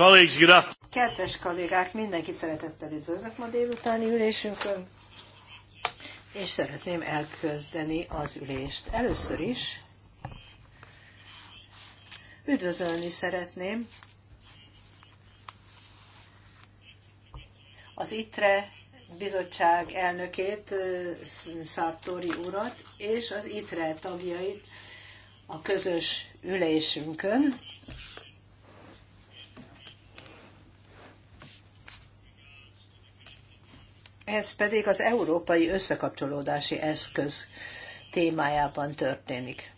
Colleagues, good Kedves kollégák, mindenkit szeretettel üdvözlök ma délutáni ülésünkön, és szeretném elközdeni az ülést. Először is üdvözölni szeretném az ITRE bizottság elnökét, Szartori urat, és az ITRE tagjait a közös ülésünkön, Ez pedig az európai összekapcsolódási eszköz témájában történik.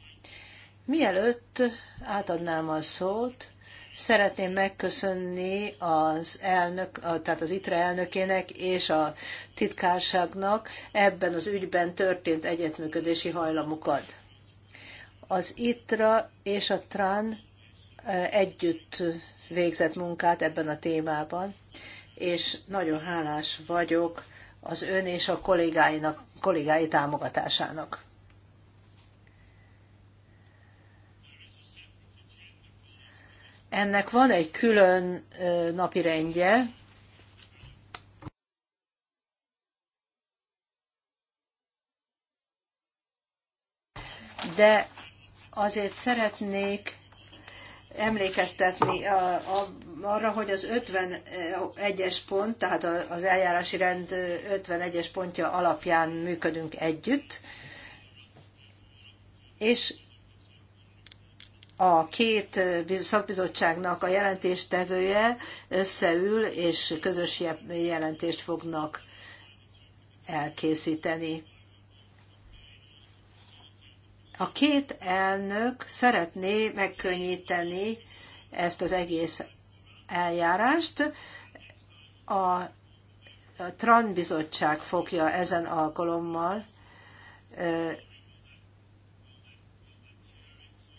Mielőtt átadnám a szót, szeretném megköszönni az elnök, tehát az ITRE elnökének és a titkárságnak ebben az ügyben történt egyetműködési hajlamukat. Az ITRA és a TRAN e, együtt végzett munkát ebben a témában, és nagyon hálás vagyok az ön és a kollégáinak, kollégái támogatásának. Ennek van egy külön napi rendje, de azért szeretnék emlékeztetni a, a arra, hogy az 51-es pont, tehát az eljárási rend 51-es pontja alapján működünk együtt, és a két szakbizottságnak a jelentéstevője összeül, és közös jelentést fognak elkészíteni. A két elnök szeretné megkönnyíteni ezt az egész eljárást. A a TRAN bizottság fogja ezen alkalommal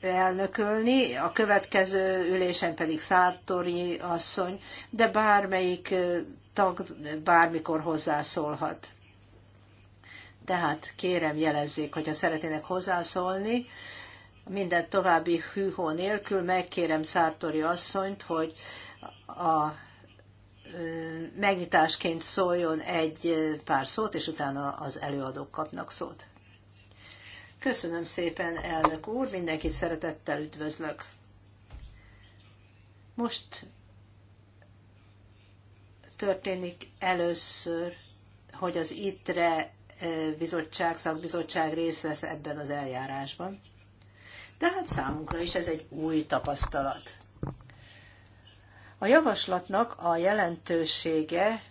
elnökölni, a következő ülésen pedig Szártori asszony, de bármelyik tag bármikor hozzászólhat. Tehát kérem jelezzék, hogyha szeretnének hozzászólni, minden további hűhó nélkül megkérem Szártori asszonyt, hogy a megnyitásként szóljon egy pár szót, és utána az előadók kapnak szót. Köszönöm szépen, elnök úr, mindenkit szeretettel üdvözlök. Most történik először, hogy az ITRE bizottság, szakbizottság részt vesz ebben az eljárásban. Tehát számunkra is ez egy új tapasztalat. A javaslatnak a jelentősége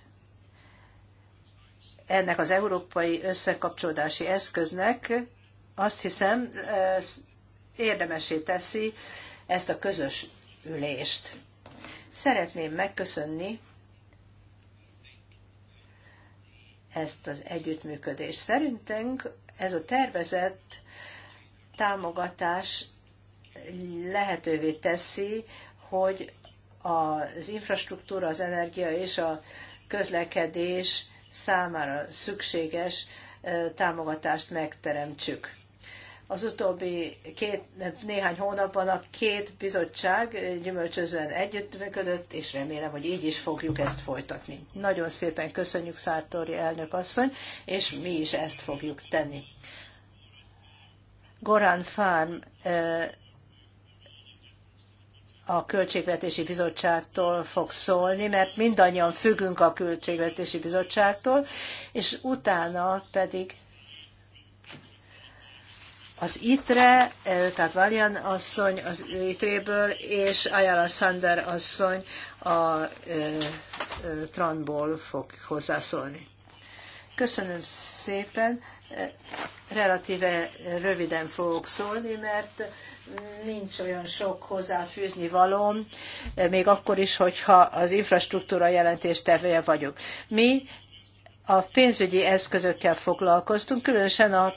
ennek az európai összekapcsolódási eszköznek azt hiszem érdemesé teszi ezt a közös ülést. Szeretném megköszönni ezt az együttműködést. Szerintünk ez a tervezett támogatás lehetővé teszi, hogy az infrastruktúra, az energia és a közlekedés számára szükséges támogatást megteremtsük. Az utóbbi két, néhány hónapban a két bizottság gyümölcsözően együttműködött, és remélem, hogy így is fogjuk ezt folytatni. Nagyon szépen köszönjük Szártóri elnök asszony, és mi is ezt fogjuk tenni. Goran Farm a Költségvetési Bizottságtól fog szólni, mert mindannyian függünk a Költségvetési Bizottságtól, és utána pedig az ITRE, eh, tehát Valian asszony az ITRE-ből, és Ayala Sander asszony a eh, eh, Tranból fog hozzászólni. Köszönöm szépen. Relatíve röviden fogok szólni, mert nincs olyan sok hozzáfűzni valóm, még akkor is, hogyha az infrastruktúra jelentéstevője vagyok. Mi a pénzügyi eszközökkel foglalkoztunk, különösen a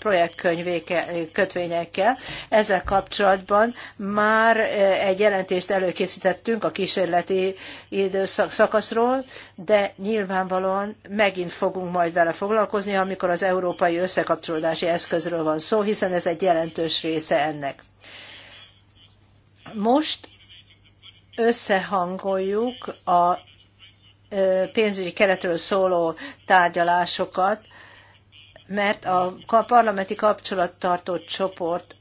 kötvényekkel. Ezzel kapcsolatban már eh, egy jelentést előkészítettünk a kísérleti időszak szakaszról, de nyilvánvalóan megint fogunk majd vele foglalkozni, amikor az európai összekapcsolódási eszközről van szó, hiszen ez egy jelentős része ennek. Most összehangoljuk a pénzügyi keretről szóló tárgyalásokat, mert a parlamenti kapcsolattartó csoport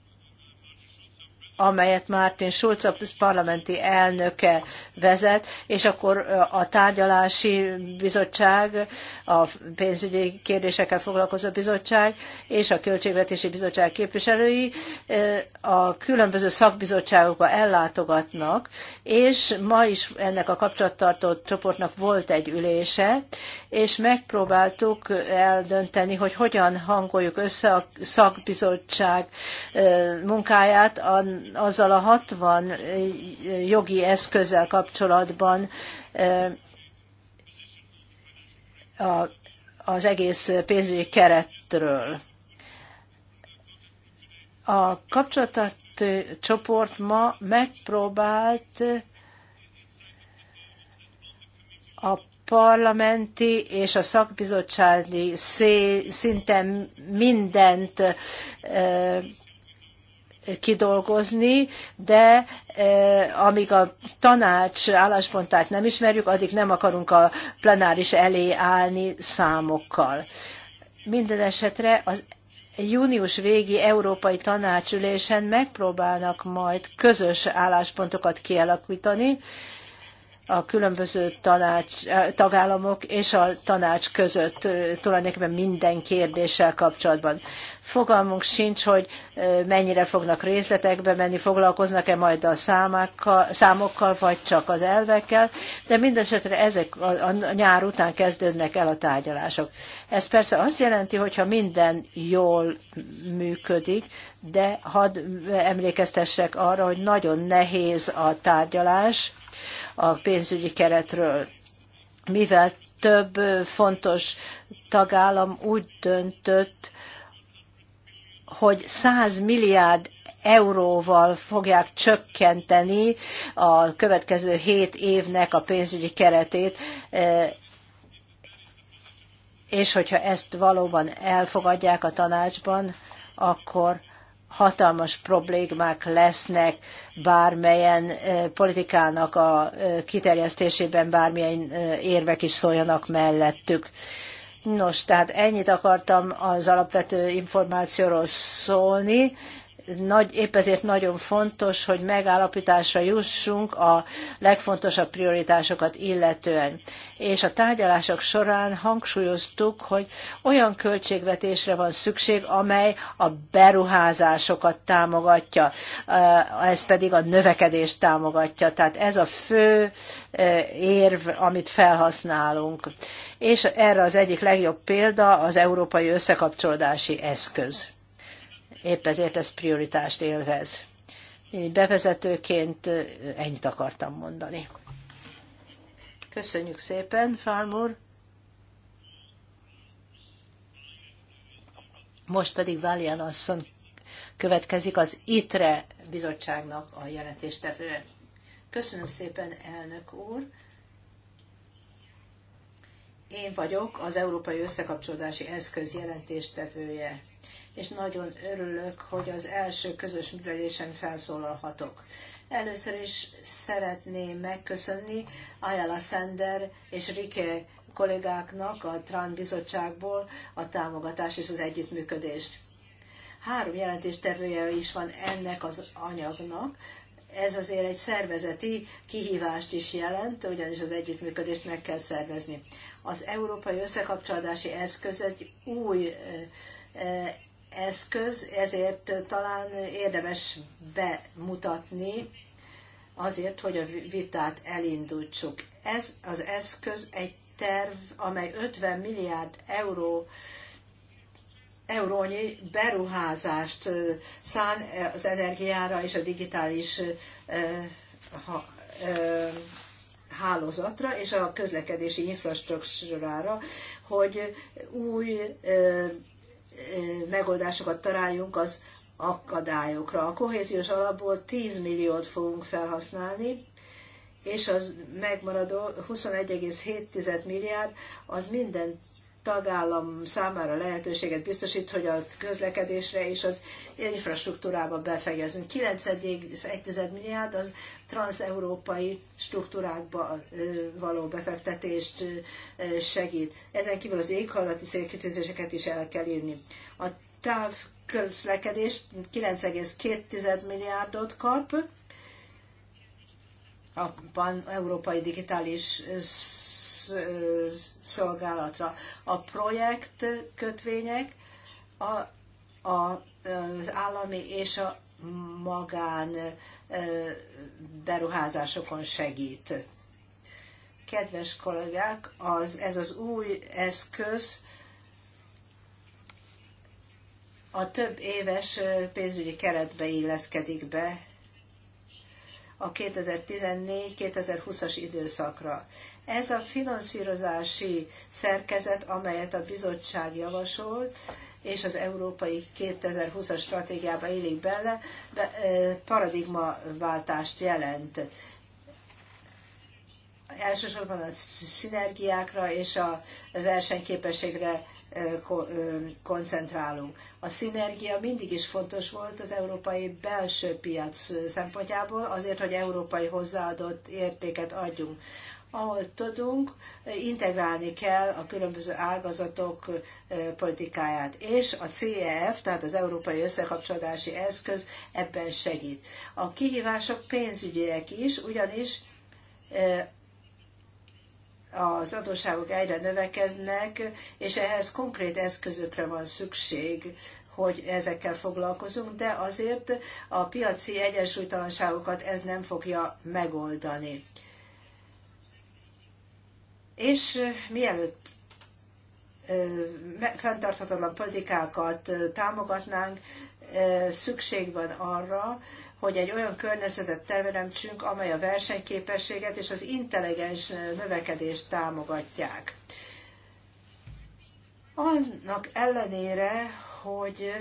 amelyet Martin Schulz a parlamenti elnöke vezet, és akkor a tárgyalási bizottság, a pénzügyi kérdésekkel foglalkozó bizottság és a költségvetési bizottság képviselői a különböző szakbizottságokba ellátogatnak, és ma is ennek a kapcsolattartó csoportnak volt egy ülése, és megpróbáltuk eldönteni, hogy hogyan hangoljuk össze a szakbizottság munkáját, azzal a 60 jogi eszközzel kapcsolatban a, az egész pénzügyi keretről. A kapcsolatot csoport ma megpróbált a parlamenti és a szakbizottsági szinten mindent kidolgozni, de e, amíg a tanács álláspontát nem ismerjük, addig nem akarunk a plenáris elé állni számokkal. Minden esetre az június végi Európai Tanácsülésen megpróbálnak majd közös álláspontokat kialakítani, a különböző tanács, eh, tagállamok és a tanács között eh, tulajdonképpen minden kérdéssel kapcsolatban. Fogalmunk sincs, hogy eh, mennyire fognak részletekbe menni, foglalkoznak-e majd a számokkal, számokkal, vagy csak az elvekkel, de mindesetre ezek a nyár után kezdődnek el a tárgyalások. Ez persze azt jelenti, hogyha minden jól működik, de hadd emlékeztessek arra, hogy nagyon nehéz a tárgyalás, a pénzügyi keretről. Mivel több fontos tagállam úgy döntött, hogy 100 milliárd euróval fogják csökkenteni a következő 7 évnek a pénzügyi keretét, és hogyha ezt valóban elfogadják a tanácsban, akkor hatalmas problémák lesznek bármelyen politikának a kiterjesztésében, bármilyen érvek is szóljanak mellettük. Nos, tehát ennyit akartam az alapvető információról szólni, nagy, épp ezért nagyon fontos, hogy megállapításra jussunk a legfontosabb prioritásokat illetően. És a tárgyalások során hangsúlyoztuk, hogy olyan költségvetésre van szükség, amely a beruházásokat támogatja, eh, ez pedig a növekedést támogatja. Tehát ez a fő eh, érv, amit felhasználunk. És erre az egyik legjobb példa az európai összekapcsolódási eszköz épp ezért ez prioritást élvez. Én bevezetőként ennyit akartam mondani. Köszönjük szépen, Farmur. Most pedig Valian asszony következik az ITRE bizottságnak a jelentéstevője. Köszönöm szépen, elnök úr én vagyok az Európai Összekapcsolódási Eszköz jelentéstevője, és nagyon örülök, hogy az első közös művelésen felszólalhatok. Először is szeretném megköszönni Ayala Sender és Rike kollégáknak a TRAN bizottságból a támogatás és az együttműködést. Három jelentéstevője is van ennek az anyagnak, ez azért egy szervezeti kihívást is jelent, ugyanis az együttműködést meg kell szervezni. Az európai összekapcsolódási eszköz egy új eszköz, ezért talán érdemes bemutatni, azért, hogy a vitát elindítsuk. Ez az eszköz egy terv, amely 50 milliárd euró eurónyi beruházást szán az energiára és a digitális hálózatra és a közlekedési infrastruktúrára, hogy új megoldásokat találjunk az akadályokra. A kohéziós alapból 10 milliót fogunk felhasználni, és az megmaradó 21,7 milliárd az minden tagállam számára lehetőséget biztosít, hogy a közlekedésre és az infrastruktúrába befejezünk. 9,1 milliárd az transeurópai struktúrákba való befektetést segít. Ezen kívül az éghajlati célkütőzéseket is el kell írni. A távközlekedés 9,2 milliárdot kap, a pan-európai digitális szolgálatra. A projekt kötvények a, a, az állami és a magán beruházásokon segít. Kedves kollégák, az, ez az új eszköz a több éves pénzügyi keretbe illeszkedik be a 2014-2020-as időszakra. Ez a finanszírozási szerkezet, amelyet a bizottság javasolt, és az Európai 2020-as stratégiába élik bele, paradigmaváltást jelent elsősorban a szinergiákra és a versenyképességre koncentrálunk. A szinergia mindig is fontos volt az európai belső piac szempontjából, azért, hogy európai hozzáadott értéket adjunk ahol tudunk, integrálni kell a különböző ágazatok politikáját. És a CEF, tehát az Európai Összekapcsolódási Eszköz ebben segít. A kihívások pénzügyiek is, ugyanis az adósságok egyre növekednek, és ehhez konkrét eszközökre van szükség, hogy ezekkel foglalkozunk, de azért a piaci egyensúlytalanságokat ez nem fogja megoldani. És mielőtt fenntarthatatlan politikákat támogatnánk, szükség van arra, hogy egy olyan környezetet teremtsünk, amely a versenyképességet és az intelligens növekedést támogatják. Annak ellenére, hogy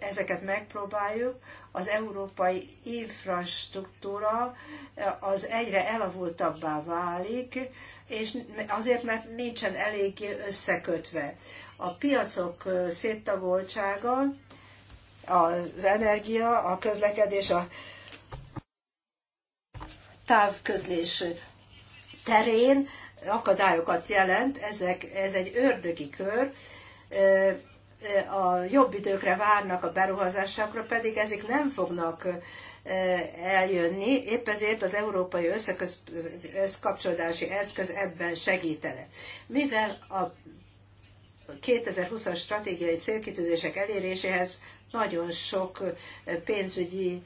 ezeket megpróbáljuk, az európai infrastruktúra eh, az egyre elavultabbá válik, és azért, mert nincsen eléggé összekötve. A piacok eh, széttagoltsága, az energia, a közlekedés, a távközlés terén akadályokat jelent, ezek, ez egy ördögi kör, eh, a jobb időkre várnak a beruházásokra, pedig ezek nem fognak eljönni, épp ezért az európai összekapcsolódási eszköz ebben segítene. Mivel a 2020-as stratégiai célkitűzések eléréséhez nagyon sok pénzügyi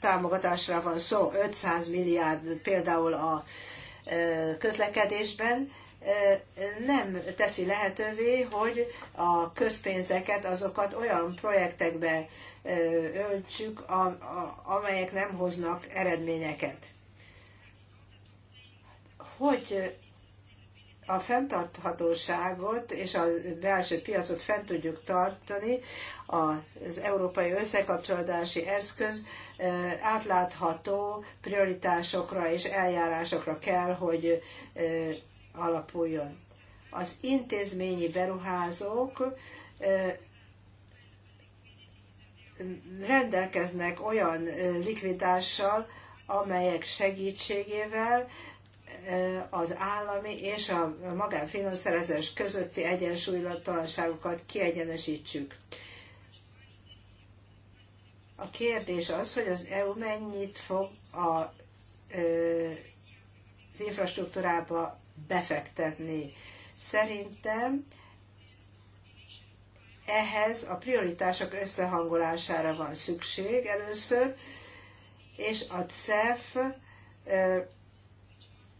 támogatásra van szó, 500 milliárd például a közlekedésben, nem teszi lehetővé, hogy a közpénzeket azokat olyan projektekbe öltsük, amelyek nem hoznak eredményeket. Hogy a fenntarthatóságot és a belső piacot fent tudjuk tartani, az európai összekapcsolódási eszköz átlátható prioritásokra és eljárásokra kell, hogy alapuljon. Az intézményi beruházók rendelkeznek olyan likvidással, amelyek segítségével az állami és a magánfinanszerezés közötti egyensúlytalanságokat kiegyenesítsük. A kérdés az, hogy az EU mennyit fog a, az infrastruktúrába befektetni. Szerintem ehhez a prioritások összehangolására van szükség először, és a CEF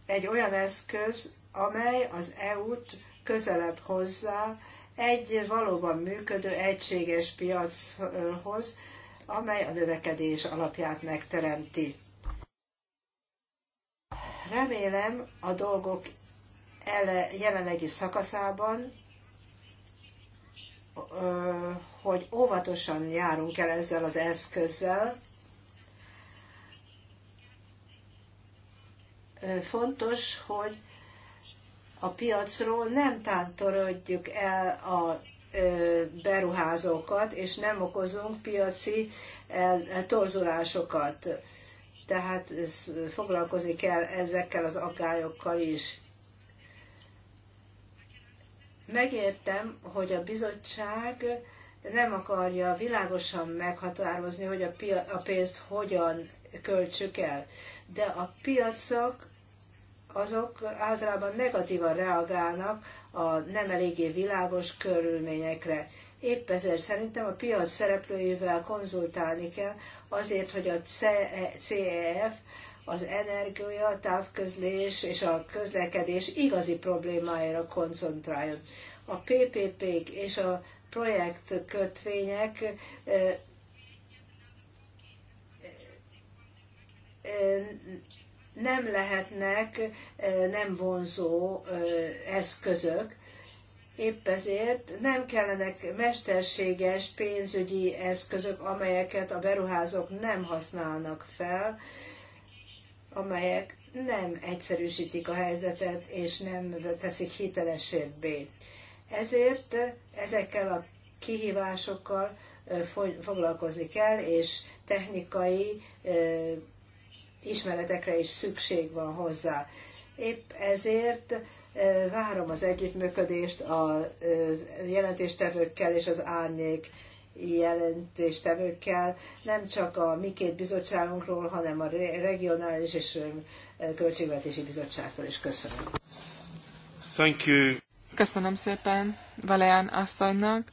egy olyan eszköz, amely az EU-t közelebb hozzá egy valóban működő egységes piachoz, amely a növekedés alapját megteremti. Remélem a dolgok ele, jelenlegi szakaszában, hogy óvatosan járunk el ezzel az eszközzel. Fontos, hogy a piacról nem tántorodjuk el a beruházókat, és nem okozunk piaci e, torzulásokat. Tehát foglalkozni kell ezekkel az aggályokkal is megértem, hogy a bizottság nem akarja világosan meghatározni, hogy a, a pénzt hogyan költsük el. De a piacok azok általában negatívan reagálnak a nem eléggé világos körülményekre. Épp ezért szerintem a piac szereplőivel konzultálni kell azért, hogy a CEF az energia, a távközlés és a közlekedés igazi problémáira koncentráljon. A PPP-k és a projektkötvények nem lehetnek nem vonzó eszközök, Épp ezért nem kellenek mesterséges pénzügyi eszközök, amelyeket a beruházók nem használnak fel, amelyek nem egyszerűsítik a helyzetet, és nem teszik hitelesebbé. Ezért ezekkel a kihívásokkal foglalkozni kell, és technikai ismeretekre is szükség van hozzá. Épp ezért várom az együttműködést a jelentéstevőkkel és az árnyék jelentéstevőkkel, nem csak a mi két bizottságunkról, hanem a regionális és költségvetési bizottságtól is. Köszönöm. Thank you. Köszönöm szépen Valéán asszonynak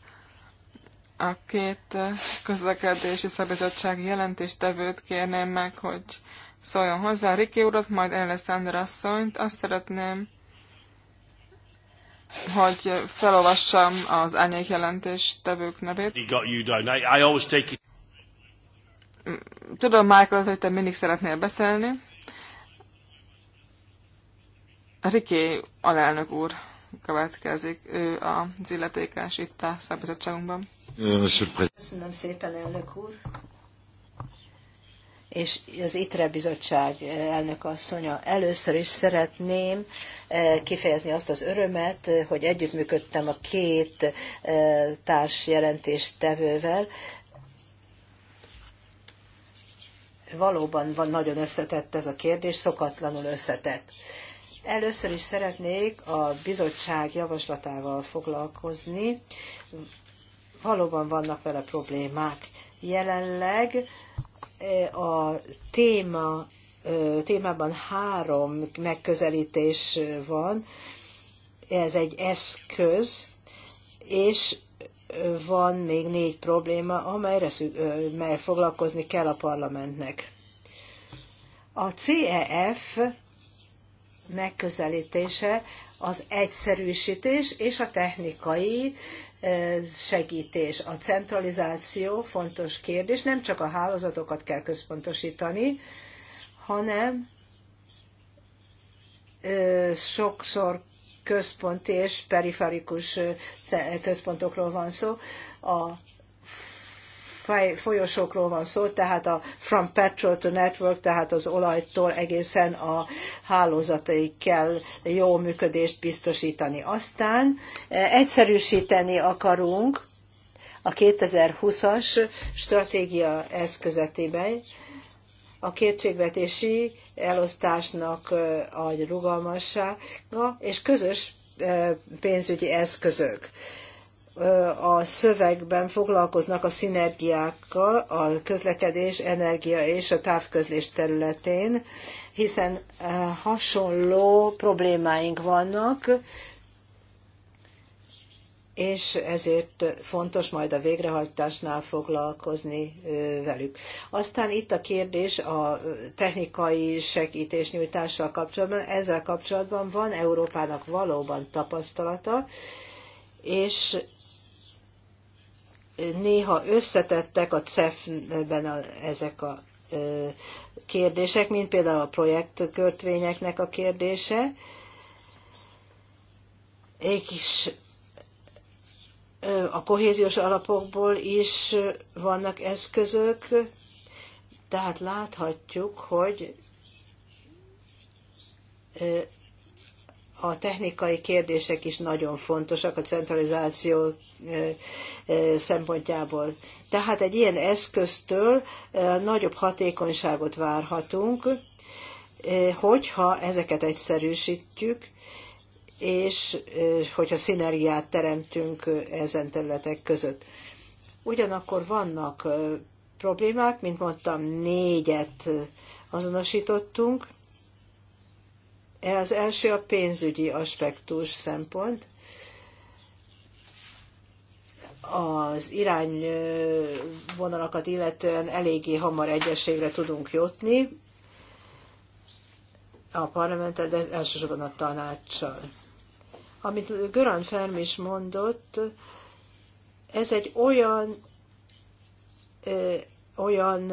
a két közlekedési szabizottsági jelentéstevőt kérném meg, hogy szóljon hozzá Riki urat, majd Alexander asszonyt. Azt szeretném hogy felolvassam az árnyék jelentés tevők nevét. Tudom, Michael, hogy te mindig szeretnél beszélni. Riké alelnök úr következik, ő az illetékes itt a szabizottságunkban. Köszönöm szépen, elnök úr és az ITRE bizottság eh, elnök asszonya. Először is szeretném eh, kifejezni azt az örömet, eh, hogy együttműködtem a két társ jelentéstevővel. Valóban van nagyon összetett ez a kérdés, szokatlanul összetett. Először is szeretnék a bizottság javaslatával foglalkozni. Valóban vannak vele problémák. Jelenleg a téma, témában három megközelítés van. Ez egy eszköz, és van még négy probléma, amelyre mely foglalkozni kell a parlamentnek. A CEF megközelítése az egyszerűsítés és a technikai segítés. A centralizáció fontos kérdés, nem csak a hálózatokat kell központosítani, hanem sokszor központi és periferikus központokról van szó. A folyosókról van szó, tehát a From Petrol to Network, tehát az olajtól egészen a hálózataik kell jó működést biztosítani. Aztán eh, egyszerűsíteni akarunk a 2020-as stratégia eszközetében, a kétségvetési elosztásnak eh, a rugalmassága és közös eh, pénzügyi eszközök a szövegben foglalkoznak a szinergiákkal a közlekedés, energia és a távközlés területén, hiszen hasonló problémáink vannak, és ezért fontos majd a végrehajtásnál foglalkozni velük. Aztán itt a kérdés a technikai segítés nyújtással kapcsolatban. Ezzel kapcsolatban van Európának valóban tapasztalata, és néha összetettek a CEF-ben a, ezek a kérdések, mint például a projektkörtvényeknek a kérdése, egy kis a kohéziós alapokból is vannak eszközök, tehát láthatjuk, hogy a technikai kérdések is nagyon fontosak a centralizáció szempontjából. Tehát egy ilyen eszköztől nagyobb hatékonyságot várhatunk, hogyha ezeket egyszerűsítjük, és hogyha szinergiát teremtünk ezen területek között. Ugyanakkor vannak problémák, mint mondtam, négyet azonosítottunk, az első a pénzügyi aspektus szempont. Az irányvonalakat illetően eléggé hamar egyességre tudunk jutni a parlamenttel, de elsősorban a tanácssal. Amit Görán Ferm is mondott, ez egy olyan olyan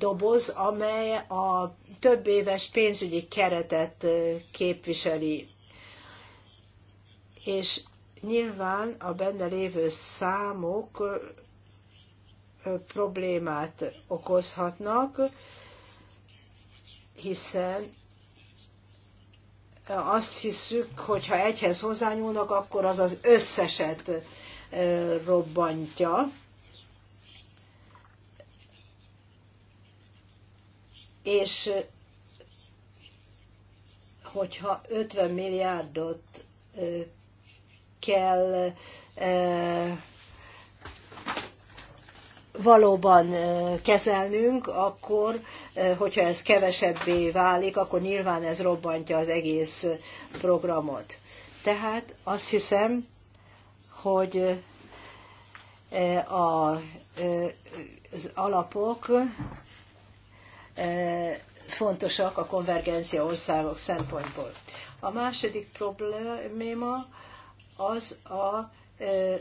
doboz, amely a több éves pénzügyi keretet képviseli. És nyilván a benne lévő számok problémát okozhatnak, hiszen azt hiszük, hogy ha egyhez hozzányúlnak, akkor az az összeset robbantja. és hogyha 50 milliárdot kell valóban kezelnünk, akkor, hogyha ez kevesebbé válik, akkor nyilván ez robbantja az egész programot. Tehát azt hiszem, hogy a, az alapok E, fontosak a konvergencia országok szempontból. A második probléma az a e,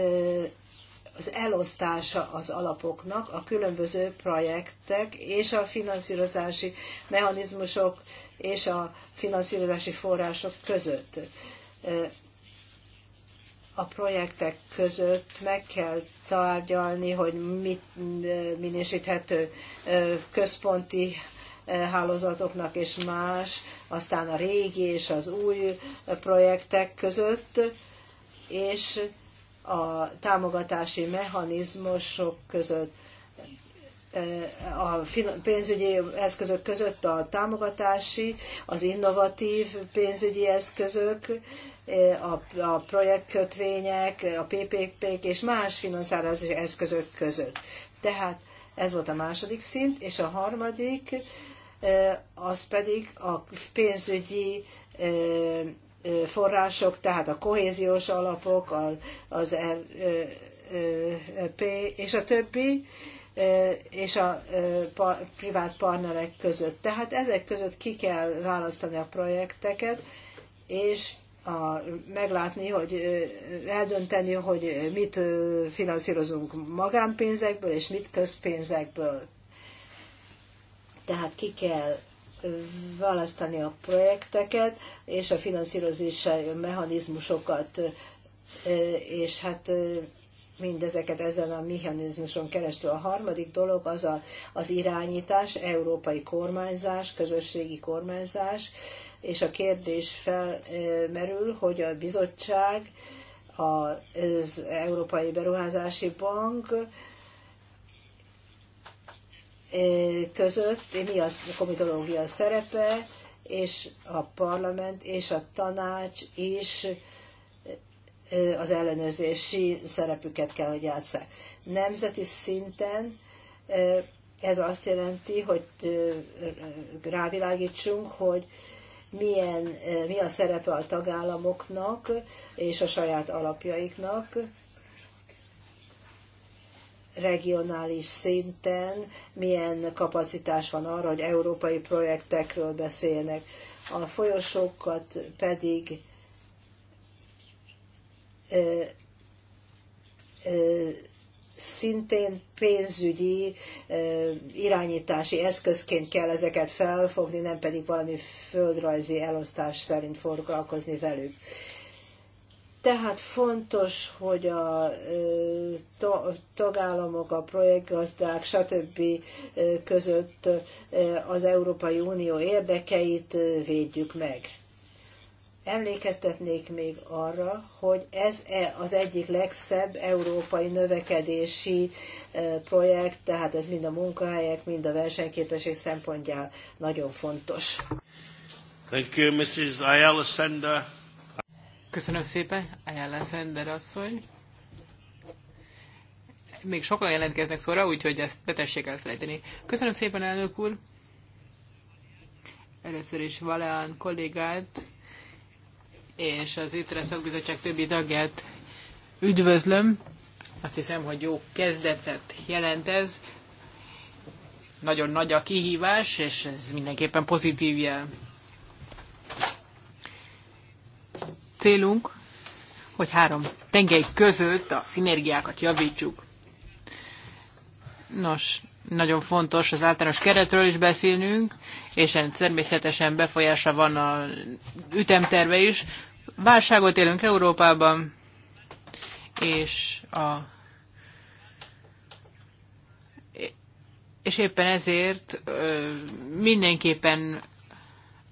e, az elosztása az alapoknak, a különböző projektek és a finanszírozási mechanizmusok és a finanszírozási források között a projektek között meg kell tárgyalni, hogy mit eh, minősíthető eh, központi eh, hálózatoknak és más, aztán a régi és az új projektek között, és a támogatási mechanizmusok között, a pénzügyi eszközök között a támogatási, az innovatív pénzügyi eszközök, a a projektkötvények, a PPP-k és más finanszírozási eszközök között. Tehát ez volt a második szint, és a harmadik az pedig a pénzügyi források, tehát a kohéziós alapok, az RP és a többi, és a privát partnerek között. Tehát ezek között ki kell választani a projekteket, és a, meglátni, hogy eldönteni, hogy mit finanszírozunk magánpénzekből, és mit közpénzekből. Tehát ki kell választani a projekteket és a finanszírozási mechanizmusokat, és hát mindezeket ezen a mechanizmuson keresztül. A harmadik dolog az a, az irányítás, európai kormányzás, közösségi kormányzás, és a kérdés felmerül, hogy a bizottság, az Európai Beruházási Bank között mi a komitológia szerepe, és a parlament és a tanács is az ellenőrzési szerepüket kell, hogy játsszák. Nemzeti szinten ez azt jelenti, hogy rávilágítsunk, hogy milyen, eh, mi a szerepe a tagállamoknak és a saját alapjaiknak regionális szinten, milyen kapacitás van arra, hogy európai projektekről beszéljenek. A folyosókat pedig ö, eh, ö, eh, szintén pénzügyi irányítási eszközként kell ezeket felfogni, nem pedig valami földrajzi elosztás szerint foglalkozni velük. Tehát fontos, hogy a tagállamok, a projektgazdák, stb. között az Európai Unió érdekeit védjük meg. Emlékeztetnék még arra, hogy ez e az egyik legszebb európai növekedési e, projekt, tehát ez mind a munkahelyek, mind a versenyképesség szempontjából nagyon fontos. Thank you, Mrs. Ayala Sender. Köszönöm szépen, Ayala Sender asszony. Még sokan jelentkeznek szóra, úgyhogy ezt ne tessék elfelejteni. Köszönöm szépen, elnök úr. Először is Valeán kollégát és az ITRE szakbizottság többi tagját üdvözlöm. Azt hiszem, hogy jó kezdetet jelent ez. Nagyon nagy a kihívás, és ez mindenképpen pozitív jel. Célunk, hogy három tengely között a szinergiákat javítsuk. Nos, nagyon fontos az általános keretről is beszélnünk, és természetesen befolyása van a ütemterve is. Válságot élünk Európában, és a és éppen ezért mindenképpen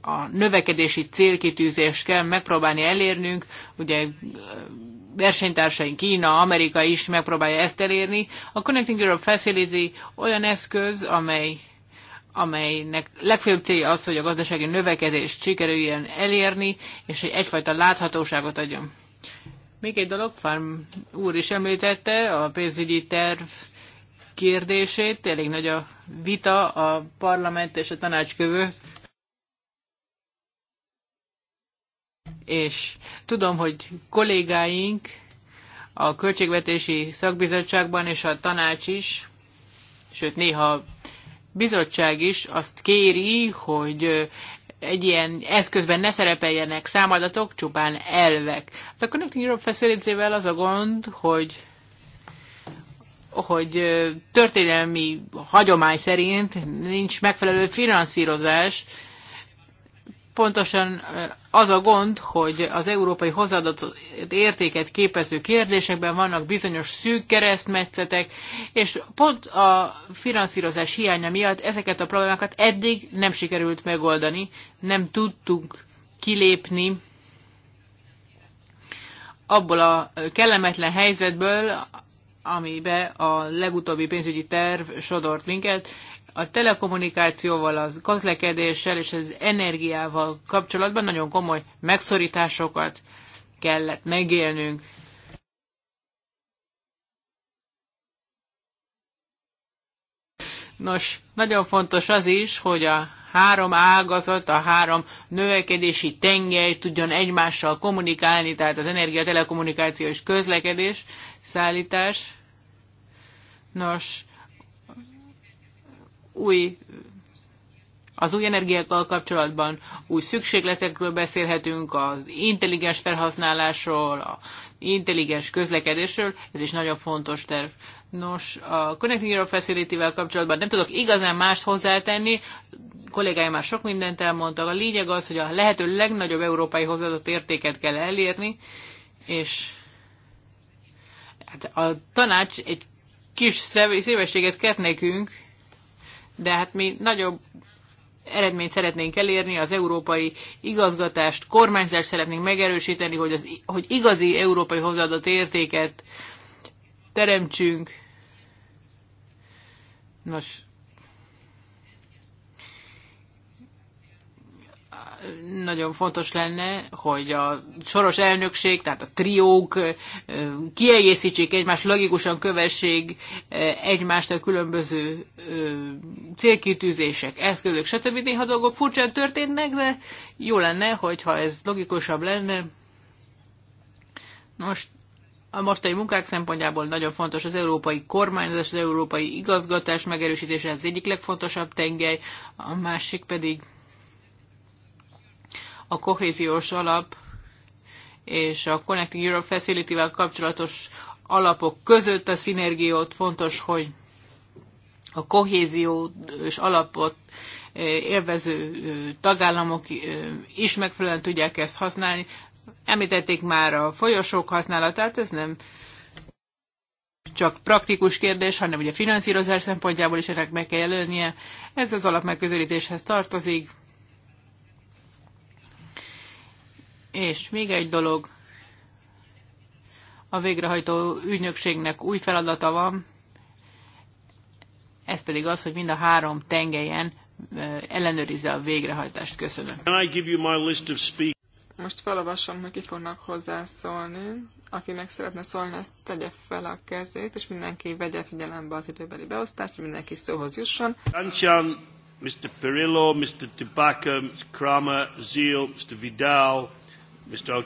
a növekedési célkitűzést kell megpróbálni elérnünk. Ugye versenytársaink, Kína, Amerika is megpróbálja ezt elérni. A Connecting Europe Facility olyan eszköz, amely amelynek legfőbb célja az, hogy a gazdasági növekedést sikerüljön elérni, és hogy egyfajta láthatóságot adjon. Még egy dolog, Farm úr is említette a pénzügyi terv kérdését, elég nagy a vita a parlament és a tanács között, és tudom, hogy kollégáink a Költségvetési Szakbizottságban és a tanács is, sőt néha bizottság is azt kéri, hogy egy ilyen eszközben ne szerepeljenek számadatok, csupán elvek. Az hát a Connecting Europe facility az a gond, hogy hogy történelmi hagyomány szerint nincs megfelelő finanszírozás, pontosan az a gond, hogy az európai hozzáadott értéket képező kérdésekben vannak bizonyos szűk keresztmetszetek, és pont a finanszírozás hiánya miatt ezeket a problémákat eddig nem sikerült megoldani, nem tudtunk kilépni abból a kellemetlen helyzetből, amibe a legutóbbi pénzügyi terv sodort minket, a telekommunikációval, az közlekedéssel és az energiával kapcsolatban nagyon komoly megszorításokat kellett megélnünk. Nos, nagyon fontos az is, hogy a három ágazat, a három növekedési tengely tudjon egymással kommunikálni, tehát az energia, telekommunikáció és közlekedés, szállítás. Nos, új az új energiákkal kapcsolatban új szükségletekről beszélhetünk, az intelligens felhasználásról, az intelligens közlekedésről, ez is nagyon fontos terv. Nos, a Connecting Europe facility kapcsolatban nem tudok igazán mást hozzátenni, kollégáim már sok mindent elmondtak. A lényeg az, hogy a lehető legnagyobb európai hozzáadott értéket kell elérni, és hát a tanács egy kis szívességet kett nekünk, de hát mi nagyobb eredményt szeretnénk elérni, az európai igazgatást, kormányzást szeretnénk megerősíteni, hogy, az, hogy igazi európai hozzáadott értéket teremtsünk. Nos, nagyon fontos lenne, hogy a soros elnökség, tehát a triók kiegészítsék egymást, logikusan kövessék egymást a különböző célkitűzések, eszközök, stb. Néha dolgok furcsán történnek, de jó lenne, hogyha ez logikusabb lenne. Most a mostani munkák szempontjából nagyon fontos az európai kormányzás, az európai igazgatás megerősítése, ez egyik legfontosabb tengely, a másik pedig a kohéziós alap és a Connecting Europe Facility-vel kapcsolatos alapok között a szinergiót fontos, hogy a kohéziós alapot eh, élvező eh, tagállamok eh, is megfelelően tudják ezt használni. Említették már a folyosók használatát, ez nem csak praktikus kérdés, hanem ugye finanszírozás szempontjából is ennek meg kell jelölnie. Ez az alapmegközelítéshez tartozik. És még egy dolog, a végrehajtó ügynökségnek új feladata van, ez pedig az, hogy mind a három tengelyen ellenőrizze a végrehajtást. Köszönöm. Most felolvasom, hogy ki fognak hozzászólni. Aki meg szeretne szólni, ezt tegye fel a kezét, és mindenki vegye figyelembe az időbeli beosztást, hogy mindenki szóhoz jusson. Kanchan, Mr. Perillo, Mr. Tobacco, Mr. Kramer, Zeal, Mr. Vidal, Mr. El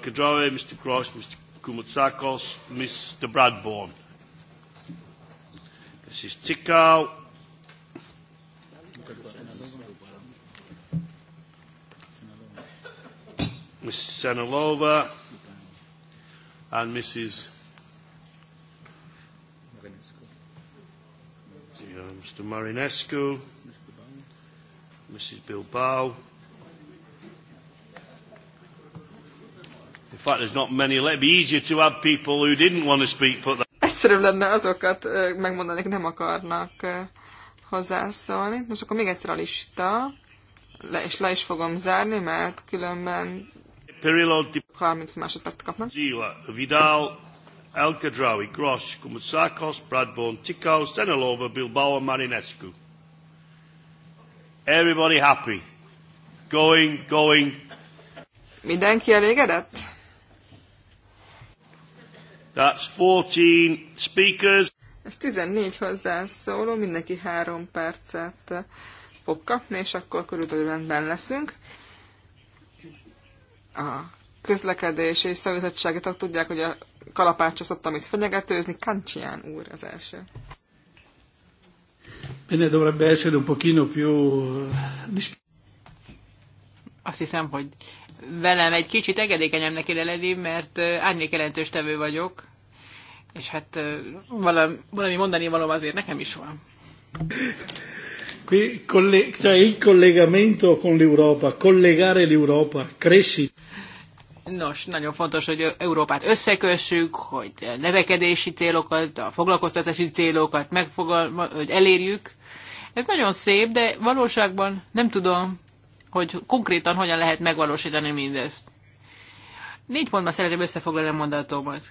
Mr. Grosh, Mr. Koumoutsakos, Mr. Bradbourne. Mrs. Tickow. Mrs. Senilova and Mrs. Marinescu. Mr. Marinescu, Mrs. Bilbao. fact there's not many left. It'd be easier to have people who didn't want to speak put that. Egyszerűbb lenne azokat megmondani, nem akarnak hozzászólni. Nos, akkor még egyszer a lista, le, és le is fogom zárni, mert különben 30 másodpercet kapnak. Gila, Vidal, El Kadrawi, Grosh, Kumutsakos, Bradbourne, Tikau, Senelova, Bilbao, Marinescu. Everybody happy. Going, going. Mindenki elégedett? That's 14 speakers. Ez 14 hozzászóló, mindenki három percet fog kapni, és akkor körülbelül rendben leszünk. A közlekedés és tag tudják, hogy a kalapácsa szoktam itt fenyegetőzni. Kancsián úr az első. Bene, dovrebbe essere un pochino più... Eh, Azt hiszem, hogy velem egy kicsit engedékenyem neki lenni, mert árnyék jelentős tevő vagyok, és hát valami, valami mondani való azért nekem is van. Qui, colle, cioè il collegamento con l'Europa, collegare l'Europa, cresci. Nos, nagyon fontos, hogy Európát összekössük, hogy a növekedési célokat, a foglalkoztatási célokat megfogal, hogy elérjük. Ez nagyon szép, de valóságban nem tudom, hogy konkrétan hogyan lehet megvalósítani mindezt. Négy pontban szeretném összefoglalni a mondatomat.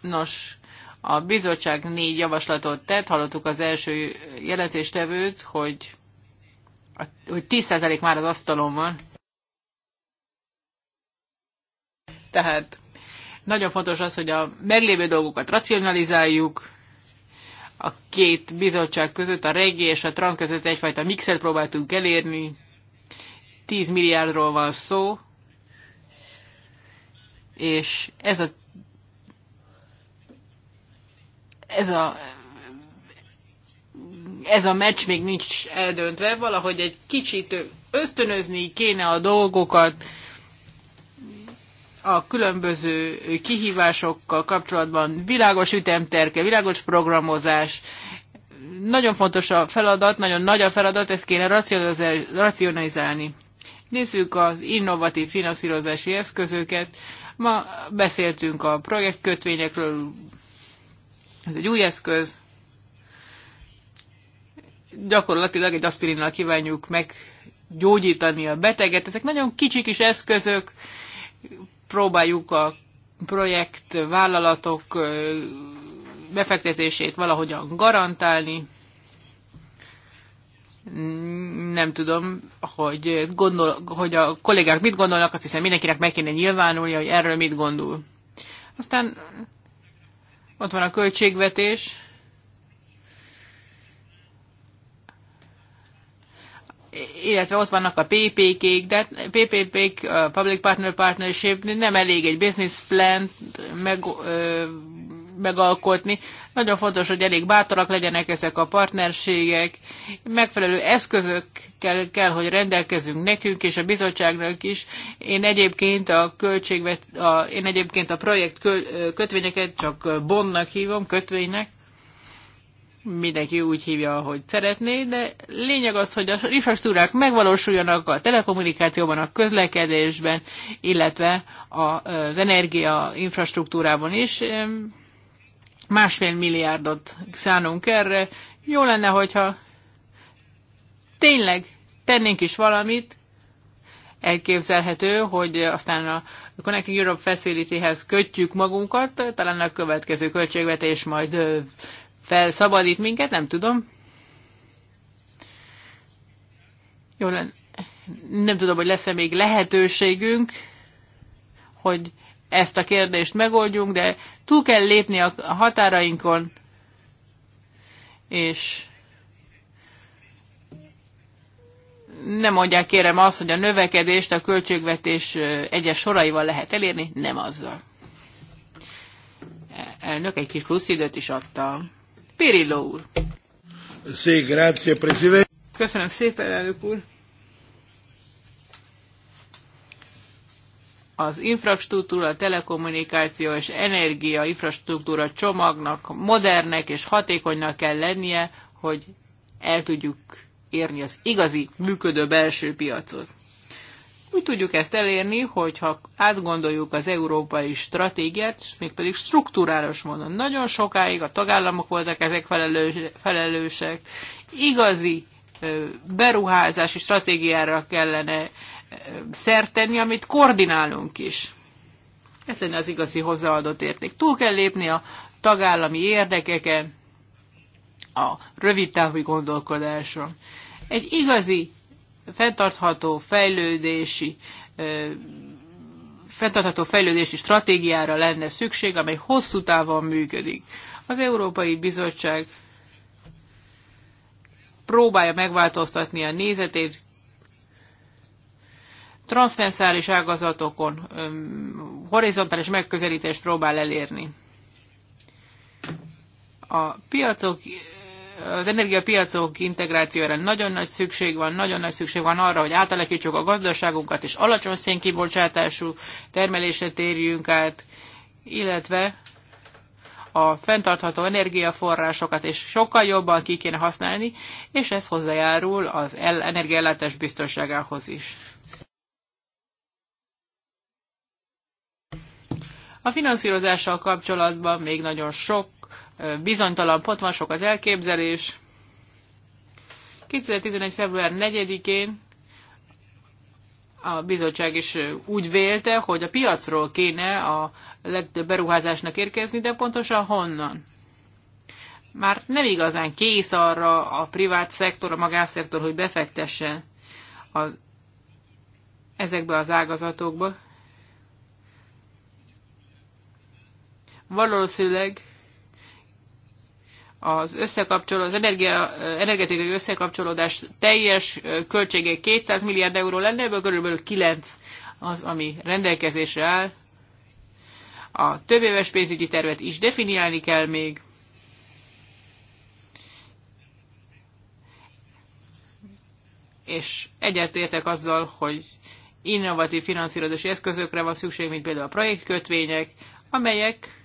Nos, a bizottság négy javaslatot tett, hallottuk az első jelentéstevőt, hogy, hogy 10% már az asztalon van. Tehát nagyon fontos az, hogy a meglévő dolgokat racionalizáljuk, a két bizottság között, a reggé és a tran között egyfajta mixet próbáltunk elérni. 10 milliárdról van szó, és ez a ez a ez a meccs még nincs eldöntve, valahogy egy kicsit ösztönözni kéne a dolgokat, a különböző kihívásokkal kapcsolatban világos ütemterke, világos programozás, nagyon fontos a feladat, nagyon nagy a feladat, ezt kéne racionalizálni. Nézzük az innovatív finanszírozási eszközöket. Ma beszéltünk a projektkötvényekről, ez egy új eszköz. Gyakorlatilag egy aspirinnal kívánjuk meggyógyítani a beteget. Ezek nagyon kicsik is eszközök, próbáljuk a projekt vállalatok befektetését valahogyan garantálni. Nem tudom, hogy, gondol, hogy a kollégák mit gondolnak, azt hiszem mindenkinek meg kéne nyilvánulnia, hogy erről mit gondol. Aztán ott van a költségvetés. illetve ott vannak a PPP-k, de PPP-k, Public Partner Partnership, nem elég egy business plan meg, megalkotni. Nagyon fontos, hogy elég bátorak legyenek ezek a partnerségek. Megfelelő eszközökkel kell, hogy rendelkezünk nekünk és a bizottságnak is. Én egyébként a költségvet, a, én egyébként a projekt kötvényeket csak bonnak hívom, kötvénynek, mindenki úgy hívja, hogy szeretné, de lényeg az, hogy a infrastruktúrák megvalósuljanak a telekommunikációban, a közlekedésben, illetve az energia infrastruktúrában is. Másfél milliárdot szánunk erre. Jó lenne, hogyha tényleg tennénk is valamit, elképzelhető, hogy aztán a Connecting Europe Facility-hez kötjük magunkat, talán a következő költségvetés majd felszabadít minket, nem tudom. Jó Nem tudom, hogy lesz-e még lehetőségünk, hogy ezt a kérdést megoldjunk, de túl kell lépni a határainkon, és nem mondják kérem azt, hogy a növekedést a költségvetés egyes soraival lehet elérni, nem azzal. Elnök egy kis plusz időt is adta. Pirillo úr. Sí, grazie, president. Köszönöm szépen, elnök úr. az infrastruktúra, telekommunikáció és energia infrastruktúra csomagnak modernnek és hatékonynak kell lennie, hogy el tudjuk érni az igazi működő belső piacot. Úgy tudjuk ezt elérni, hogyha átgondoljuk az európai stratégiát, és mégpedig strukturális módon. Nagyon sokáig a tagállamok voltak ezek felelős, felelősek. Igazi beruházási stratégiára kellene szertenni, amit koordinálunk is. Ez lenne az igazi hozzáadott érték. Túl kell lépni a tagállami érdekeken, a rövid távú gondolkodáson. Egy igazi fenntartható fejlődési fenntartható fejlődési stratégiára lenne szükség, amely hosszú távon működik. Az Európai Bizottság próbálja megváltoztatni a nézetét, transzfenszális ágazatokon horizontális megközelítést próbál elérni. A piacok az energiapiacok integrációra nagyon nagy szükség van, nagyon nagy szükség van arra, hogy átalakítsuk a gazdaságunkat, és alacsony szénkibocsátású termelésre térjünk át, illetve a fenntartható energiaforrásokat és sokkal jobban ki kéne használni, és ez hozzájárul az energiállátás biztonságához is. A finanszírozással kapcsolatban még nagyon sok bizonytalan ott van, sok az elképzelés. 2011. február 4-én a bizottság is úgy vélte, hogy a piacról kéne a legtöbb beruházásnak érkezni, de pontosan honnan? Már nem igazán kész arra a privát szektor, a magánszektor, hogy befektesse a, ezekbe az ágazatokba. Valószínűleg az összekapcsoló, az energia, energetikai összekapcsolódás teljes költsége 200 milliárd euró lenne, ebből körülbelül 9 az, ami rendelkezésre áll. A éves pénzügyi tervet is definiálni kell még. És egyetértek azzal, hogy innovatív finanszírozási eszközökre van szükség, mint például a projektkötvények, amelyek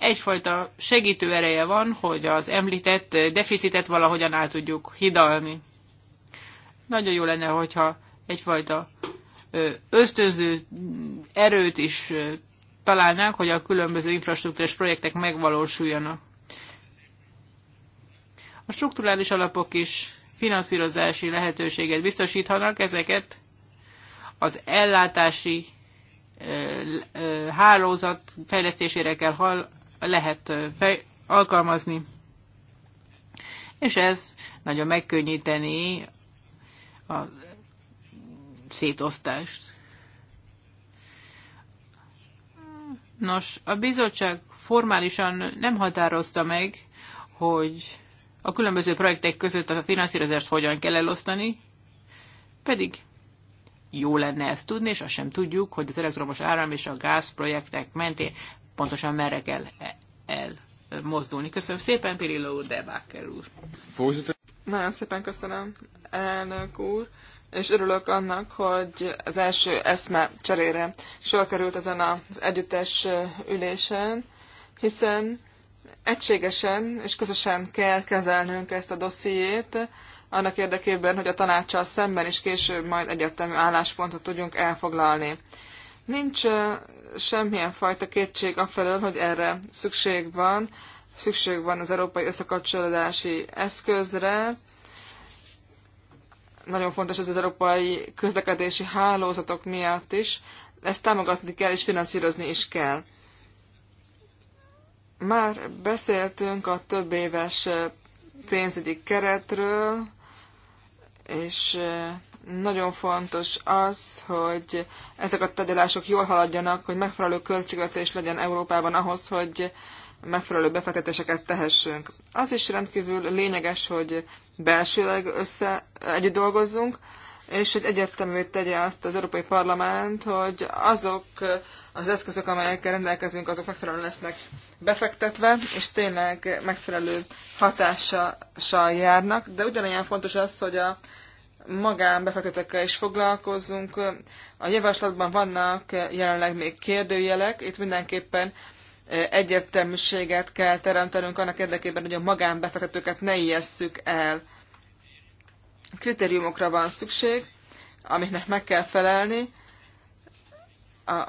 egyfajta segítő ereje van, hogy az említett deficitet valahogyan át tudjuk hidalni. Nagyon jó lenne, hogyha egyfajta ösztönző erőt is találnánk, hogy a különböző infrastruktúrás projektek megvalósuljanak. A strukturális alapok is finanszírozási lehetőséget biztosíthanak, ezeket az ellátási hálózat fejlesztésére kell lehet fej, alkalmazni, és ez nagyon megkönnyíteni a szétosztást. Nos, a bizottság formálisan nem határozta meg, hogy a különböző projektek között a finanszírozást hogyan kell elosztani, pedig jó lenne ezt tudni, és azt sem tudjuk, hogy az elektromos áram és a gáz projektek mentén pontosan merre kell e- elmozdulni. El köszönöm szépen, Pirillo úr, Debáker úr. Nagyon szépen köszönöm, elnök úr, és örülök annak, hogy az első eszme cserére sor került ezen az együttes ülésen, hiszen egységesen és közösen kell kezelnünk ezt a dossziét, annak érdekében, hogy a tanácssal szemben is később majd egyetemű álláspontot tudjunk elfoglalni. Nincs semmilyen fajta kétség afelől, hogy erre szükség van, szükség van az európai összekapcsolódási eszközre. Nagyon fontos ez az európai közlekedési hálózatok miatt is. Ezt támogatni kell és finanszírozni is kell. Már beszéltünk a több éves pénzügyi keretről, és nagyon fontos az, hogy ezek a tárgyalások jól haladjanak, hogy megfelelő költségvetés legyen Európában ahhoz, hogy megfelelő befektetéseket tehessünk. Az is rendkívül lényeges, hogy belsőleg össze együtt dolgozzunk, és hogy egyértelművé tegye azt az Európai Parlament, hogy azok az eszközök, amelyekkel rendelkezünk, azok megfelelően lesznek befektetve, és tényleg megfelelő hatással járnak, de ugyanilyen fontos az, hogy a magánbefektetőkkel is foglalkozunk. A javaslatban vannak jelenleg még kérdőjelek, itt mindenképpen e, egyértelműséget kell teremtenünk annak érdekében, hogy a magánbefektetőket ne ijesszük el. Kritériumokra van szükség, amiknek meg kell felelni. A,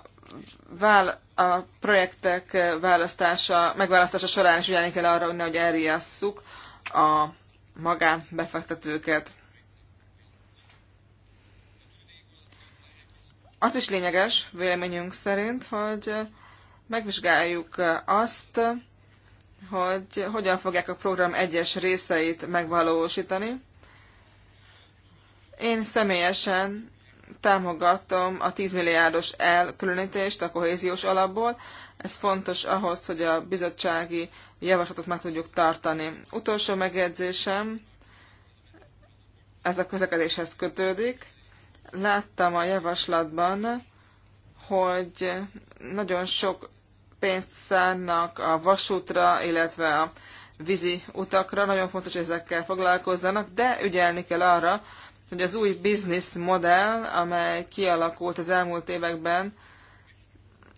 vál, a projektek választása, megválasztása során is ugyanik kell arra, hogy nehogy elriasszuk a magánbefektetőket. Az is lényeges, véleményünk szerint, hogy megvizsgáljuk azt, hogy hogyan fogják a program egyes részeit megvalósítani. Én személyesen támogatom a 10 milliárdos elkülönítést a kohéziós alapból. Ez fontos ahhoz, hogy a bizottsági javaslatot meg tudjuk tartani. Utolsó megjegyzésem, ez a közlekedéshez kötődik. Láttam a javaslatban, hogy nagyon sok pénzt szánnak a vasútra, illetve a vízi utakra. Nagyon fontos, hogy ezekkel foglalkozzanak, de ügyelni kell arra, hogy az új business modell, amely kialakult az elmúlt években,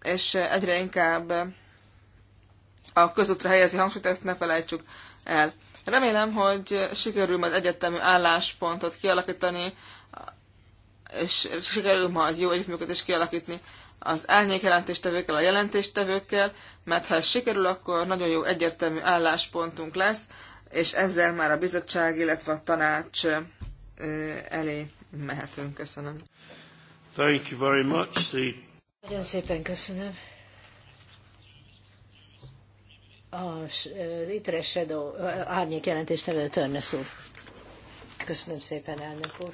és egyre inkább a közútra helyezi hangsúlyt, ezt ne felejtsük el. Remélem, hogy sikerül majd egyetemű álláspontot kialakítani és sikerül majd jó együttműködés kialakítni az elnyék jelentéstevőkkel, a jelentéstevőkkel, mert ha ez sikerül, akkor nagyon jó egyértelmű álláspontunk lesz, és ezzel már a bizottság, illetve a tanács elé mehetünk. Köszönöm. Thank you very much. The... Nagyon szépen köszönöm. A Itre Shadow árnyék jelentéstevő Törnes úr. Köszönöm szépen, elnök úr.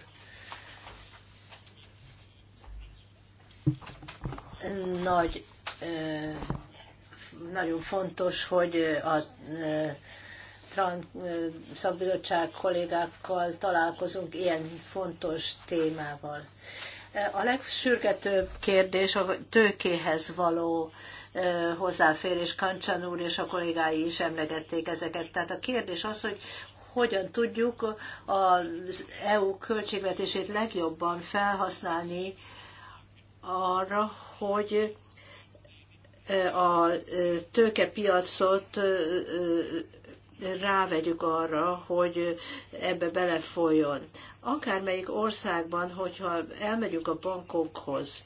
nagy, nagyon fontos, hogy a Trump szakbizottság kollégákkal találkozunk ilyen fontos témával. A legsürgetőbb kérdés a tőkéhez való hozzáférés, Kancsan úr és a kollégái is emlegették ezeket. Tehát a kérdés az, hogy hogyan tudjuk az EU költségvetését legjobban felhasználni arra, hogy a tőkepiacot rávegyük arra, hogy ebbe belefolyjon. Akármelyik országban, hogyha elmegyünk a bankokhoz,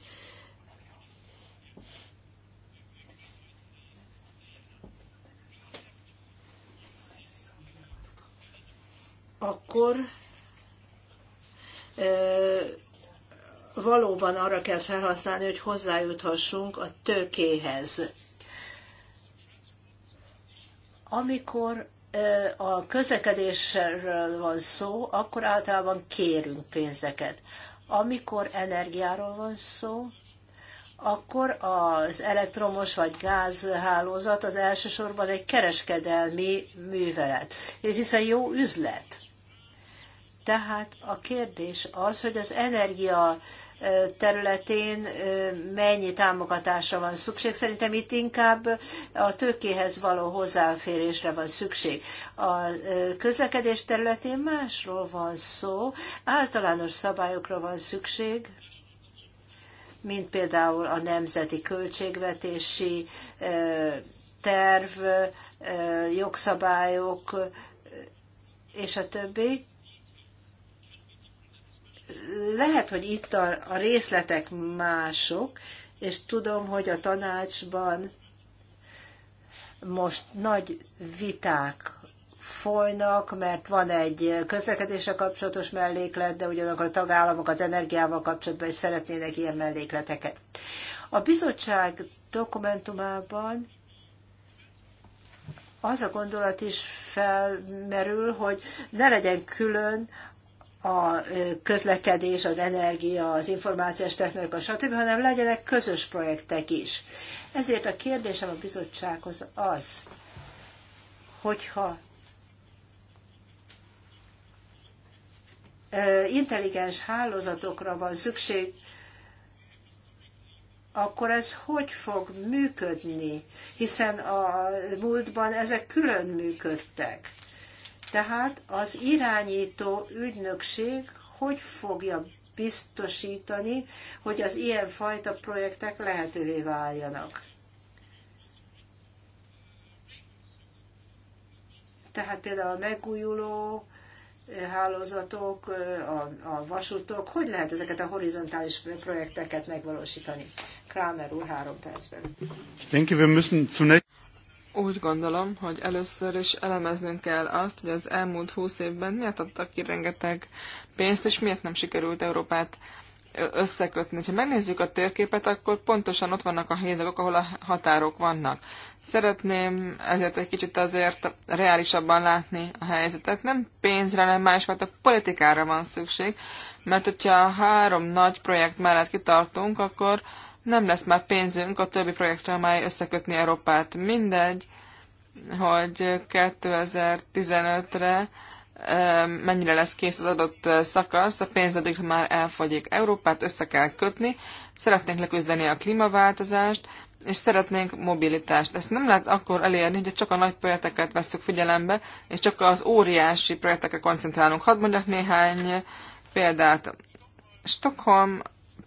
akkor valóban arra kell felhasználni, hogy hozzájuthassunk a tőkéhez. Amikor a közlekedésről van szó, akkor általában kérünk pénzeket. Amikor energiáról van szó, akkor az elektromos vagy gázhálózat az elsősorban egy kereskedelmi művelet, és hiszen jó üzlet. Tehát a kérdés az, hogy az energia területén mennyi támogatásra van szükség. Szerintem itt inkább a tőkéhez való hozzáférésre van szükség. A közlekedés területén másról van szó, általános szabályokra van szükség, mint például a nemzeti költségvetési terv, jogszabályok és a többi lehet, hogy itt a, a részletek mások, és tudom, hogy a tanácsban most nagy viták folynak, mert van egy közlekedéssel kapcsolatos melléklet, de ugyanakkor a tagállamok az energiával kapcsolatban is szeretnének ilyen mellékleteket. A bizottság dokumentumában az a gondolat is felmerül, hogy ne legyen külön a közlekedés, az energia, az információs technika, stb., hanem legyenek közös projektek is. Ezért a kérdésem a bizottsághoz az, hogyha intelligens hálózatokra van szükség, akkor ez hogy fog működni? Hiszen a múltban ezek külön működtek. Tehát az irányító ügynökség hogy fogja biztosítani, hogy az ilyen fajta projektek lehetővé váljanak. Tehát például a megújuló eh, hálózatok, eh, a, a vasútok, hogy lehet ezeket a horizontális projekteket megvalósítani? Kramer úr, három percben. Ich denke, wir müssen zunächst úgy gondolom, hogy először is elemeznünk kell azt, hogy az elmúlt húsz évben miért adtak ki rengeteg pénzt, és miért nem sikerült Európát összekötni. Ha megnézzük a térképet, akkor pontosan ott vannak a helyzetek, ahol a határok vannak. Szeretném ezért egy kicsit azért reálisabban látni a helyzetet. Nem pénzre, mert a politikára van szükség, mert hogyha három nagy projekt mellett kitartunk, akkor nem lesz már pénzünk a többi projektre, amely összekötni Európát. Mindegy, hogy 2015-re mennyire lesz kész az adott szakasz, a pénz addig már elfogyik. Európát össze kell kötni, szeretnénk leküzdeni a klímaváltozást, és szeretnénk mobilitást. Ezt nem lehet akkor elérni, hogy csak a nagy projekteket vesszük figyelembe, és csak az óriási projektekre koncentrálunk. Hadd mondjak néhány példát. Stockholm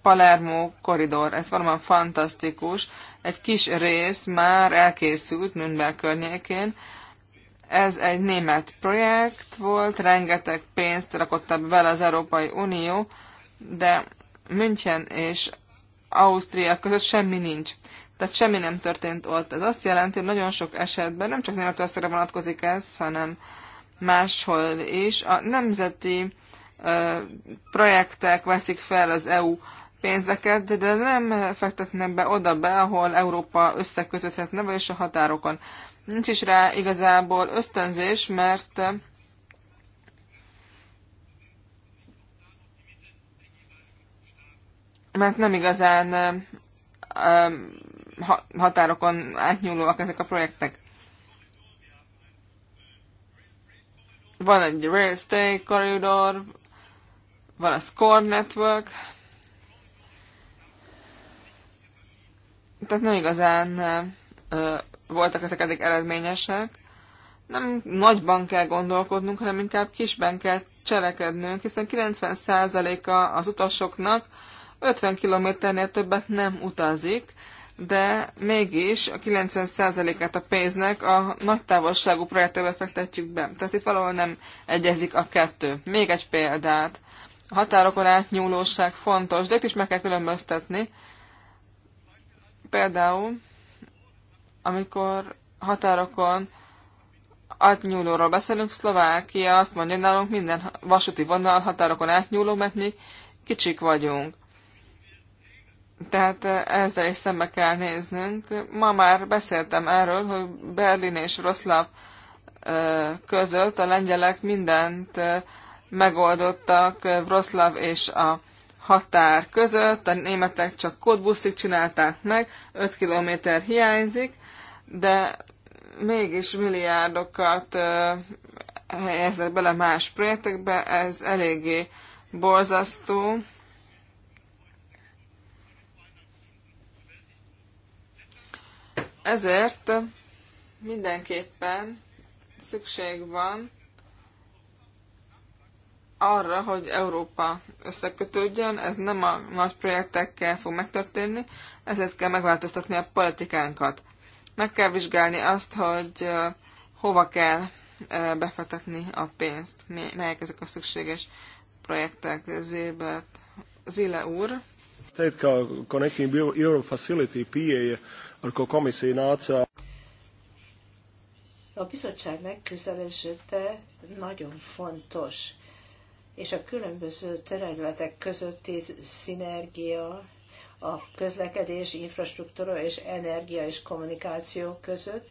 Palermo koridor, ez valóban fantasztikus. Egy kis rész már elkészült Nürnberg környékén. Ez egy német projekt volt, rengeteg pénzt rakott bele az Európai Unió, de München és Ausztria között semmi nincs. Tehát semmi nem történt ott. Ez azt jelenti, hogy nagyon sok esetben, nem csak Németországra vonatkozik ez, hanem máshol is, a nemzeti projektek veszik fel az EU pénzeket, de nem fektetne be oda be, ahol Európa összekötöthetne, vagyis a határokon. Nincs is rá igazából ösztönzés, mert mert nem igazán um, határokon átnyúlóak ezek a projektek. Van egy Rail State Corridor, van a Score Network, tehát nem igazán ö, voltak ezek eddig eredményesek. Nem nagyban kell gondolkodnunk, hanem inkább kisben kell cselekednünk, hiszen 90%-a az utasoknak 50 kilométernél többet nem utazik, de mégis a 90%-át a pénznek a nagy távolságú projektbe fektetjük be. Tehát itt valahol nem egyezik a kettő. Még egy példát. A határokon átnyúlóság fontos, de itt is meg kell különböztetni Például, amikor határokon átnyúlóról beszélünk, Szlovákia azt mondja, nálunk minden vasúti vonal határokon átnyúló, mert mi kicsik vagyunk. Tehát eh, ezzel is szembe kell néznünk. Ma már beszéltem erről, hogy Berlin és Roszláv eh, között a lengyelek mindent eh, megoldottak Roszláv és a határ között, a németek csak kódbuszig csinálták meg, 5 kilométer hiányzik, de mégis milliárdokat helyezett bele más projektekbe, ez eléggé borzasztó. Ezért mindenképpen szükség van arra, hogy Európa összekötődjön, ez nem a nagy projektekkel fog megtörténni, ezért kell megváltoztatni a politikánkat. Meg kell vizsgálni azt, hogy hova kell befektetni a pénzt, melyek ezek a szükséges projektek. Zébet, Zile úr. Tehát a Connecting Europe Facility PA, akkor komiszi A bizottság megközelésete nagyon fontos és a különböző területek közötti szinergia a közlekedés, infrastruktúra és energia és kommunikáció között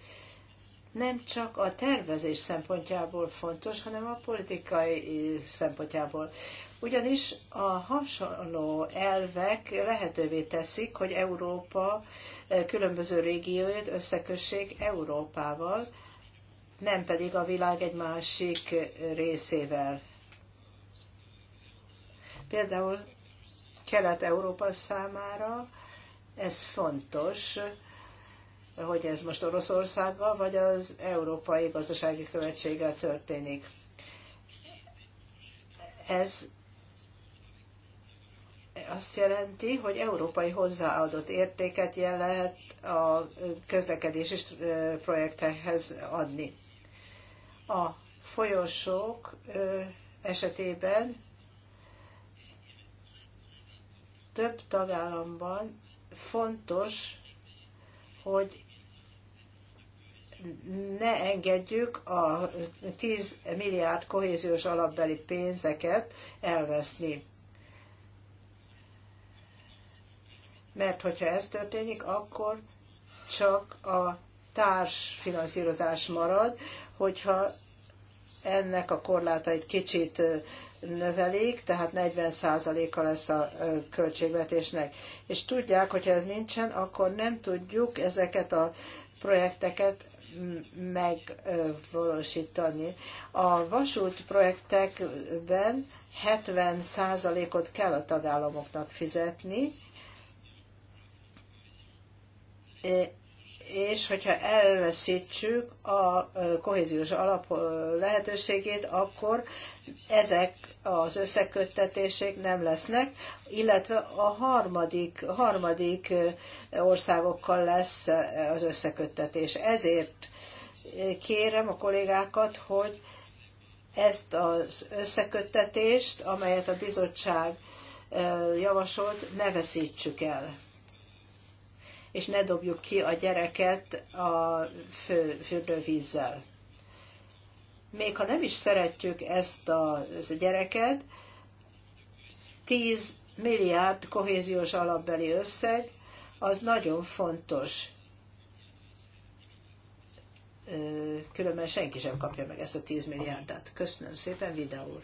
nem csak a tervezés szempontjából fontos, hanem a politikai eh, szempontjából. Ugyanis a hasonló elvek lehetővé teszik, hogy Európa eh, különböző régióit összekössék Európával, nem pedig a világ egy másik eh, részével. Például Kelet-Európa számára ez fontos, hogy ez most Oroszországgal vagy az Európai Gazdasági Követséggel történik. Ez azt jelenti, hogy európai hozzáadott értéket jel lehet a közlekedési projektekhez adni. A folyosók esetében több tagállamban fontos, hogy ne engedjük a 10 milliárd kohéziós alapbeli pénzeket elveszni. Mert hogyha ez történik, akkor csak a társfinanszírozás marad, hogyha ennek a korlátait kicsit növelik, tehát 40%-a lesz a költségvetésnek. És tudják, hogyha ez nincsen, akkor nem tudjuk ezeket a projekteket megvalósítani. A vasút projektekben 70%-ot kell a tagállamoknak fizetni, és hogyha elveszítsük a kohéziós alap lehetőségét, akkor ezek az összeköttetések nem lesznek, illetve a harmadik, harmadik országokkal lesz az összeköttetés. Ezért kérem a kollégákat, hogy ezt az összeköttetést, amelyet a bizottság javasolt, ne veszítsük el és ne dobjuk ki a gyereket a fő, fürdővízzel még ha nem is szeretjük ezt a, ezt a gyereket, 10 milliárd kohéziós alapbeli összeg, az nagyon fontos. Különben senki sem kapja meg ezt a 10 milliárdat. Köszönöm szépen, videó úr.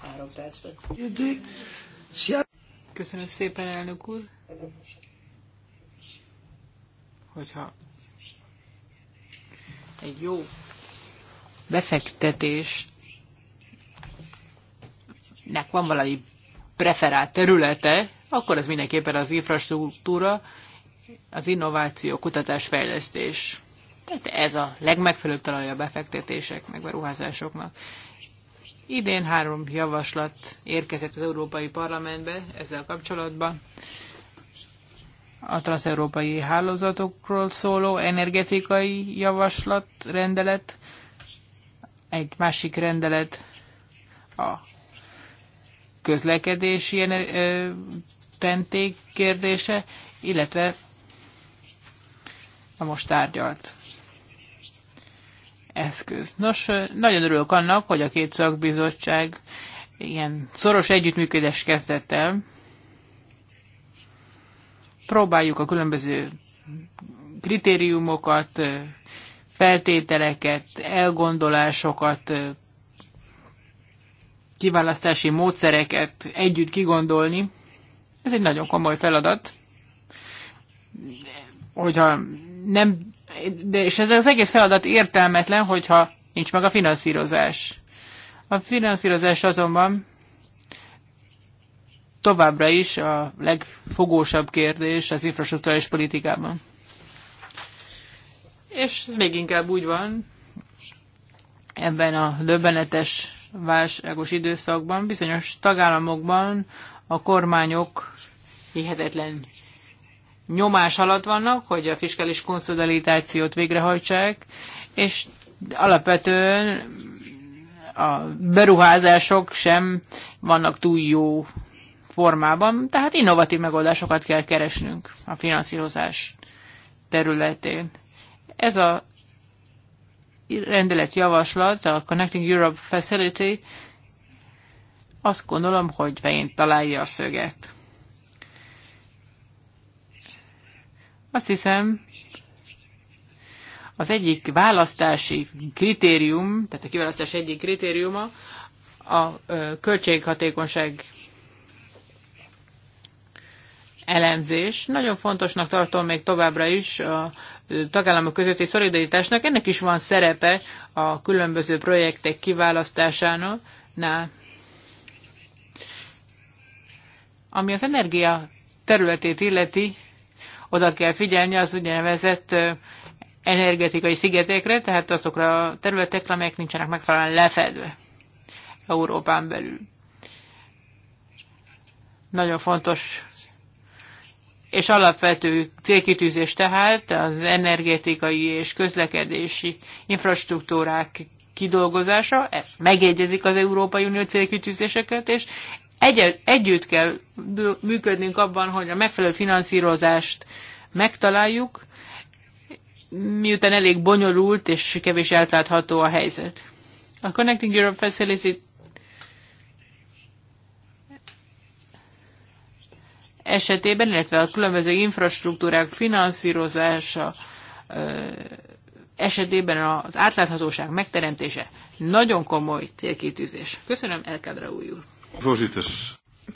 Három percben. Köszönöm szépen, elnök úr. Hogyha egy jó befektetésnek van valami preferált területe, akkor ez mindenképpen az infrastruktúra, az innováció, kutatás, fejlesztés. Tehát ez a legmegfelelőbb talaj a befektetések, meg beruházásoknak. Idén három javaslat érkezett az Európai Parlamentbe ezzel kapcsolatban. A transeurópai hálózatokról szóló energetikai javaslat, rendelet, egy másik rendelet a közlekedési tenték kérdése, illetve a most tárgyalt eszköz. Nos, nagyon örülök annak, hogy a két szakbizottság ilyen szoros együttműködés kezdett el. Próbáljuk a különböző kritériumokat, feltételeket, elgondolásokat, kiválasztási módszereket együtt kigondolni. Ez egy nagyon komoly feladat. Hogyha nem, de, és ez az egész feladat értelmetlen, hogyha nincs meg a finanszírozás. A finanszírozás azonban továbbra is a legfogósabb kérdés az infrastruktúrális politikában és ez még inkább úgy van ebben a döbbenetes válságos időszakban. Bizonyos tagállamokban a kormányok hihetetlen nyomás alatt vannak, hogy a fiskális konszolidációt végrehajtsák, és alapvetően a beruházások sem vannak túl jó formában, tehát innovatív megoldásokat kell keresnünk a finanszírozás területén. Ez a rendelet javaslat, a Connecting Europe Facility, azt gondolom, hogy fején találja a szöget. Azt hiszem, az egyik választási kritérium, tehát a kiválasztás egyik kritériuma a költséghatékonyság elemzés. Nagyon fontosnak tartom még továbbra is a tagállamok közötti szolidaritásnak. Ennek is van szerepe a különböző projektek kiválasztásánál. Ami az energia területét illeti, oda kell figyelni az úgynevezett energetikai szigetekre, tehát azokra a területekre, amelyek nincsenek megfelelően lefedve Európán belül. Nagyon fontos és alapvető célkitűzés tehát az energetikai és közlekedési infrastruktúrák kidolgozása, ez megegyezik az Európai Unió célkitűzéseket, és egy- együtt kell működnünk abban, hogy a megfelelő finanszírozást megtaláljuk, miután elég bonyolult és kevés átlátható a helyzet. A Connecting Europe Facility esetében, illetve a különböző infrastruktúrák finanszírozása esetében az átláthatóság megteremtése nagyon komoly célkitűzés. Köszönöm, Elkádra úr.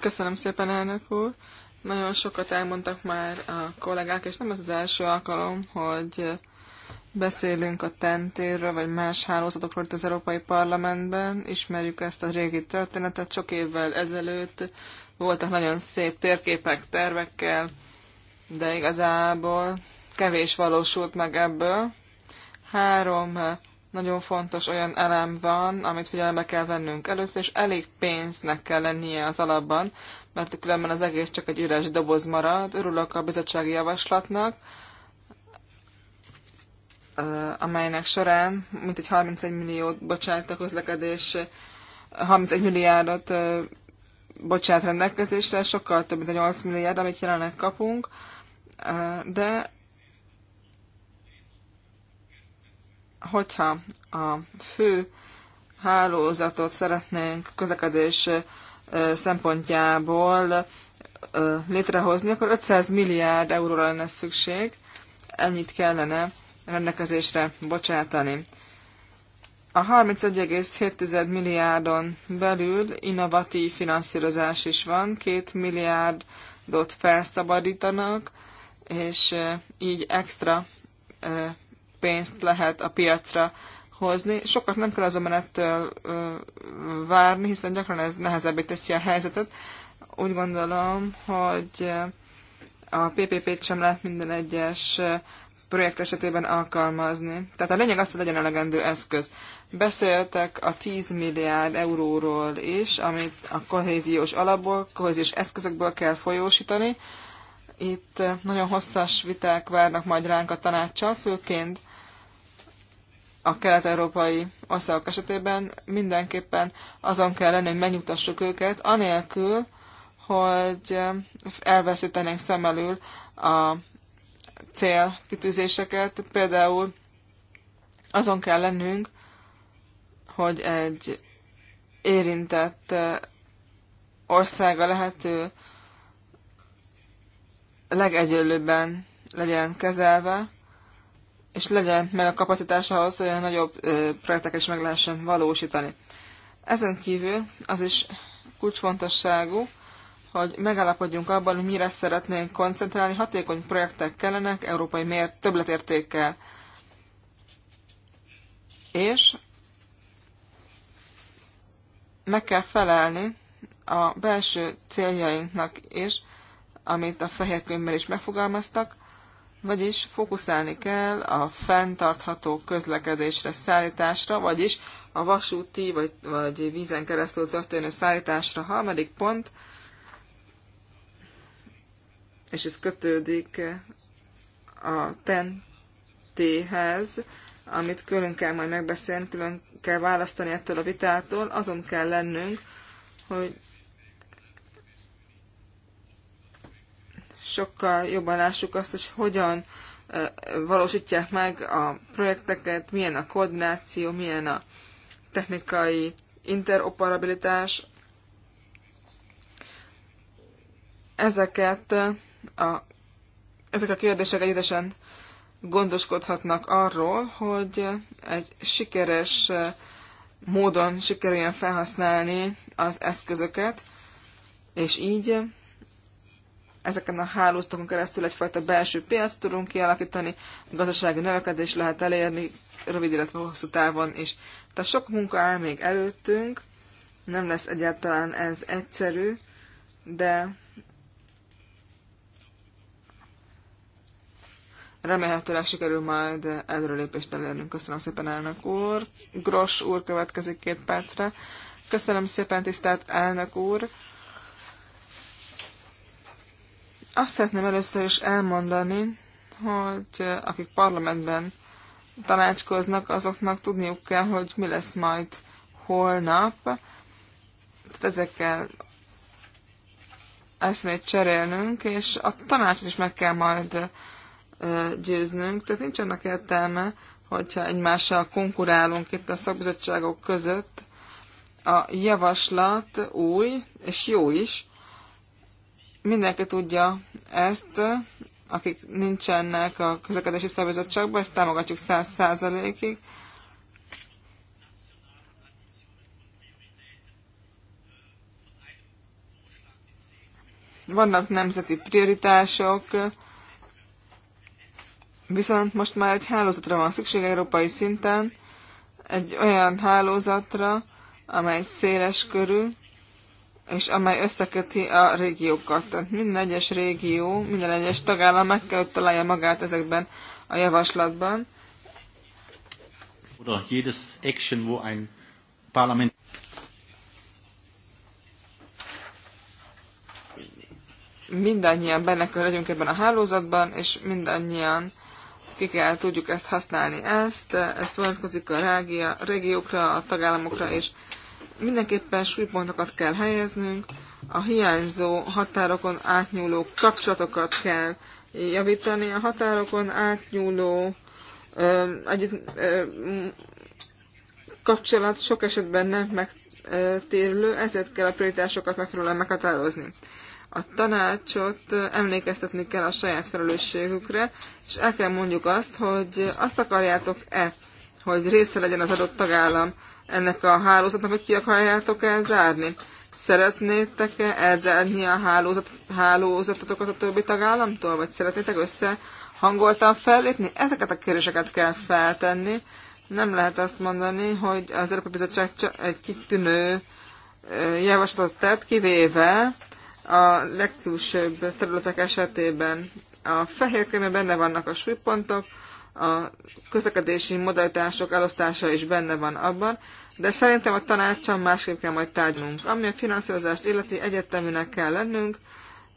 Köszönöm szépen, elnök úr. Nagyon sokat elmondtak már a kollégák, és nem ez az első alkalom, hogy beszélünk a tentérről, vagy más hálózatokról itt az Európai Parlamentben. Ismerjük ezt a régi történetet. Sok évvel ezelőtt voltak nagyon szép térképek, tervekkel, de igazából kevés valósult meg ebből. Három eh, nagyon fontos olyan elem van, amit figyelembe kell vennünk először, és elég pénznek kell lennie az alapban, mert különben az egész csak egy üres doboz marad. Örülök a bizottsági javaslatnak, eh, amelynek során mintegy 31 milliót bocsájt a közlekedés, 31 milliárdot eh, bocsát rendelkezésre, sokkal több, mint a 8 milliárd, amit jelenleg kapunk, de hogyha a fő hálózatot szeretnénk közlekedés szempontjából létrehozni, akkor 500 milliárd euróra lenne szükség, ennyit kellene rendelkezésre bocsátani. A 31,7 milliárdon belül innovatív finanszírozás is van, 2 milliárdot felszabadítanak, és így extra pénzt lehet a piacra hozni. Sokat nem kell azonban ettől várni, hiszen gyakran ez nehezebbé teszi a helyzetet. Úgy gondolom, hogy a PPP-t sem lehet minden egyes projekt esetében alkalmazni. Tehát a lényeg az, hogy legyen elegendő eszköz. Beszéltek a 10 milliárd euróról is, amit a kohéziós alapból, kohéziós eszközökből kell folyósítani. Itt nagyon hosszas viták várnak majd ránk a tanácssal, főként a kelet-európai országok esetében mindenképpen azon kell lenni, hogy megnyugtassuk őket, anélkül, hogy elveszítenénk szem elől a célkitűzéseket. Például azon kell lennünk, hogy egy érintett országa lehető legegyőlőbben legyen kezelve, és legyen meg a kapacitása ahhoz, hogy a nagyobb projekteket is meg lehessen valósítani. Ezen kívül az is kulcsfontosságú, hogy megállapodjunk abban, hogy mire szeretnénk koncentrálni. Hatékony projektek kellenek, európai mért többletértékkel. És meg kell felelni a belső céljainknak is, amit a fehér könyvben is megfogalmaztak, vagyis fókuszálni kell a fenntartható közlekedésre, szállításra, vagyis a vasúti vagy, vagy vízen keresztül történő szállításra. Harmadik pont, és ez kötődik a tentéhez, amit külön kell majd megbeszélni, külön kell választani ettől a vitától, azon kell lennünk, hogy sokkal jobban lássuk azt, hogy hogyan valósítják meg a projekteket, milyen a koordináció, milyen a technikai interoperabilitás. Ezeket a, ezek a kérdések együttesen gondoskodhatnak arról, hogy egy sikeres módon sikerüljön felhasználni az eszközöket, és így ezeken a hálóztakon keresztül egyfajta belső piac tudunk kialakítani, gazdasági növekedés lehet elérni rövid, illetve hosszú távon is. Tehát sok munka áll még előttünk, nem lesz egyáltalán ez egyszerű, de Remélhetőleg sikerül majd lépést elérnünk. Köszönöm szépen, elnök úr. Gros úr következik két percre. Köszönöm szépen, tisztelt elnök úr. Azt szeretném először is elmondani, hogy akik parlamentben tanácskoznak, azoknak tudniuk kell, hogy mi lesz majd holnap. Tehát ezekkel eszmét cserélnünk, és a tanácsot is meg kell majd győznünk, tehát nincs annak értelme, hogyha egymással konkurálunk itt a szakbizottságok között. A javaslat új, és jó is. Mindenki tudja ezt, akik nincsenek a közlekedési szabizottságban, ezt támogatjuk száz százalékig. Vannak nemzeti prioritások, Viszont most már egy hálózatra van szükség európai szinten, egy olyan hálózatra, amely széles körül, és amely összeköti a régiókat. Tehát minden egyes régió, minden egyes tagállam meg kell, hogy találja magát ezekben a javaslatban. Oder jedes action, wo ein parlament... Mindannyian benne kell legyünk ebben a hálózatban, és mindannyian ki kell, tudjuk ezt használni. Ezt, ez vonatkozik a rágia, régiókra, a tagállamokra, és mindenképpen súlypontokat kell helyeznünk, a hiányzó határokon átnyúló kapcsolatokat kell javítani, a határokon átnyúló ö, ö, kapcsolat sok esetben nem megtérülő, ezért kell a prioritásokat megfelelően meghatározni. A tanácsot emlékeztetni kell a saját felelősségükre, és el kell mondjuk azt, hogy azt akarjátok-e, hogy része legyen az adott tagállam ennek a hálózatnak, hogy ki akarjátok elzárni? Szeretnétek-e elzárni a hálózat, hálózatotokat a többi tagállamtól, vagy szeretnétek összehangoltan fellépni? Ezeket a kérdéseket kell feltenni. Nem lehet azt mondani, hogy az Európai Bizottság egy kitűnő javaslatot tett, kivéve a legkülsőbb területek esetében. A fehér könyvben benne vannak a súlypontok, a közlekedési modalitások elosztása is benne van abban, de szerintem a tanácsom másképp kell majd tárgyalnunk. Ami a finanszírozást illeti, egyeteműnek kell lennünk,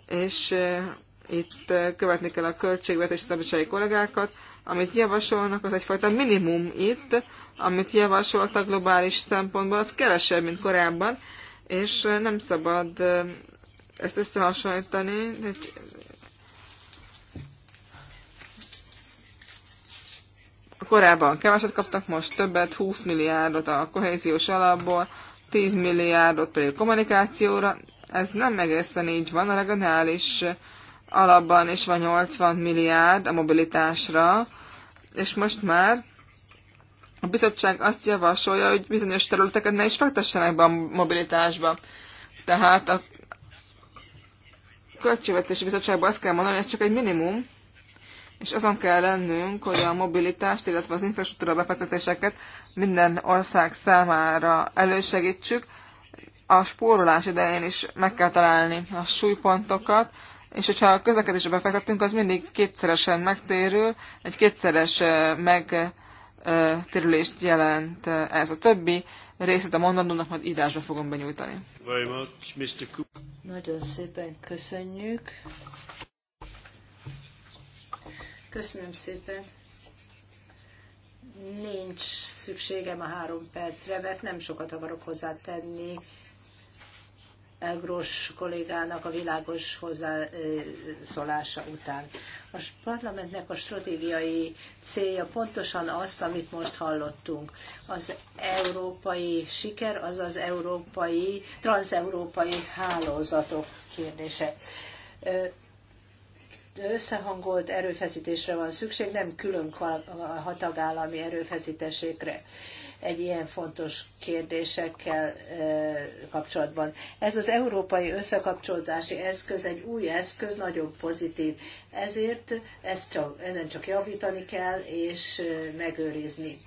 és eh, itt eh, követni kell a költségvetési szabadsági kollégákat, amit javasolnak, az egyfajta minimum itt, amit javasoltak globális szempontból, az kevesebb, mint korábban, és eh, nem szabad ezt összehasonlítani, hogy korábban keveset kaptak, most többet, 20 milliárdot a kohéziós alapból, 10 milliárdot pedig kommunikációra. Ez nem egészen így van, a regionális alapban is van 80 milliárd a mobilitásra, és most már a bizottság azt javasolja, hogy bizonyos területeket ne is fektessenek be a mobilitásba. Tehát a Költségvetési Bizottságban azt kell mondani, hogy ez csak egy minimum, és azon kell lennünk, hogy a mobilitást, illetve az infrastruktúra befektetéseket minden ország számára elősegítsük. A spórolás idején is meg kell találni a súlypontokat, és hogyha a közlekedésbe befektetünk, az mindig kétszeresen megtérül, egy kétszeres megtérülést jelent ez a többi részét a mondandónak, majd írásba fogom benyújtani. Nagyon szépen köszönjük. Köszönöm szépen. Nincs szükségem a három percre, mert nem sokat akarok hozzátenni Grosz kollégának a világos hozzászólása után. A parlamentnek a stratégiai célja pontosan azt, amit most hallottunk. Az európai siker, az az európai, transeurópai hálózatok kérdése összehangolt erőfeszítésre van szükség, nem külön hatagállami erőfeszítésekre egy ilyen fontos kérdésekkel kapcsolatban. Ez az európai összekapcsolódási eszköz egy új eszköz, nagyon pozitív. Ezért ezt csak, ezen csak javítani kell és megőrizni.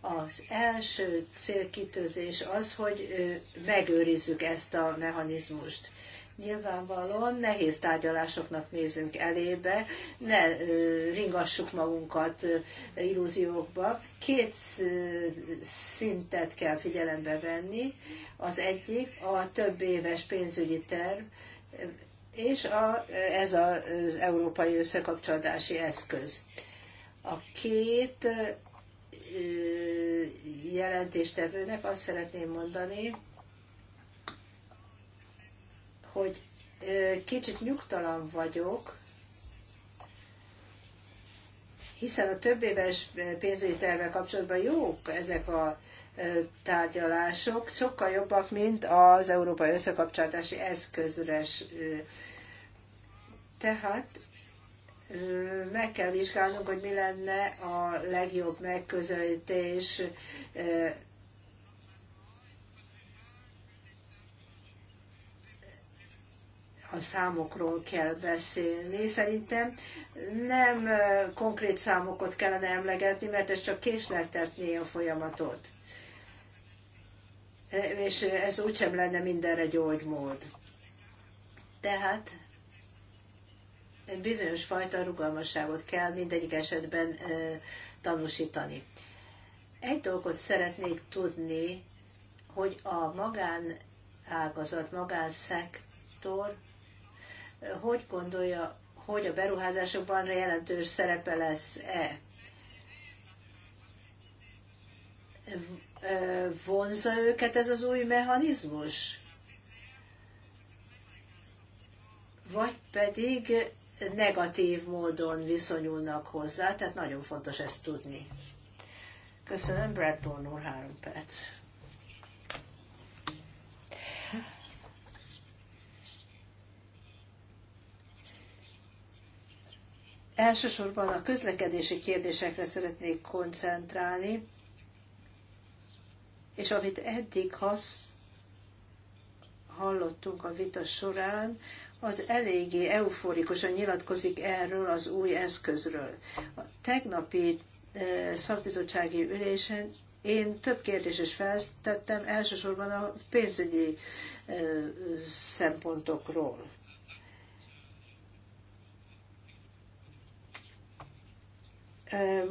Az első célkitőzés az, hogy megőrizzük ezt a mechanizmust Nyilvánvalóan nehéz tárgyalásoknak nézünk elébe, ne ringassuk magunkat illúziókba. Két szintet kell figyelembe venni. Az egyik a több éves pénzügyi terv, és a, ez az európai összekapcsolódási eszköz. A két jelentéstevőnek azt szeretném mondani, hogy kicsit nyugtalan vagyok, hiszen a több éves pénzügyi kapcsolatban jók ezek a tárgyalások, sokkal jobbak, mint az európai összekapcsolatási eszközre. Tehát meg kell vizsgálnunk, hogy mi lenne a legjobb megközelítés a számokról kell beszélni. Szerintem nem konkrét számokat kellene emlegetni, mert ez csak késleltetné a folyamatot. És ez úgysem lenne mindenre gyógymód. Tehát bizonyos fajta rugalmasságot kell mindegyik esetben tanúsítani. Egy dolgot szeretnék tudni, hogy a magánágazat, magánszektor hogy gondolja, hogy a beruházásokban jelentős szerepe lesz-e? Vonza őket ez az új mechanizmus? Vagy pedig negatív módon viszonyulnak hozzá, tehát nagyon fontos ezt tudni. Köszönöm, Bradburn úr, három perc. Elsősorban a közlekedési kérdésekre szeretnék koncentrálni, és amit eddig hasz, hallottunk a vita során, az eléggé euforikusan nyilatkozik erről az új eszközről. A tegnapi e, szakbizottsági ülésen én több kérdést is feltettem, elsősorban a pénzügyi e, szempontokról.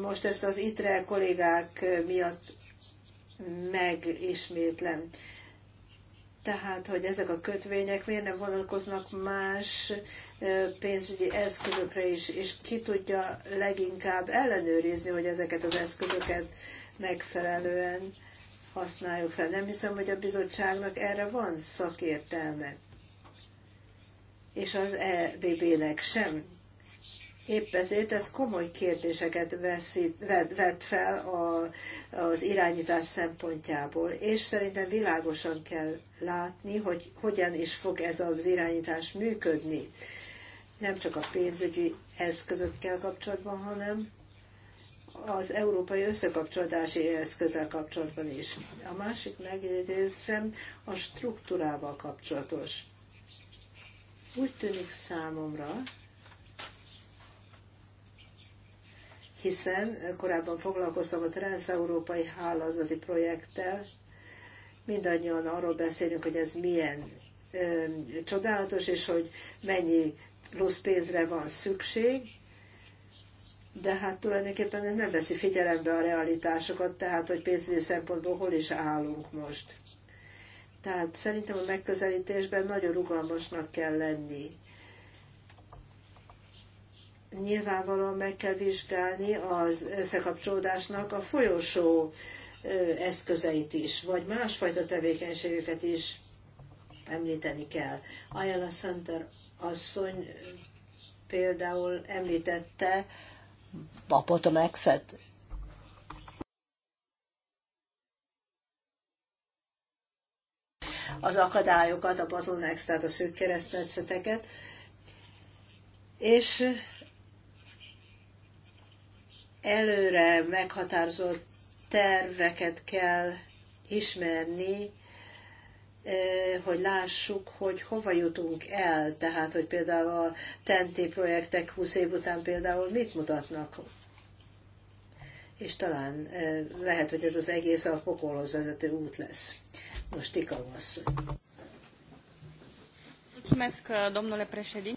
most ezt az ITRE kollégák miatt megismétlem. Tehát, hogy ezek a kötvények miért nem vonatkoznak más pénzügyi eszközökre is, és ki tudja leginkább ellenőrizni, hogy ezeket az eszközöket megfelelően használjuk fel. Nem hiszem, hogy a bizottságnak erre van szakértelme. És az EBB-nek sem Épp ezért ez komoly kérdéseket veszít vet, vet fel a, az irányítás szempontjából, és szerintem világosan kell látni, hogy hogyan is fog ez az irányítás működni. Nem csak a pénzügyi eszközökkel kapcsolatban, hanem az európai összekapcsolódási eszközzel kapcsolatban is. A másik megjegyzésem a struktúrával kapcsolatos. Úgy tűnik számomra, hiszen korábban foglalkoztam a transeurópai hálózati projekttel, mindannyian arról beszélünk, hogy ez milyen ö, csodálatos, és hogy mennyi plusz pénzre van szükség, de hát tulajdonképpen ez nem veszi figyelembe a realitásokat, tehát hogy pénzügyi szempontból hol is állunk most. Tehát szerintem a megközelítésben nagyon rugalmasnak kell lenni nyilvánvalóan meg kell vizsgálni az összekapcsolódásnak a folyosó eszközeit is, vagy másfajta tevékenységeket is említeni kell. Ayala Center asszony például említette a Potomexet, az akadályokat, a Potomex, tehát a szűk keresztmetszeteket, és előre meghatározott terveket kell ismerni, eh, hogy lássuk, hogy hova jutunk el, tehát, hogy például a tenti projektek 20 év után például mit mutatnak. És talán eh, lehet, hogy ez az egész a pokolhoz vezető út lesz. Most Tika asszony. Eh,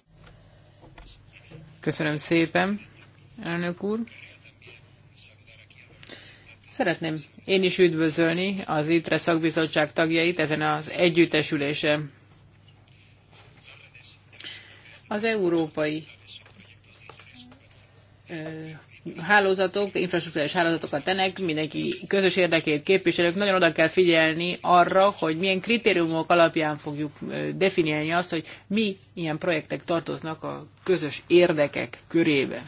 Köszönöm szépen, elnök úr. Szeretném én is üdvözölni az ITRE szakbizottság tagjait ezen az együttesülésen. Az európai hálózatok, infrastruktúrás hálózatokat tenek, mindenki közös érdekét képviselők, nagyon oda kell figyelni arra, hogy milyen kritériumok alapján fogjuk definiálni azt, hogy mi ilyen projektek tartoznak a közös érdekek körébe.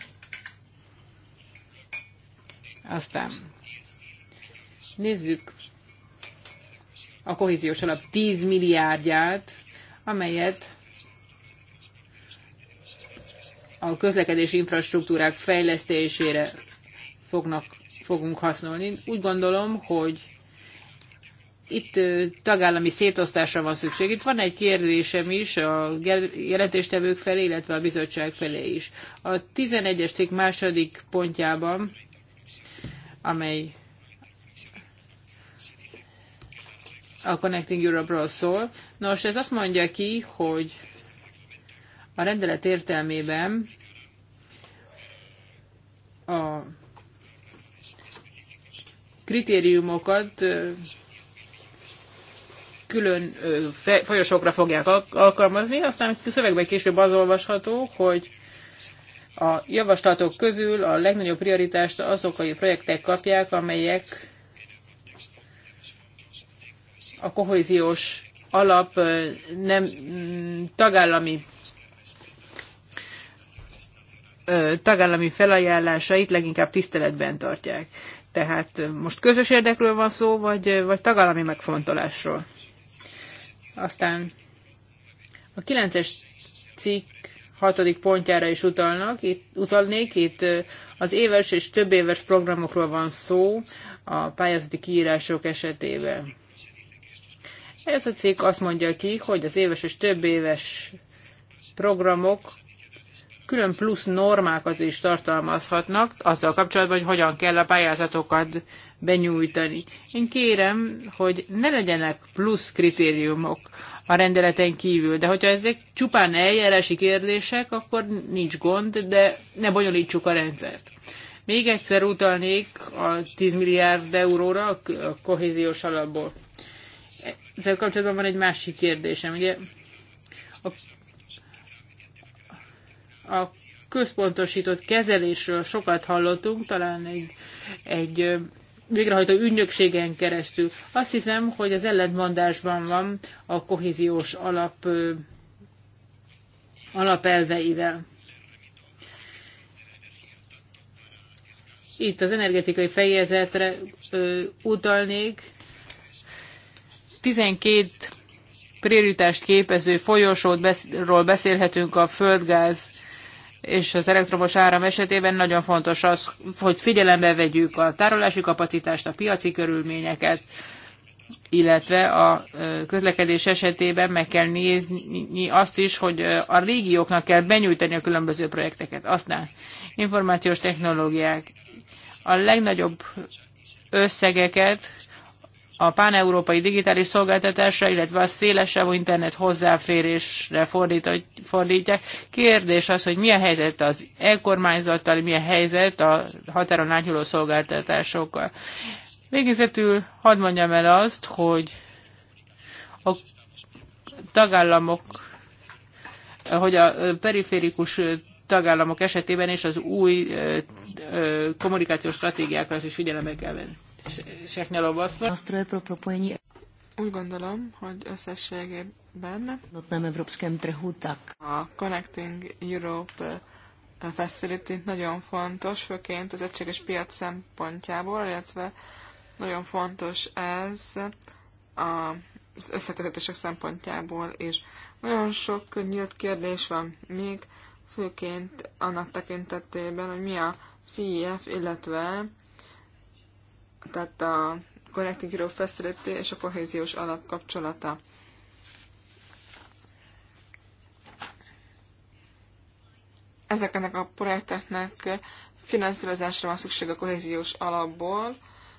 Aztán Nézzük a kohéziós alap 10 milliárdját, amelyet a közlekedési infrastruktúrák fejlesztésére fognak, fogunk használni. Úgy gondolom, hogy itt tagállami szétosztásra van szükség. Itt van egy kérdésem is a jelentéstevők felé, illetve a bizottság felé is. A 11-es cikk második pontjában, amely a Connecting Europe-ról szól. Nos, ez azt mondja ki, hogy a rendelet értelmében a kritériumokat külön folyosokra fogják alkalmazni, aztán szövegben később az olvasható, hogy a javaslatok közül a legnagyobb prioritást azok a projektek kapják, amelyek a kohéziós alap nem mm, tagállami tagállami felajánlásait leginkább tiszteletben tartják. Tehát most közös érdekről van szó, vagy, vagy tagállami megfontolásról. Aztán a 9-es cikk hatodik pontjára is utalnak, itt, utalnék, itt az éves és több éves programokról van szó a pályázati kiírások esetében. Ez a cikk azt mondja ki, hogy az éves és több éves programok külön plusz normákat is tartalmazhatnak azzal kapcsolatban, hogy hogyan kell a pályázatokat benyújtani. Én kérem, hogy ne legyenek plusz kritériumok a rendeleten kívül, de hogyha ezek csupán eljárási kérdések, akkor nincs gond, de ne bonyolítsuk a rendszert. Még egyszer utalnék a 10 milliárd euróra a kohéziós alapból ezzel kapcsolatban van egy másik kérdésem. Ugye a, a központosított kezelésről sokat hallottunk, talán egy, egy végrehajtó ügynökségen keresztül. Azt hiszem, hogy az ellentmondásban van a kohéziós alap alapelveivel. Itt az energetikai fejezetre ö, utalnék, 12 prioritást képező folyosóról beszélhetünk a földgáz és az elektromos áram esetében nagyon fontos az, hogy figyelembe vegyük a tárolási kapacitást, a piaci körülményeket, illetve a közlekedés esetében meg kell nézni azt is, hogy a régióknak kell benyújtani a különböző projekteket. Aztán információs technológiák. A legnagyobb összegeket a páneurópai digitális szolgáltatásra, illetve a szélesebb internet hozzáférésre fordítják. Kérdés az, hogy mi a helyzet az e-kormányzattal, mi a helyzet a határon átnyúló szolgáltatásokkal. Végezetül hadd mondjam el azt, hogy a tagállamok, hogy a periférikus tagállamok esetében és az új kommunikációs stratégiákra is figyelembe kell venni. Nástroje pro propojení. Úgy gondolom, hogy összességében nem evropském trhu, tak. A Connecting Europe eh, Facility nagyon fontos, főként az egységes piac szempontjából, illetve nagyon fontos ez az összekötetések szempontjából, és nagyon sok nyílt kérdés van még, főként annak tekintetében, hogy mi a CIF, e illetve tehát a Connecting Europe Facility és a kohéziós alap kapcsolata. Ezeknek a projekteknek finanszírozásra van szükség a kohéziós alapból.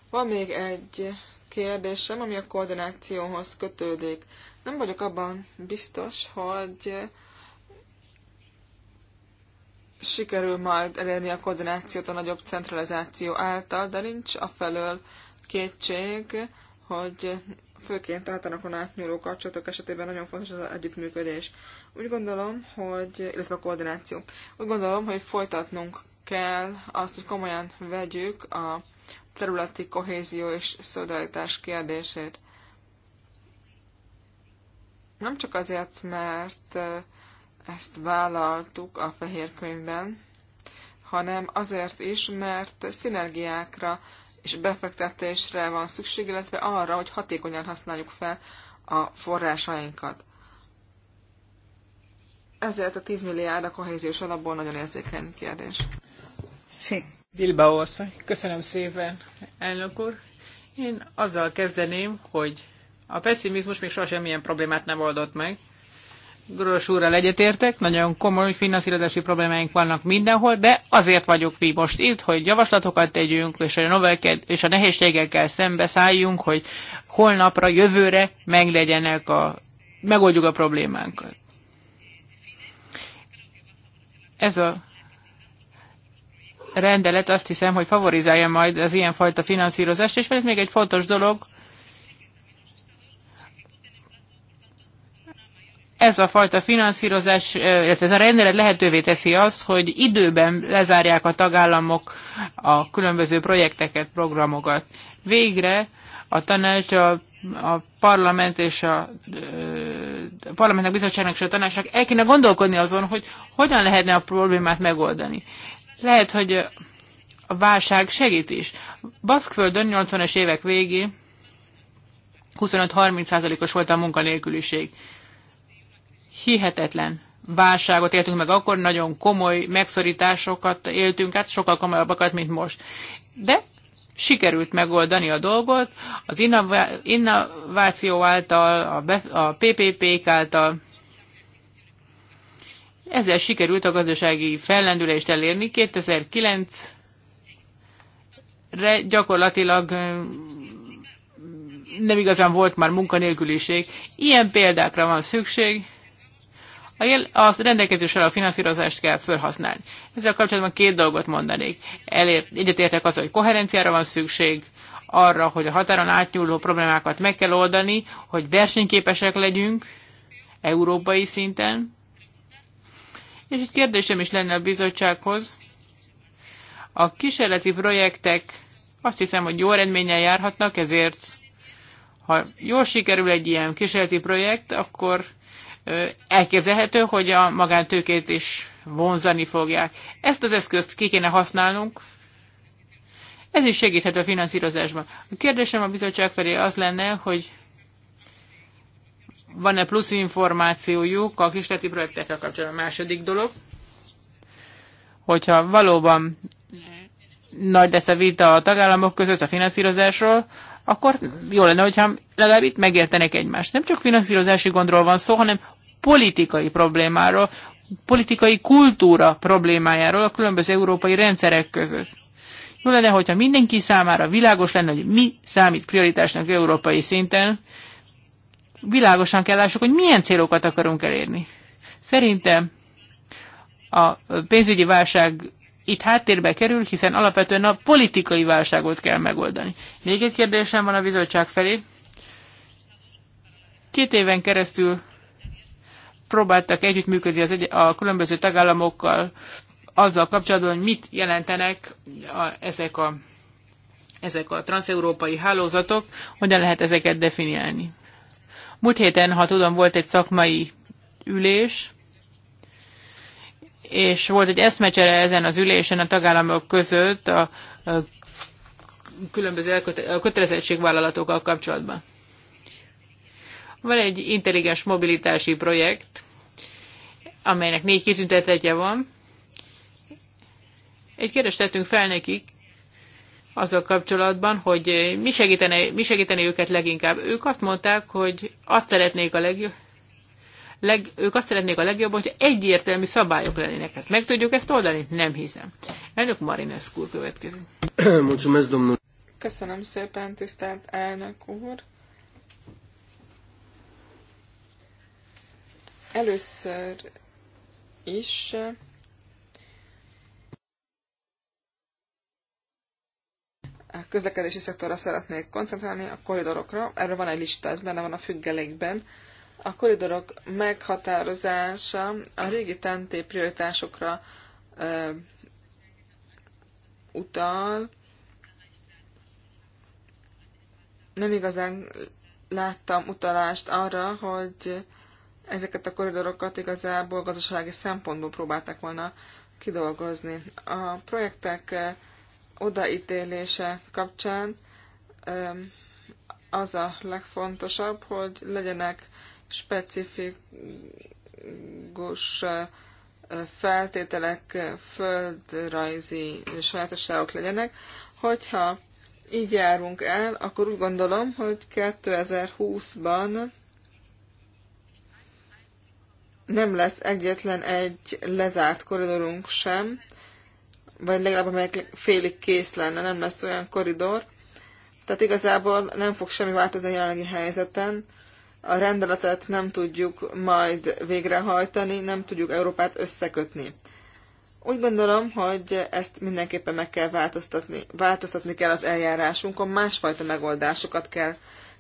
Van még egy kérdésem, ami a koordinációhoz kötődik. Nem vagyok abban biztos, hogy sikerül majd elérni a koordinációt a nagyobb centralizáció által, de nincs a felől kétség, hogy főként általánokon átnyúló kapcsolatok esetében nagyon fontos az együttműködés. Úgy gondolom, hogy, illetve a koordináció. Úgy gondolom, hogy folytatnunk kell azt, hogy komolyan vegyük a területi kohézió és szolidaritás kérdését. Nem csak azért, mert ezt vállaltuk a fehér könyvben, hanem azért is, mert szinergiákra és befektetésre van szükség, illetve arra, hogy hatékonyan használjuk fel a forrásainkat. Ezért a 10 milliárd a kohéziós alapból nagyon érzékeny kérdés. Sí. Bilbao asszony, köszönöm szépen, elnök úr. Én azzal kezdeném, hogy a pessimizmus még sosem ilyen problémát nem oldott meg, Gross úrral egyetértek, nagyon komoly finanszírozási problémáink vannak mindenhol, de azért vagyok mi most itt, hogy javaslatokat tegyünk, és a, novelked, és a nehézségekkel szembeszálljunk, hogy holnapra, jövőre meglegyenek a, megoldjuk a problémánkat. Ez a rendelet azt hiszem, hogy favorizálja majd az ilyenfajta finanszírozást, és van még egy fontos dolog, Ez a fajta finanszírozás, illetve ez a rendelet lehetővé teszi azt, hogy időben lezárják a tagállamok a különböző projekteket, programokat. Végre a tanács, a, a parlament és a, a parlamentnek, bizottságnak és a tanácsnak el kéne gondolkodni azon, hogy hogyan lehetne a problémát megoldani. Lehet, hogy a válság segít is. Baszkföldön 80-es évek végé 25-30%-os volt a munkanélküliség hihetetlen válságot éltünk meg akkor, nagyon komoly megszorításokat éltünk át, sokkal komolyabbakat, mint most. De sikerült megoldani a dolgot, az innováció által, a, a PPP-k által, ezzel sikerült a gazdasági fellendülést elérni. 2009-re gyakorlatilag nem igazán volt már munkanélküliség. Ilyen példákra van szükség, a, jel, a rendelkezésre a finanszírozást kell felhasználni. Ezzel kapcsolatban két dolgot mondanék. Elér, egyetértek az, hogy koherenciára van szükség, arra, hogy a határon átnyúló problémákat meg kell oldani, hogy versenyképesek legyünk európai szinten. És egy kérdésem is lenne a bizottsághoz. A kísérleti projektek azt hiszem, hogy jó eredménnyel járhatnak, ezért ha jól sikerül egy ilyen kísérleti projekt, akkor elképzelhető, hogy a magántőkét is vonzani fogják. Ezt az eszközt ki kéne használnunk, ez is segíthet a finanszírozásban. A kérdésem a bizottság felé az lenne, hogy van-e plusz információjuk a kisleti projektekkel kapcsolatban. A második dolog, hogyha valóban nagy lesz a vita a tagállamok között a finanszírozásról, akkor jó lenne, hogyha legalább itt megértenek egymást. Nem csak finanszírozási gondról van szó, hanem politikai problémáról, politikai kultúra problémájáról a különböző európai rendszerek között. Jó lenne, hogyha mindenki számára világos lenne, hogy mi számít prioritásnak európai szinten, világosan kell lássuk, hogy milyen célokat akarunk elérni. Szerintem a pénzügyi válság itt háttérbe kerül, hiszen alapvetően a politikai válságot kell megoldani. Még egy kérdésem van a bizottság felé. Két éven keresztül próbáltak együttműködni az egy, a különböző tagállamokkal azzal kapcsolatban, hogy mit jelentenek a, ezek a ezek a transeurópai hálózatok, hogyan lehet ezeket definiálni. Múlt héten, ha tudom, volt egy szakmai ülés, és volt egy eszmecsere ezen az ülésen a tagállamok között a, a különböző kötelezettségvállalatokkal kapcsolatban. Van egy intelligens mobilitási projekt, amelynek négy kitüntetetje van. Egy kérdést tettünk fel nekik azzal kapcsolatban, hogy mi segítené, mi segítené őket leginkább. Ők azt mondták, hogy azt szeretnék a legjobb, leg, ők azt szeretnék a legjobban, hogy egyértelmű szabályok lennének. Ezt meg tudjuk ezt oldani? Nem hiszem. Elnök Marinescu következik. Köszönöm szépen, tisztelt elnök úr. Először is a közlekedési szektorra szeretnék koncentrálni, a koridorokra. Erről van egy lista, ez benne van a függelékben. A koridorok meghatározása a régi tenté prioritásokra ö, utal. Nem igazán láttam utalást arra, hogy ezeket a koridorokat igazából gazdasági szempontból próbálták volna kidolgozni. A projektek odaítélése kapcsán az a legfontosabb, hogy legyenek specifikus feltételek, földrajzi sajátosságok legyenek. Hogyha így járunk el, akkor úgy gondolom, hogy 2020-ban nem lesz egyetlen egy lezárt koridorunk sem, vagy legalább amelyek félig kész lenne, nem lesz olyan koridor. Tehát igazából nem fog semmi változni a jelenlegi helyzeten, a rendeletet nem tudjuk majd végrehajtani, nem tudjuk Európát összekötni. Úgy gondolom, hogy ezt mindenképpen meg kell változtatni. Változtatni kell az eljárásunkon, másfajta megoldásokat kell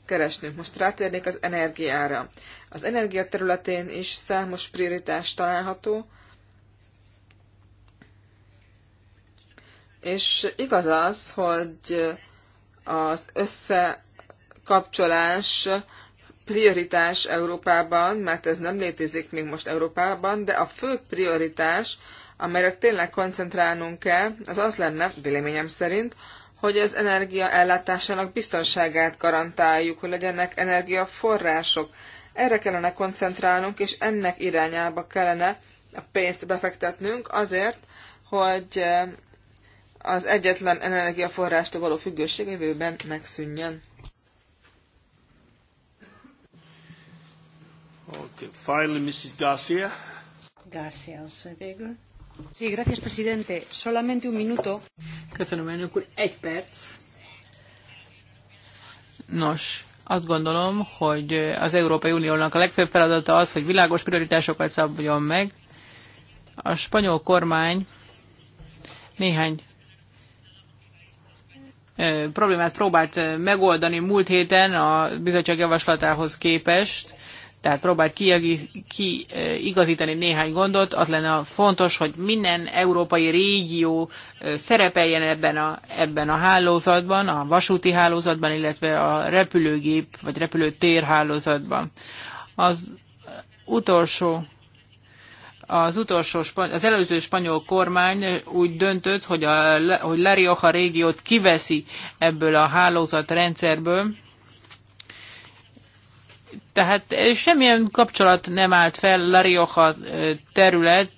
keresnünk. Most rátérnék az energiára. Az energia területén is számos prioritás található, és igaz az, hogy az összekapcsolás prioritás Európában, mert ez nem létezik még most Európában, de a fő prioritás, amelyre tényleg koncentrálnunk kell, az az lenne, véleményem szerint, hogy az energia ellátásának biztonságát garantáljuk, hogy legyenek energiaforrások. Erre kellene koncentrálnunk, és ennek irányába kellene a pénzt befektetnünk azért, hogy eh, az egyetlen energiaforrástól való függőség jövőben megszűnjön. Okay. Finally, Mrs. Garcia. Garcia, végül. Sí, gracias, presidente. Solamente un minuto. Köszönöm, elnök úr. Egy perc. Nos, azt gondolom, hogy az Európai Uniónak a legfőbb feladata az, hogy világos prioritásokat szabjon meg. A spanyol kormány néhány problémát próbált megoldani múlt héten a bizottság javaslatához képest tehát próbált kiigazítani ki, néhány gondot, az lenne fontos, hogy minden európai régió szerepeljen ebben a, ebben a hálózatban, a vasúti hálózatban, illetve a repülőgép vagy repülőtér hálózatban. Az utolsó az utolsó, az előző spanyol kormány úgy döntött, hogy, a, hogy La Rioja régiót kiveszi ebből a hálózatrendszerből, tehát eh, semmilyen kapcsolat nem állt fel La Rioja eh, terület,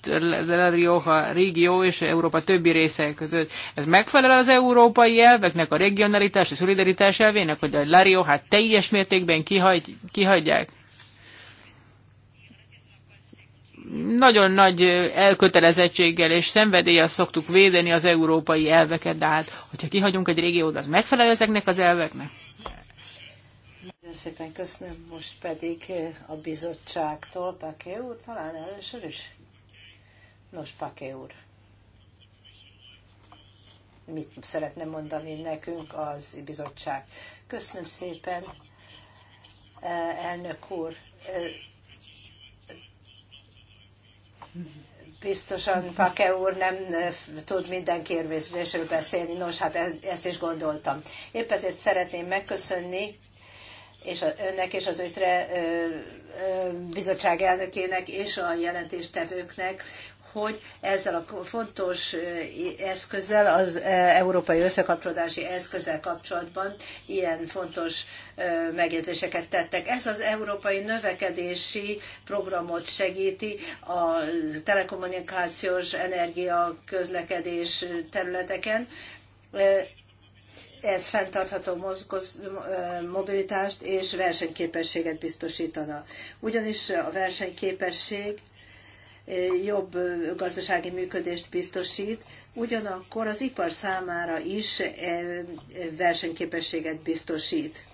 La Rioja régió és Európa többi része között. Ez megfelel az európai elveknek, a regionalitás, a szolidaritás elvének, hogy a La Rioja teljes mértékben kihagy, kihagyják? Nagyon nagy eh, elkötelezettséggel és szenvedéllyel szoktuk védeni az európai elveket, de hát, hogyha kihagyunk egy régiót, az megfelel ezeknek az elveknek? szépen köszönöm, most pedig eh, a bizottságtól, Paké úr, talán először is? Nos, Paké úr, mit szeretne mondani nekünk az bizottság? Köszönöm szépen, eh, elnök úr. Eh, biztosan Pake úr nem tud minden kérdésről beszélni, nos, hát ezt is gondoltam. Épp ezért szeretném megköszönni és a, önnek és az ötre bizottság elnökének és a jelentéstevőknek, hogy ezzel a fontos eszközzel, az európai összekapcsolódási eszközzel kapcsolatban ilyen fontos megjegyzéseket tettek. Ez az európai növekedési programot segíti a telekommunikációs, energia, közlekedés területeken, ez fenntartható mozgos, mobilitást és versenyképességet biztosítana. Ugyanis a versenyképesség jobb gazdasági működést biztosít, ugyanakkor az ipar számára is versenyképességet biztosít,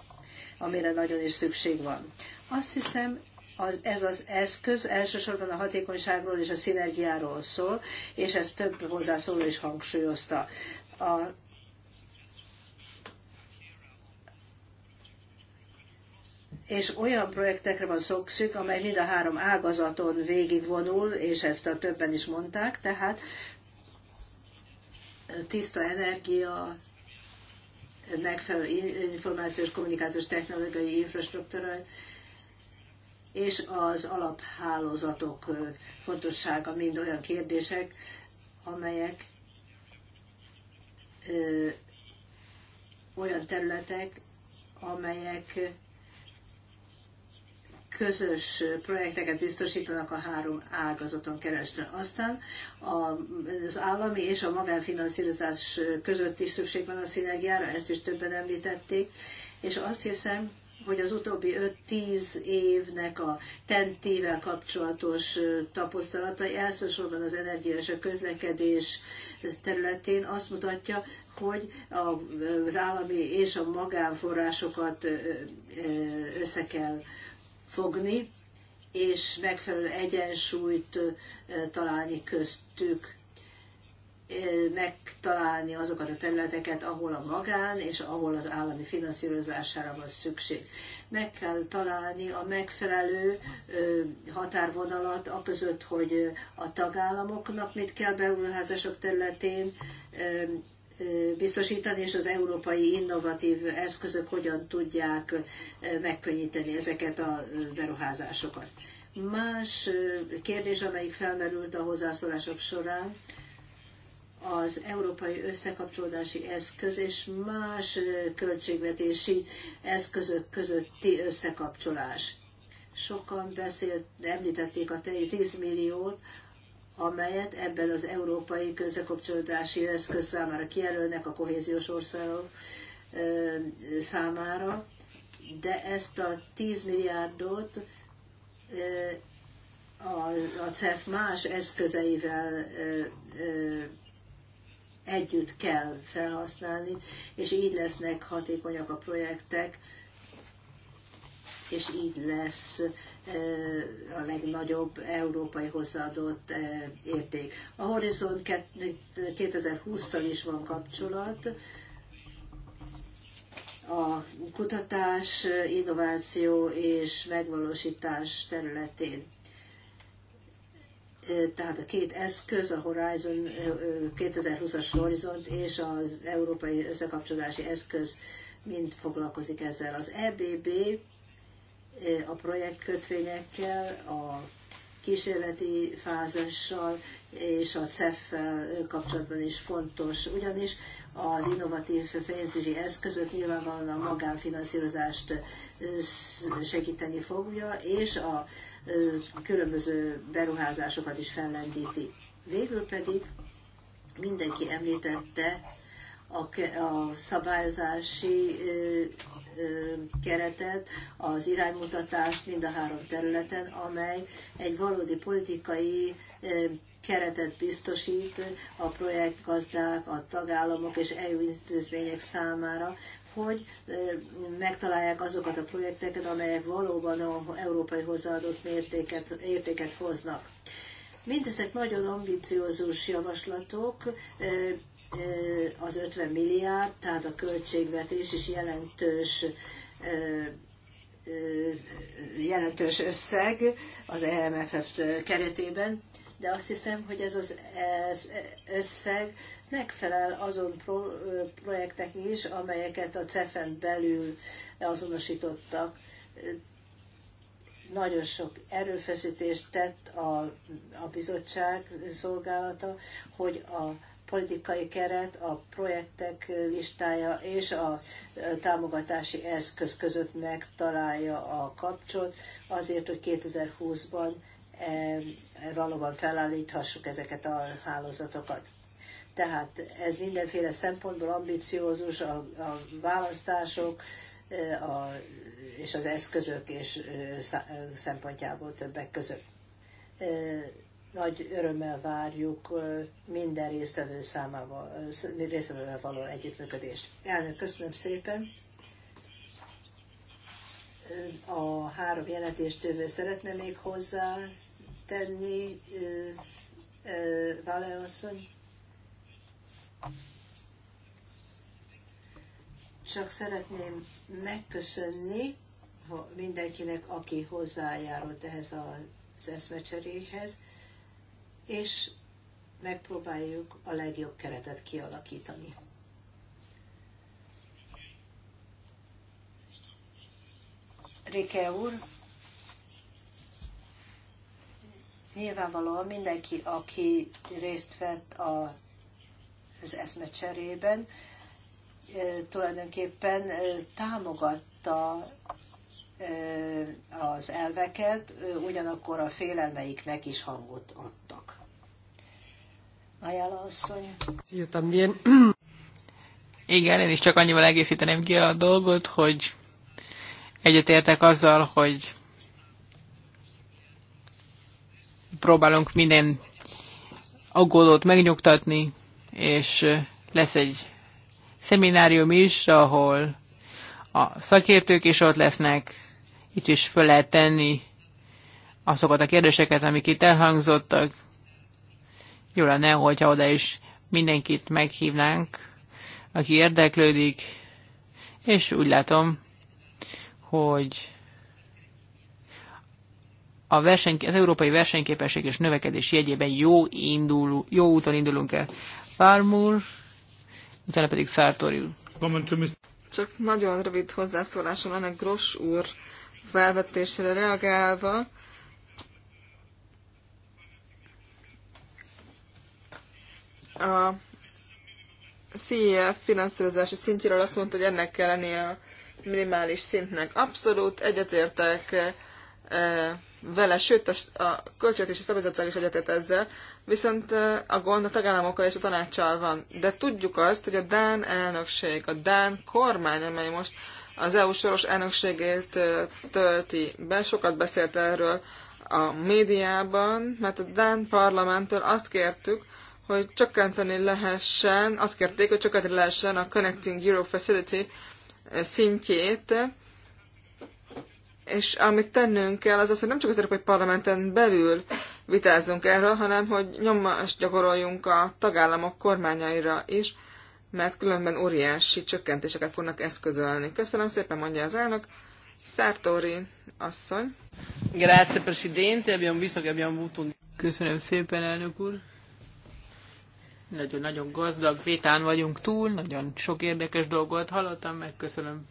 amire nagyon is szükség van. Azt hiszem, az, ez az eszköz elsősorban a hatékonyságról és a szinergiáról szól, és ez több hozzászóló is hangsúlyozta. A és olyan projektekre van szükség, amely mind a három ágazaton végigvonul, és ezt a többen is mondták, tehát tiszta energia, megfelelő információs kommunikációs technológiai infrastruktúra, és az alaphálózatok fontossága mind olyan kérdések, amelyek olyan területek, amelyek közös projekteket biztosítanak a három ágazaton keresztül. Aztán az állami és a magánfinanszírozás között is szükség van a szinergiára, ezt is többen említették, és azt hiszem, hogy az utóbbi 5-10 évnek a tentével kapcsolatos tapasztalatai elsősorban az energia és a közlekedés területén azt mutatja, hogy az állami és a magánforrásokat össze kell fogni, és megfelelő egyensúlyt találni köztük, megtalálni azokat a területeket, ahol a magán és ahol az állami finanszírozására van szükség. Meg kell találni a megfelelő határvonalat között, hogy a tagállamoknak mit kell beruházások területén biztosítani, és az európai innovatív eszközök hogyan tudják megkönnyíteni ezeket a beruházásokat. Más kérdés, amelyik felmerült a hozzászólások során, az európai összekapcsolódási eszköz és más költségvetési eszközök közötti összekapcsolás. Sokan beszélt, említették a 10 milliót, amelyet ebben az európai közekapcsolódási eszköz számára kijelölnek a kohéziós országok számára, de ezt a 10 milliárdot a CEF más eszközeivel együtt kell felhasználni, és így lesznek hatékonyak a projektek, és így lesz a legnagyobb európai hozzáadott érték. A Horizon 2020-szal is van kapcsolat, a kutatás, innováció és megvalósítás területén. Tehát a két eszköz, a Horizon 2020-as Horizont és az Európai Összekapcsolási Eszköz mind foglalkozik ezzel. Az EBB a projektkötvényekkel, a kísérleti fázassal és a CEF-fel kapcsolatban is fontos, ugyanis az innovatív pénzügyi eszközök nyilvánvalóan a magánfinanszírozást segíteni fogja, és a különböző beruházásokat is fellendíti. Végül pedig mindenki említette a szabályozási keretet, az iránymutatást mind a három területen, amely egy valódi politikai keretet biztosít a projektgazdák, a tagállamok és EU intézmények számára, hogy megtalálják azokat a projekteket, amelyek valóban a európai hozzáadott mértéket, értéket hoznak. Mindezek nagyon ambiciózus javaslatok, az 50 milliárd, tehát a költségvetés is jelentős jelentős összeg az EMFF keretében, de azt hiszem, hogy ez az ez összeg megfelel azon pro, projektek is, amelyeket a CEFEN belül azonosítottak. Nagyon sok erőfeszítést tett a, a bizottság szolgálata, hogy a politikai keret, a projektek listája és a támogatási eszköz között megtalálja a kapcsot azért, hogy 2020-ban valóban felállíthassuk ezeket a hálózatokat. Tehát ez mindenféle szempontból ambiciózus, a, a választások a, és az eszközök és szempontjából többek között nagy örömmel várjuk minden résztvevő számával, résztvevővel való együttműködést. Elnök, köszönöm szépen. A három jelentéstővő szeretne még hozzá tenni, Vale Csak szeretném megköszönni mindenkinek, aki hozzájárult ehhez az eszmecseréhez és megpróbáljuk a legjobb keretet kialakítani. Rike úr, nyilvánvalóan mindenki, aki részt vett a, az eszmecserében, tulajdonképpen támogatta az elveket, ugyanakkor a félelmeiknek is hangot adta. Ajala asszony. Igen, én is csak annyival egészíteném ki a dolgot, hogy egyetértek azzal, hogy próbálunk minden aggódót megnyugtatni, és lesz egy szeminárium is, ahol a szakértők is ott lesznek, itt is föl lehet tenni azokat a kérdéseket, amik itt elhangzottak, jó lenne, hogyha oda is mindenkit meghívnánk, aki érdeklődik, és úgy látom, hogy a verseny, az európai versenyképesség és növekedés jegyében jó, indul, jó úton indulunk el. Farmur, utána pedig Sartori Csak nagyon rövid hozzászólásom ennek Gross úr felvetésére reagálva. A CEF finanszírozási szintjéről azt mondta, hogy ennek kell lennie a minimális szintnek. Abszolút egyetértek e, vele, sőt a, a költségvetési szabadság is egyetért ezzel, viszont e, a gond a tagállamokkal és a tanácssal van. De tudjuk azt, hogy a Dán elnökség, a Dán kormány, amely most az EU soros elnökségét e, tölti be, sokat beszélt erről a médiában, mert a Dán parlamenttől azt kértük, hogy csökkenteni lehessen, azt kérték, hogy csökkenteni lehessen a Connecting Europe Facility eh, szintjét, és amit tennünk kell, az az, hogy nem csak az Európai Parlamenten belül vitázzunk erről, hanem hogy nyomást gyakoroljunk a tagállamok kormányaira is, mert különben óriási csökkentéseket fognak eszközölni. Köszönöm szépen, mondja az elnök. Szártóri asszony. Grazie, Presidente. Abbiamo visto che abbiamo avuto un... Köszönöm szépen, elnök úr. Nagyon-nagyon gazdag vétán vagyunk túl, nagyon sok érdekes dolgot hallottam, megköszönöm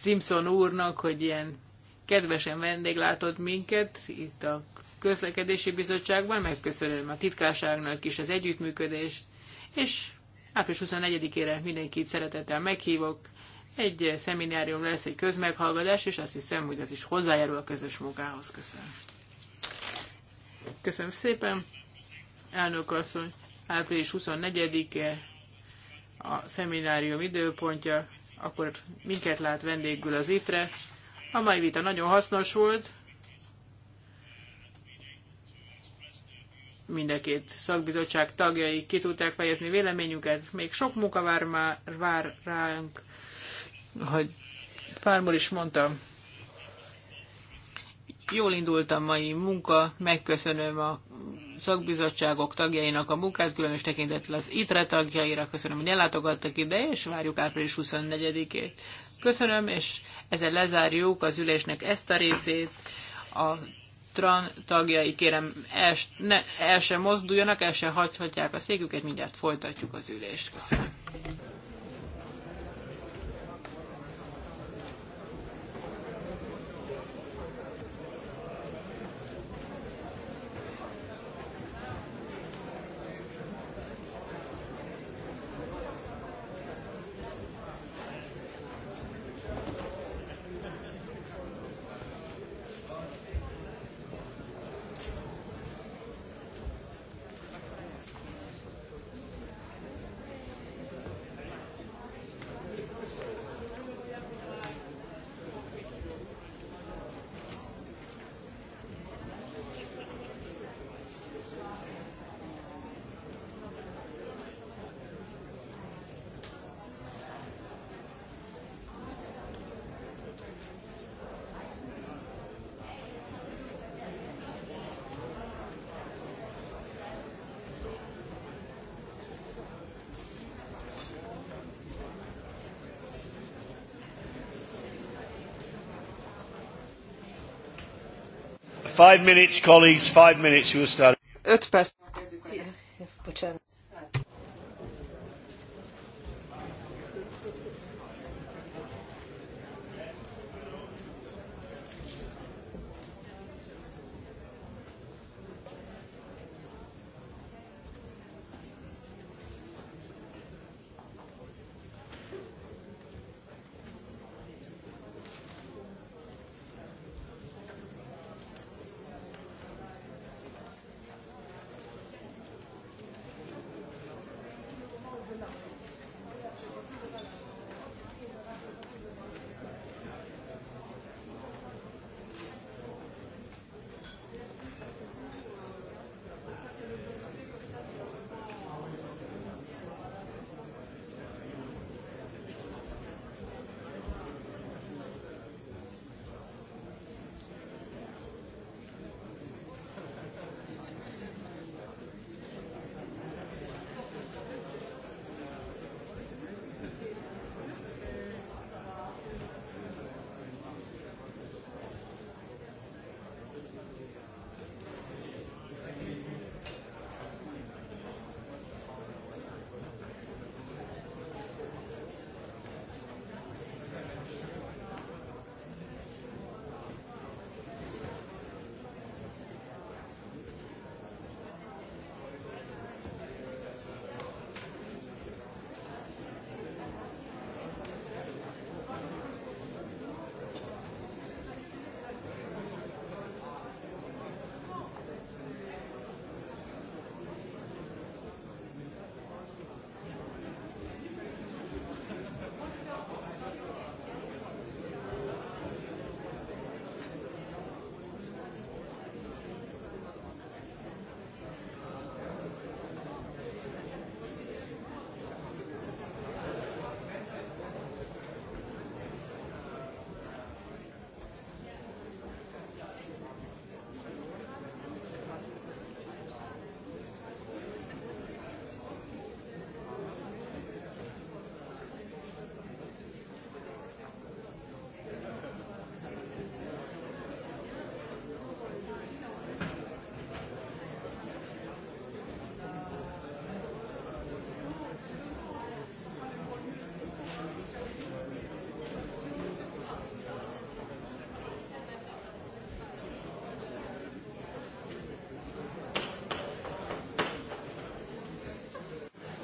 Simpson úrnak, hogy ilyen kedvesen vendéglátott minket itt a közlekedési bizottságban, megköszönöm a titkárságnak is az együttműködést, és április 24-ére mindenkit szeretettel meghívok. Egy szeminárium lesz, egy közmeghallgatás, és azt hiszem, hogy ez is hozzájárul a közös munkához. Köszönöm. Köszönöm szépen, elnök asszony április 24-e a szeminárium időpontja, akkor minket lát vendégül az ITRE. A mai vita nagyon hasznos volt. Mind a két szakbizottság tagjai ki tudták fejezni véleményüket. Még sok munka vár, már, vár ránk, hogy Fármol is mondta, Jól indult a mai munka, megköszönöm a szakbizottságok tagjainak a munkát, különös tekintettel az ITRE tagjaira, köszönöm, hogy ellátogattak ide, és várjuk április 24-ét. Köszönöm, és ezzel lezárjuk az ülésnek ezt a részét. A TRAN tagjai kérem, el, ne, el sem mozduljanak, el sem hagyhatják a széküket, mindjárt folytatjuk az ülést. Köszönöm. Five minutes, colleagues, five minutes, you start. Öt perc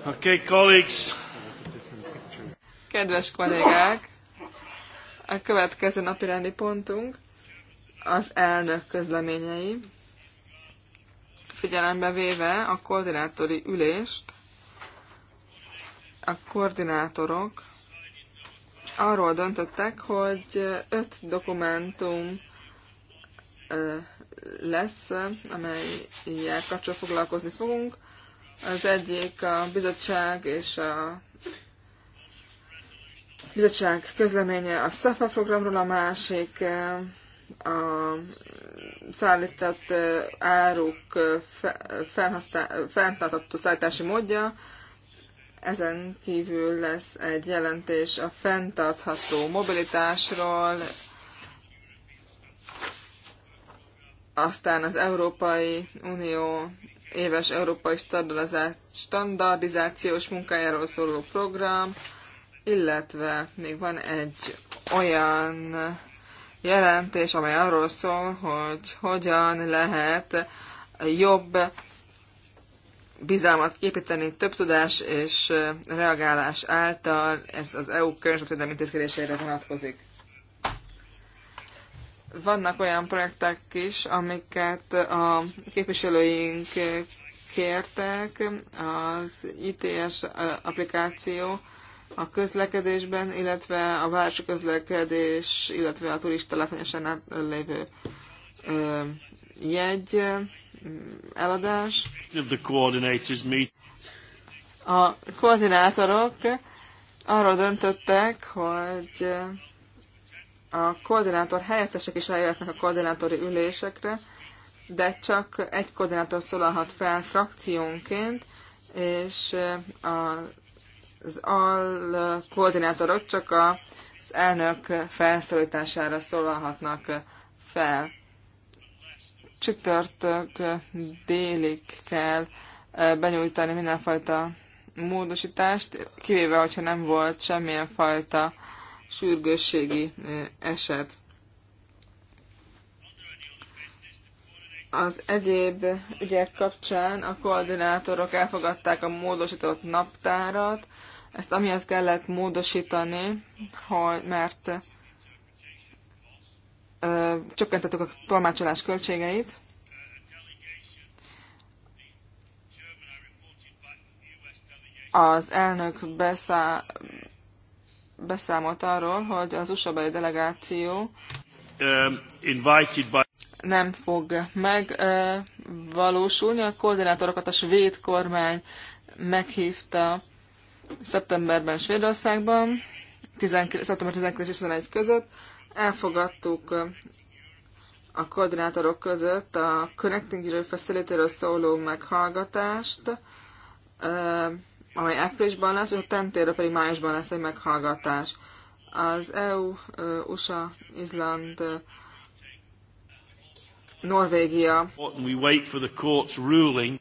Okay, colleagues. Kedves kollégák, a következő napi rendi pontunk az elnök közleményei. Figyelembe véve a koordinátori ülést, a koordinátorok arról döntöttek, hogy öt dokumentum lesz, amelyel kapcsolatban foglalkozni fogunk az egyik a bizottság és a bizottság közleménye a SZAFA programról, a másik eh, a szállított eh, áruk eh, fenntartató szállítási módja. Ezen kívül lesz egy jelentés a fenntartható mobilitásról, aztán az Európai Unió éves európai standardizációs munkájáról szóló program, illetve még van egy olyan jelentés, amely arról szól, hogy hogyan lehet jobb bizalmat képíteni több tudás és reagálás által, ez az EU környezetvédelmi intézkedéseire vonatkozik vannak olyan projektek is, amiket a képviselőink kértek, az ITS applikáció a közlekedésben, illetve a városi közlekedés, illetve a turista látványosan lévő jegy mm, eladás. A koordinátorok arról döntöttek, hogy a koordinátor helyettesek is eljöhetnek a koordinátori ülésekre, de csak egy koordinátor szólalhat fel frakciónként, és eh, az al koordinátorok csak az elnök felszólítására szólalhatnak fel. Csütörtök délig kell eh, benyújtani mindenfajta módosítást, kivéve, hogyha nem volt semmilyen fajta sürgősségi eset. Az egyéb ügyek kapcsán a koordinátorok elfogadták a módosított naptárat, ezt amiatt kellett módosítani, hogy, mert ö, csökkentettük a tolmácsolás költségeit. Az elnök beszá, beszámolt arról, hogy az usa delegáció um, nem fog megvalósulni. A koordinátorokat a svéd kormány meghívta szeptemberben Svédországban, 19, szeptember 19 és 21 között. Elfogadtuk a koordinátorok között a Connecting Europe facility szóló meghallgatást, amely áprilisban lesz, és a tentérről pedig májusban lesz egy meghallgatás. Az EU, USA, Izland, Norvégia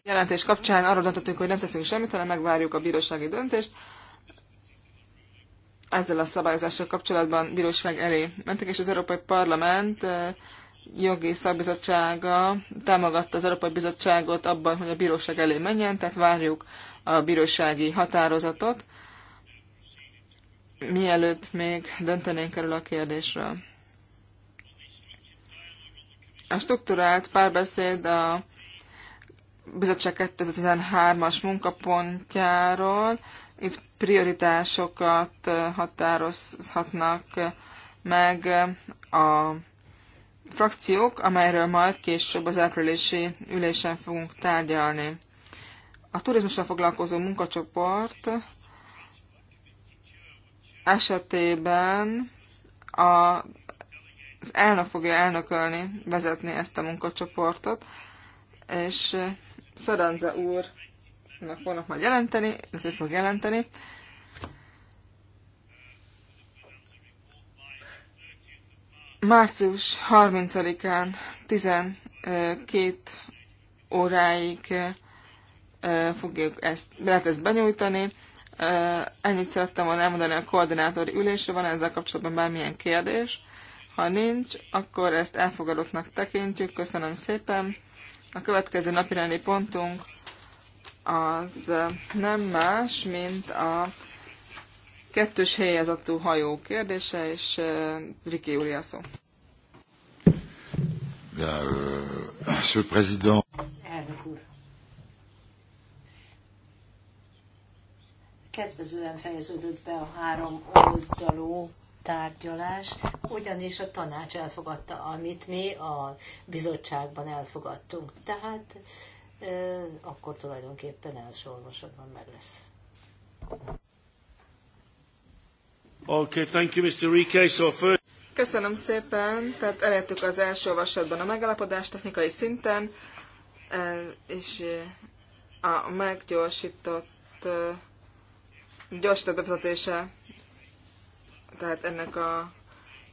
jelentés kapcsán arra döntöttünk, hogy nem teszünk semmit, hanem megvárjuk a bírósági döntést. Ezzel a szabályozással kapcsolatban bíróság elé mentek, és az Európai Parlament jogi szakbizottsága támogatta az Európai Bizottságot abban, hogy a bíróság elé menjen, tehát várjuk a bírósági határozatot, mielőtt még döntenénk erről a kérdésről. A struktúrált párbeszéd a bizottság 2013-as munkapontjáról. Itt prioritásokat határozhatnak meg a frakciók, amelyről majd később az áprilisi ülésen fogunk tárgyalni. A turizmusra foglalkozó munkacsoport esetében a, az elnök fogja elnökölni, vezetni ezt a munkacsoportot, és Ferenza úrnak fognak majd jelenteni, ezért fog jelenteni, Március 30-án 12 óráig fogjuk ezt, lehet ezt benyújtani. Ennyit szerettem volna elmondani a koordinátori ülésre, van ezzel kapcsolatban bármilyen kérdés. Ha nincs, akkor ezt elfogadottnak tekintjük. Köszönöm szépen. A következő napirendi pontunk az nem más, mint a kettős helyezettú hajó kérdése, és uh, Riki úr a szó. Euh, Elnök úr. Kedvezően fejeződött be a három oldalú tárgyalás, ugyanis a tanács elfogadta, amit mi a bizottságban elfogadtunk. Tehát euh, akkor tulajdonképpen elsorvosodban meg lesz. Okay, thank you, Mr. Rike. So first... Köszönöm szépen, tehát elértük az első olvasatban a megállapodást technikai szinten, e, és e, a meggyorsított e, gyorsított bevezetése, tehát ennek a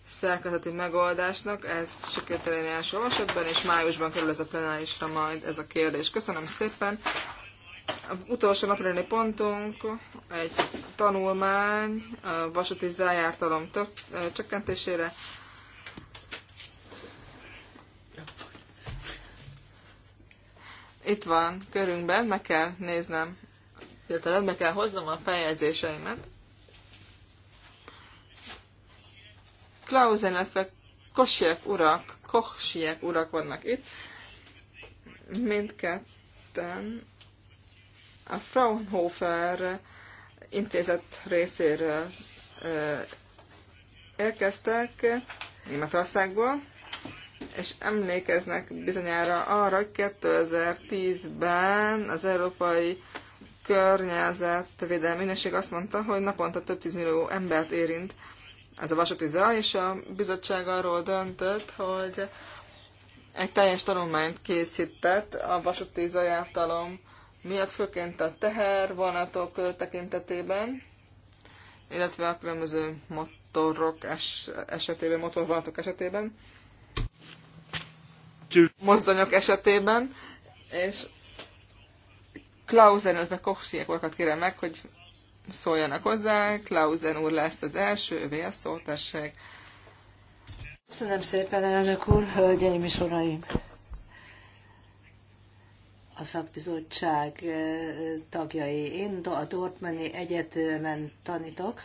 szerkezeti megoldásnak, ez sikerült elérni első olvasatban, és májusban kerül ez a plenárisra majd ez a kérdés. Köszönöm szépen, utolsó napirendi pontunk egy tanulmány a vasúti zájártalom csökkentésére. Itt van körünkben, meg kell néznem, illetve meg kell hoznom a feljegyzéseimet. Klausen, illetve Kosiek urak, Kochsiek urak vannak itt. Mindketten a Fraunhofer intézet részéről érkeztek Németországból, és emlékeznek bizonyára arra, hogy 2010-ben az Európai Környezetvédelmi Ügynökség azt mondta, hogy naponta több tízmillió embert érint ez a vasúti zaj, és a bizottság arról döntött, hogy egy teljes tanulmányt készített a vasúti zajártalom miatt, főként a teher vonatok tekintetében, illetve a különböző motorok es- esetében, motorvonatok esetében, mozdonyok esetében, és Klausen, illetve Kochsiek urakat kérem meg, hogy szóljanak hozzá. Klausen úr lesz az első, ővé a szó, tessék. Köszönöm szépen, elnök úr, hölgyeim és uraim! a szakbizottság eh, tagjai. Én a Dortmundi Egyetemen tanítok,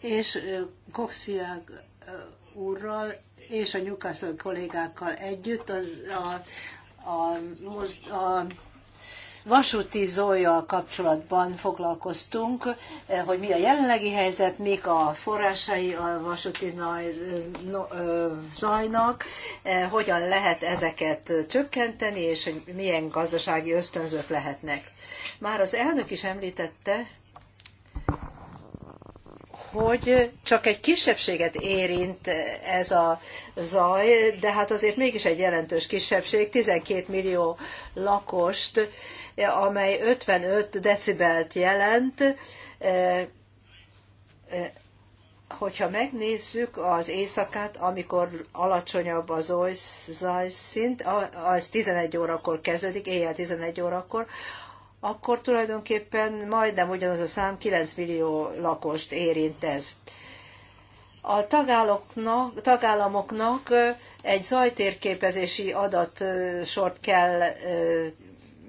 és eh, Koxiák eh, úrral és a Newcastle kollégákkal együtt az, a, a, a, a vasúti zójjal kapcsolatban foglalkoztunk, eh, hogy mi a jelenlegi helyzet, mik a forrásai a vasúti eh, eh, zajnak, hogyan lehet ezeket csökkenteni, és hogy milyen gazdasági ösztönzők lehetnek. Már az elnök is említette, hogy csak egy kisebbséget érint ez a zaj, de hát azért mégis egy jelentős kisebbség, 12 millió lakost, amely 55 decibelt jelent. Hogyha megnézzük az éjszakát, amikor alacsonyabb az zajszint, az 11 órakor kezdődik, éjjel 11 órakor, akkor tulajdonképpen majdnem ugyanaz a szám 9 millió lakost érint ez. A tagállamoknak, egy zajtérképezési adatsort kell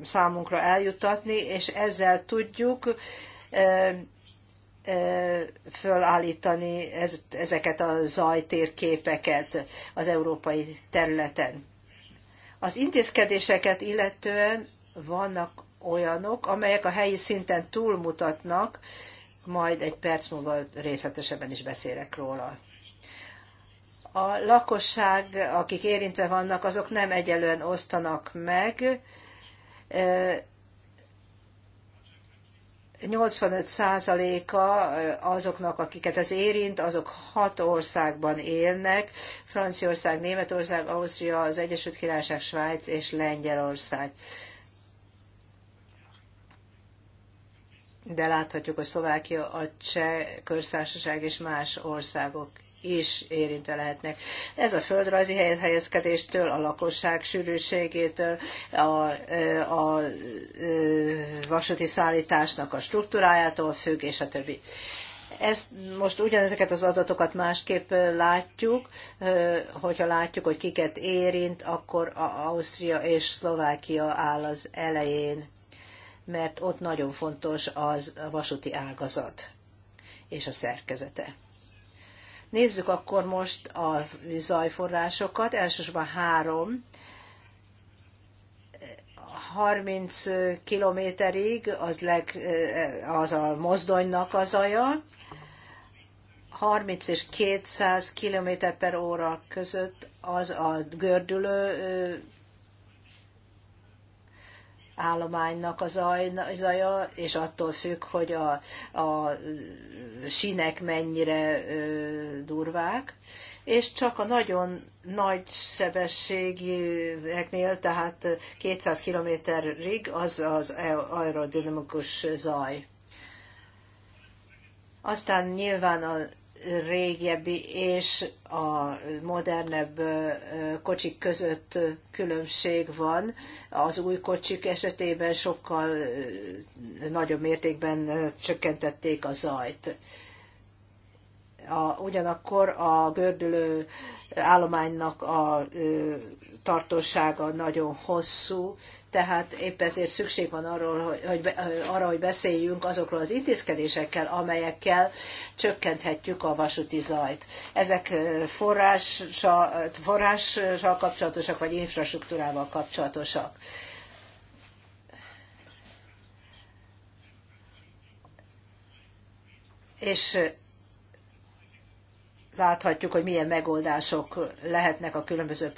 számunkra eljuttatni, és ezzel tudjuk fölállítani ezeket a zajtérképeket az európai területen. Az intézkedéseket illetően vannak olyanok, amelyek a helyi szinten túlmutatnak, majd egy perc múlva részletesebben is beszélek róla. A lakosság, akik érintve vannak, azok nem egyelően osztanak meg. 85%-a azoknak, akiket ez érint, azok hat országban élnek, Franciaország, Németország, Ausztria, az Egyesült Királyság, Svájc és Lengyelország. de láthatjuk, hogy Szlovákia, a Cseh Körszársaság és más országok is érintve lehetnek. Ez a földrajzi helyezkedéstől, a lakosság sűrűségétől, a, e, a, a e, vasúti szállításnak a struktúrájától függ, és a többi. Ezt most ugyanezeket az adatokat másképp látjuk, e, hogyha látjuk, hogy kiket érint, akkor Ausztria és Szlovákia áll az elején mert ott nagyon fontos az a vasúti ágazat és a szerkezete. Nézzük akkor most a zajforrásokat. Elsősorban három 30 kilométerig az, leg, az a mozdonynak az aja, 30 és 200 km per óra között az a gördülő állománynak a zaja, és attól függ, hogy a, a sínek mennyire durvák, és csak a nagyon nagy sebességűeknél, tehát 200 rig az az aerodinamikus zaj. Aztán nyilván a régebbi és a modernebb kocsik között különbség van. Az új kocsik esetében sokkal nagyobb mértékben csökkentették a zajt. A, ugyanakkor a gördülő állománynak a tartósága nagyon hosszú, tehát épp ezért szükség van arról, hogy, arra, hogy beszéljünk azokról az intézkedésekkel, amelyekkel csökkenthetjük a vasúti zajt. Ezek forrással, forrással kapcsolatosak, vagy infrastruktúrával kapcsolatosak. És láthatjuk, hogy milyen megoldások lehetnek a különböző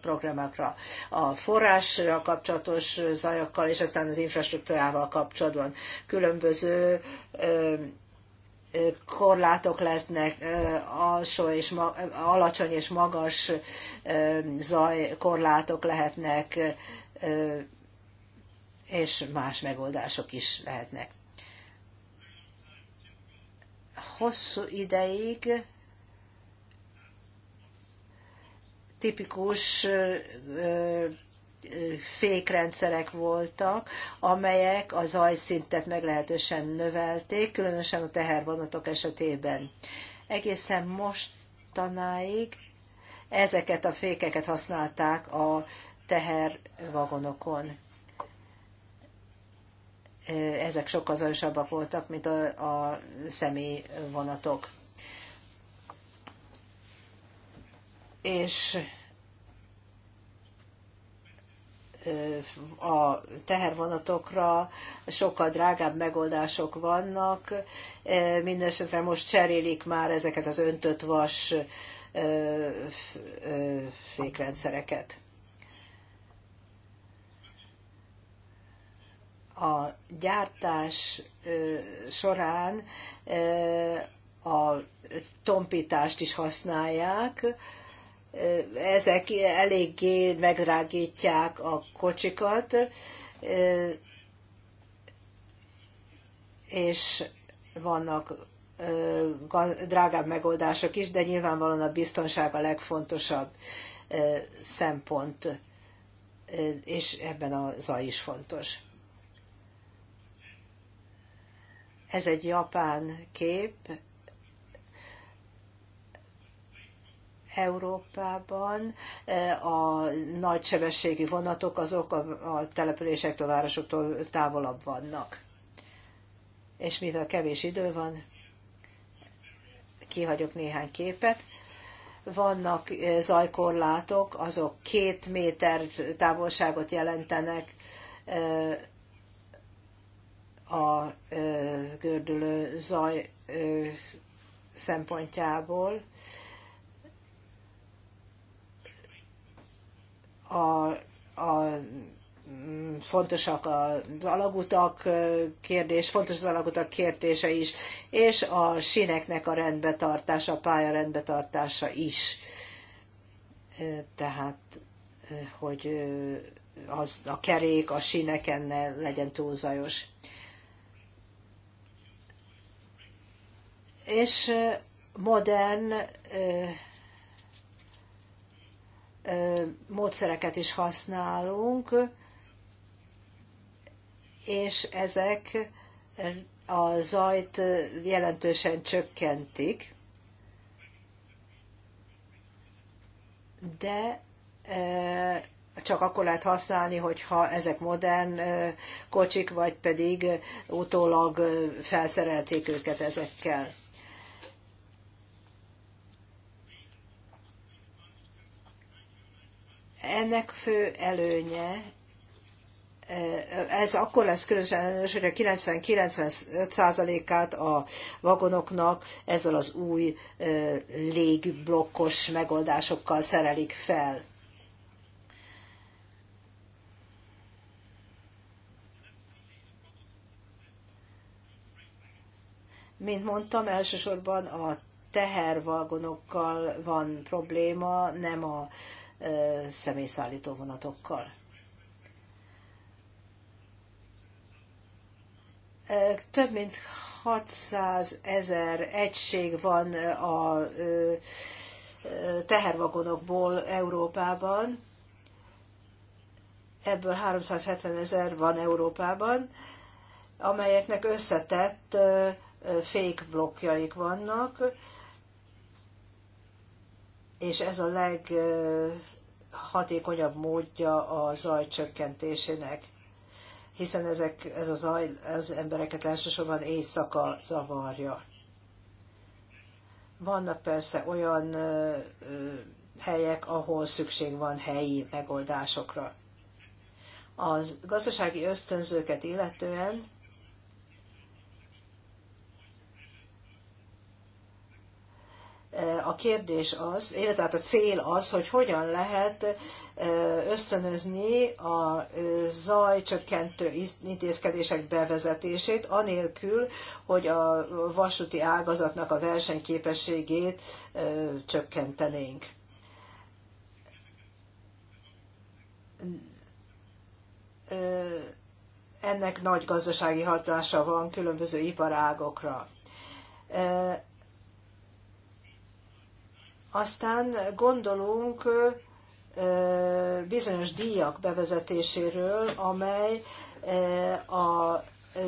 programokra. A forrásra kapcsolatos zajokkal, és aztán az infrastruktúrával kapcsolatban különböző korlátok lesznek, alsó és alacsony és magas zaj korlátok lehetnek, és más megoldások is lehetnek. Hosszú ideig tipikus fékrendszerek voltak, amelyek a zajszintet meglehetősen növelték, különösen a tehervonatok esetében. Egészen mostanáig ezeket a fékeket használták a tehervagonokon. Ezek sokkal zajosabbak voltak, mint a, a személyvonatok. és a tehervonatokra sokkal drágább megoldások vannak. Mindenesetre most cserélik már ezeket az öntött vas fékrendszereket. A gyártás során a tompítást is használják, ezek eléggé megrágítják a kocsikat, és vannak drágább megoldások is, de nyilvánvalóan a biztonság a legfontosabb szempont, és ebben a zaj is fontos. Ez egy japán kép, Európában e, a nagysebességi vonatok azok a településektől, városoktól távolabb vannak. És mivel kevés idő van, kihagyok néhány képet. Vannak e, zajkorlátok, azok két méter távolságot jelentenek e, a gördülő zaj szempontjából a, a fontosak az alagutak kérdés, fontos az alagutak kérdése is, és a síneknek a rendbetartása, a pálya rendbetartása is. Tehát, hogy az, a kerék a síneken ne legyen túlzajos. És modern módszereket is használunk, és ezek a zajt jelentősen csökkentik, de csak akkor lehet használni, hogyha ezek modern kocsik, vagy pedig utólag felszerelték őket ezekkel. Ennek fő előnye, eh, ez akkor lesz különösen előnyös, hogy a 90-95%-át a vagonoknak ezzel az új eh, légblokkos megoldásokkal szerelik fel. Mint mondtam, elsősorban a tehervagonokkal van probléma, nem a személyszállító vonatokkal. Több mint 600 ezer egység van a tehervagonokból Európában, ebből 370 ezer van Európában, amelyeknek összetett fékblokkjaik vannak, és ez a leghatékonyabb módja a zaj csökkentésének, hiszen ezek, ez a zaj az embereket elsősorban éjszaka zavarja. Vannak persze olyan helyek, ahol szükség van helyi megoldásokra. A gazdasági ösztönzőket illetően A kérdés az, illetve hát a cél az, hogy hogyan lehet ösztönözni a zajcsökkentő intézkedések bevezetését, anélkül, hogy a vasúti ágazatnak a versenyképességét csökkentenénk. ennek nagy gazdasági hatása van különböző iparágokra. Aztán gondolunk bizonyos díjak bevezetéséről, amely a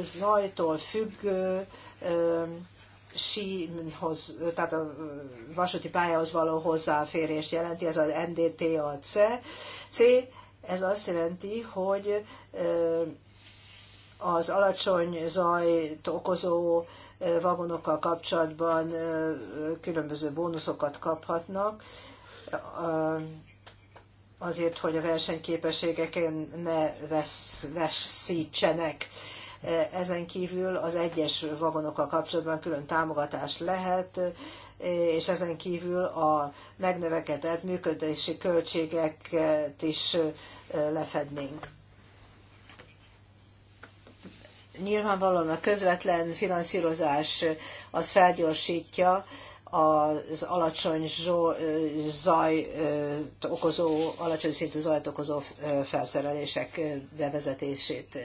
zajtól függő sínhoz, tehát a vasúti pályához való hozzáférést jelenti, ez az NDTAC. C, ez azt jelenti, hogy az alacsony zajt okozó vagonokkal kapcsolatban különböző bónuszokat kaphatnak azért, hogy a versenyképességeken ne vesz, veszítsenek. Ezen kívül az egyes vagonokkal kapcsolatban külön támogatás lehet, és ezen kívül a megnövekedett működési költségeket is lefednénk nyilvánvalóan a közvetlen finanszírozás az felgyorsítja az alacsony zajt okozó, alacsony szintű zajt okozó felszerelések bevezetését.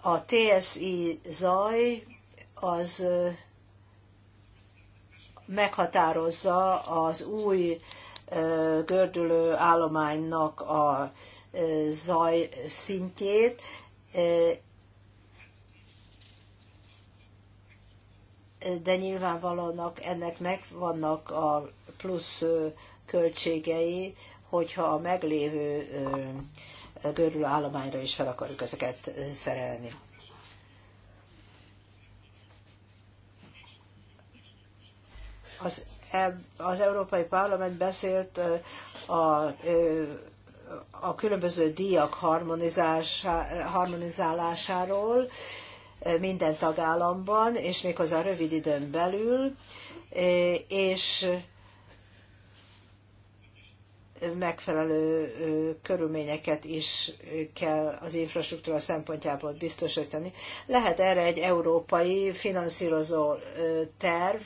A TSI zaj az meghatározza az új gördülő állománynak a zaj szintjét, de nyilvánvalónak ennek meg vannak a plusz költségei, hogyha a meglévő görülő állományra is fel akarjuk ezeket szerelni. Az, e az Európai Parlament beszélt a a különböző díjak harmonizálásáról eh, minden tagállamban, és méghozzá rövid időn belül, eh, és eh, megfelelő körülményeket is kell az infrastruktúra szempontjából biztosítani. Lehet erre egy európai finanszírozó terv,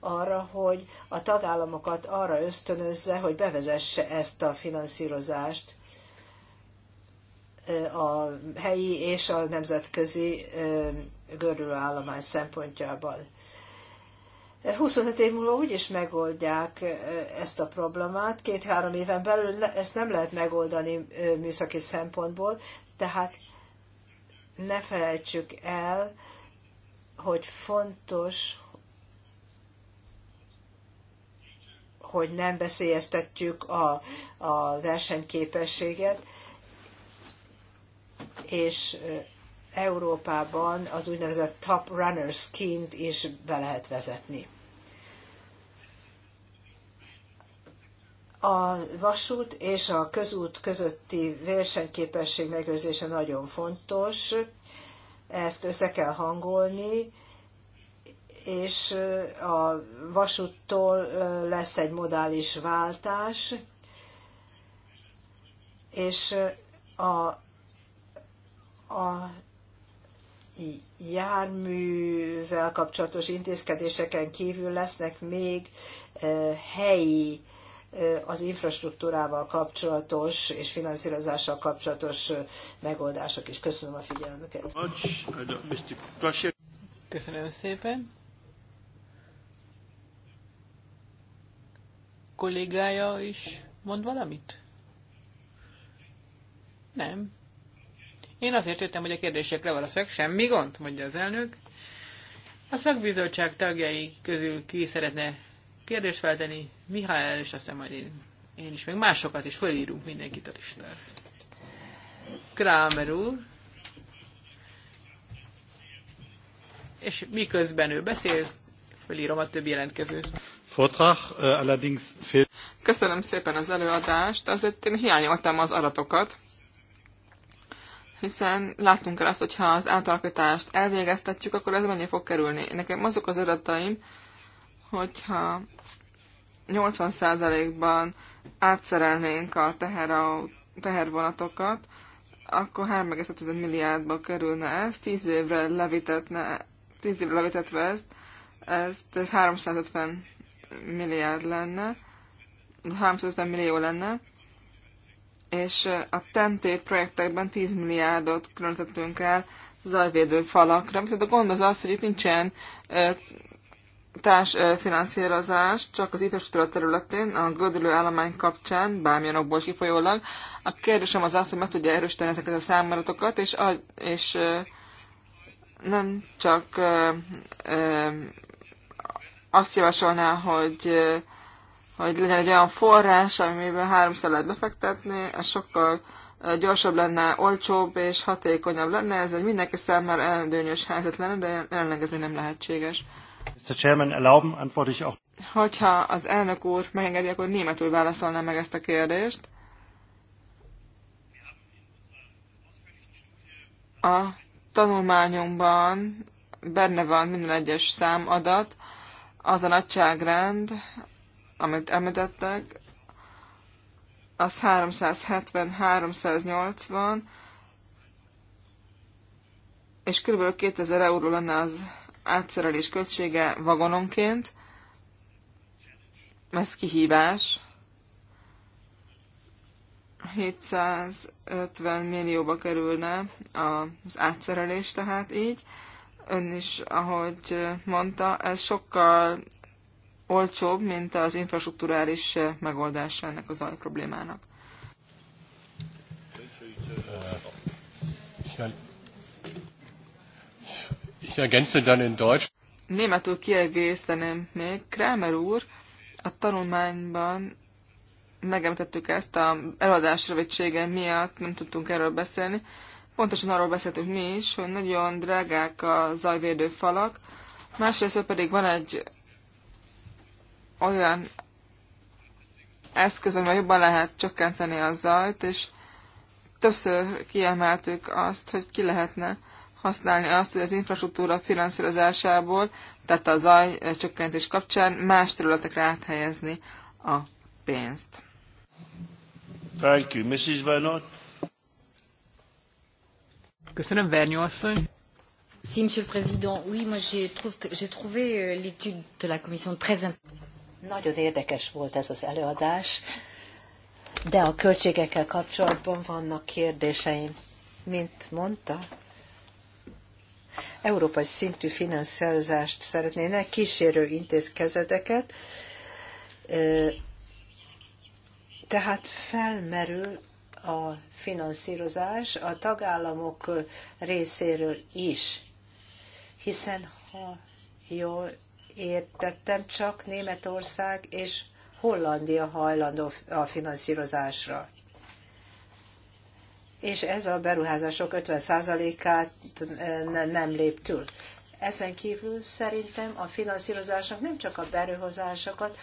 arra, hogy a tagállamokat arra ösztönözze, hogy bevezesse ezt a finanszírozást a helyi és a nemzetközi görülőállomány szempontjából. 25 év múlva úgyis megoldják ezt a problémát, két-három éven belül ezt nem lehet megoldani műszaki szempontból, tehát ne felejtsük el, hogy fontos, hogy nem veszélyeztetjük a, a versenyképességet, és Európában az úgynevezett top runner scheme-t is be lehet vezetni. A vasút és a közút közötti versenyképesség megőrzése nagyon fontos, ezt össze kell hangolni, és a vasúttól lesz egy modális váltás, és a, a járművel kapcsolatos intézkedéseken kívül lesznek még helyi az infrastruktúrával kapcsolatos és finanszírozással kapcsolatos megoldások is. Köszönöm a figyelmüket. Köszönöm szépen. kollégája is mond valamit? Nem. Én azért jöttem, hogy a kérdésekre válaszok, Semmi gond, mondja az elnök. A szakbizottság tagjai közül ki szeretne kérdést feltenni? Mihály, és aztán majd én, én is, meg másokat is felírunk mindenkit a listára. Kramer úr. És miközben ő beszél, Fölírom a többi jelentkezőt. Vortrag, äh, allerdings fél... Köszönöm szépen az előadást, azért én hiányoltam az adatokat, hiszen látunk el azt, hogyha az átalakítást elvégeztetjük, akkor ez mennyi fog kerülni. Nekem azok az adataim, hogyha 80%-ban átszerelnénk a teher a tehervonatokat, akkor 3,5 milliárdba kerülne ez, 10 évre levitetne, 10 évre levitetve ezt, ez 350 milliárd lenne, 350 millió lenne, és a tenté projektekben 10 milliárdot különítettünk el zajvédő falakra. Viszont a gond az az, hogy itt nincsen társfinanszírozás csak az infrastruktúra területén, a gödülő állomány kapcsán, bármilyen okból is kifolyólag. A kérdésem az az, hogy meg tudja erősíteni ezeket a számolatokat, és, és nem csak azt javasolná, hogy, hogy legyen egy olyan forrás, amiben háromszor lehet befektetni, ez sokkal gyorsabb lenne, olcsóbb és hatékonyabb lenne, ez egy mindenki számára előnyös helyzet lenne, de jelenleg ez még nem lehetséges. Mr. Chairman, ich auch. Hogyha az elnök úr megengedi, akkor németül válaszolnám meg ezt a kérdést. A tanulmányunkban benne van minden egyes számadat, az a nagyságrend, amit említettek, az 370-380, és kb. 2000 euró lenne az átszerelés költsége vagononként. Ez kihívás. 750 millióba kerülne az átszerelés, tehát így ön is, ahogy mondta, ez sokkal olcsóbb, mint az infrastruktúrális megoldása ennek az zaj problémának. Er-, Németül kiegészteném még. Kramer úr, a tanulmányban megemlítettük ezt a eladásrövetsége miatt, nem tudtunk erről beszélni. Pontosan arról beszéltünk mi is, hogy nagyon drágák a zajvédő falak, másrészt pedig van egy olyan eszköz, amivel jobban lehet csökkenteni a zajt, és többször kiemeltük azt, hogy ki lehetne használni azt, hogy az infrastruktúra finanszírozásából, tehát a zaj csökkentés kapcsán más területekre áthelyezni a pénzt. Thank you. Mrs. Bernard? Köszönöm, Vernyó asszony. Si, monsieur le président, oui, moi j'ai trouvé euh, l'étude de la commission très Nagyon érdekes volt ez az előadás, de a költségekkel kapcsolatban vannak kérdéseim. Mint mondta, európai szintű finanszírozást szeretnének, kísérő intézkezeteket. Tehát felmerül a finanszírozás a tagállamok részéről is, hiszen ha jól értettem, csak Németország és Hollandia hajlandó a finanszírozásra. És ez a beruházások 50%-át nem lép túl. Ezen kívül szerintem a finanszírozásnak nem csak a beruházásokat,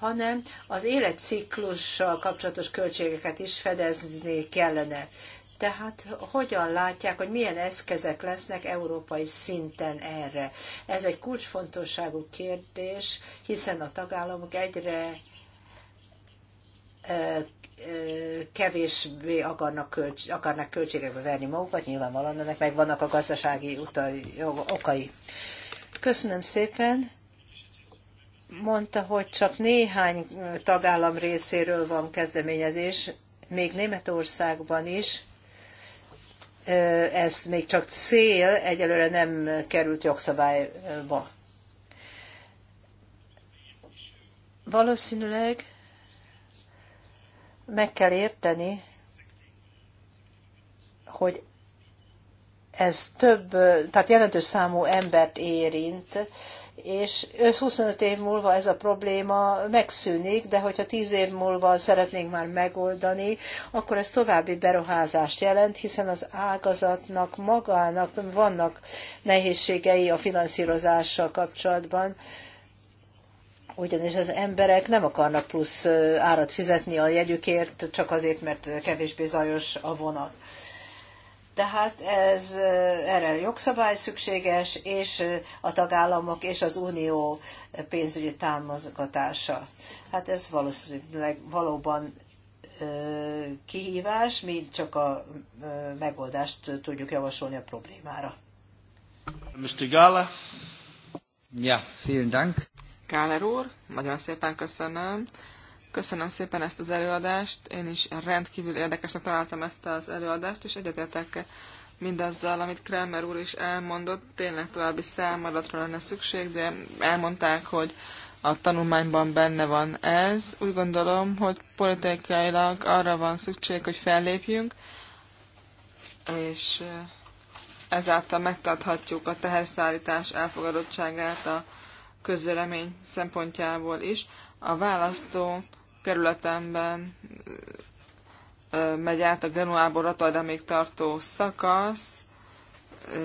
hanem az életciklussal kapcsolatos költségeket is fedezni kellene. Tehát hogyan látják, hogy milyen eszközök lesznek európai szinten erre? Ez egy kulcsfontosságú kérdés, hiszen a tagállamok egyre kevésbé akarnak, költs- akarnak költségekbe verni magukat, nyilvánvalóan ennek meg vannak a gazdasági utai, okai. Köszönöm szépen mondta, hogy csak néhány tagállam részéről van kezdeményezés, még Németországban is. Ezt még csak cél, egyelőre nem került jogszabályba. Valószínűleg meg kell érteni, hogy ez több, tehát jelentős számú embert érint, és 25 év múlva ez a probléma megszűnik, de hogyha 10 év múlva szeretnénk már megoldani, akkor ez további beruházást jelent, hiszen az ágazatnak magának vannak nehézségei a finanszírozással kapcsolatban, ugyanis az emberek nem akarnak plusz árat fizetni a jegyükért, csak azért, mert kevésbé zajos a vonat. Tehát ez, eh, erre jogszabály szükséges, és eh, a tagállamok és az unió pénzügyi támogatása. Hát ez valószínűleg valóban eh, kihívás, mi csak a megoldást tudjuk javasolni a problémára. Mr. Gala. Ja, vielen Dank. Káler úr, nagyon szépen köszönöm. Köszönöm szépen ezt az előadást, én is rendkívül érdekesnek találtam ezt az előadást, és egyetértek mindazzal, amit Kramer úr is elmondott. Tényleg további számadatra lenne szükség, de elmondták, hogy a tanulmányban benne van ez. Úgy gondolom, hogy politikailag arra van szükség, hogy fellépjünk, és ezáltal megtarthatjuk a teherszállítás elfogadottságát a közvélemény szempontjából is. A választó kerületemben megy át a Genuából még tartó szakasz,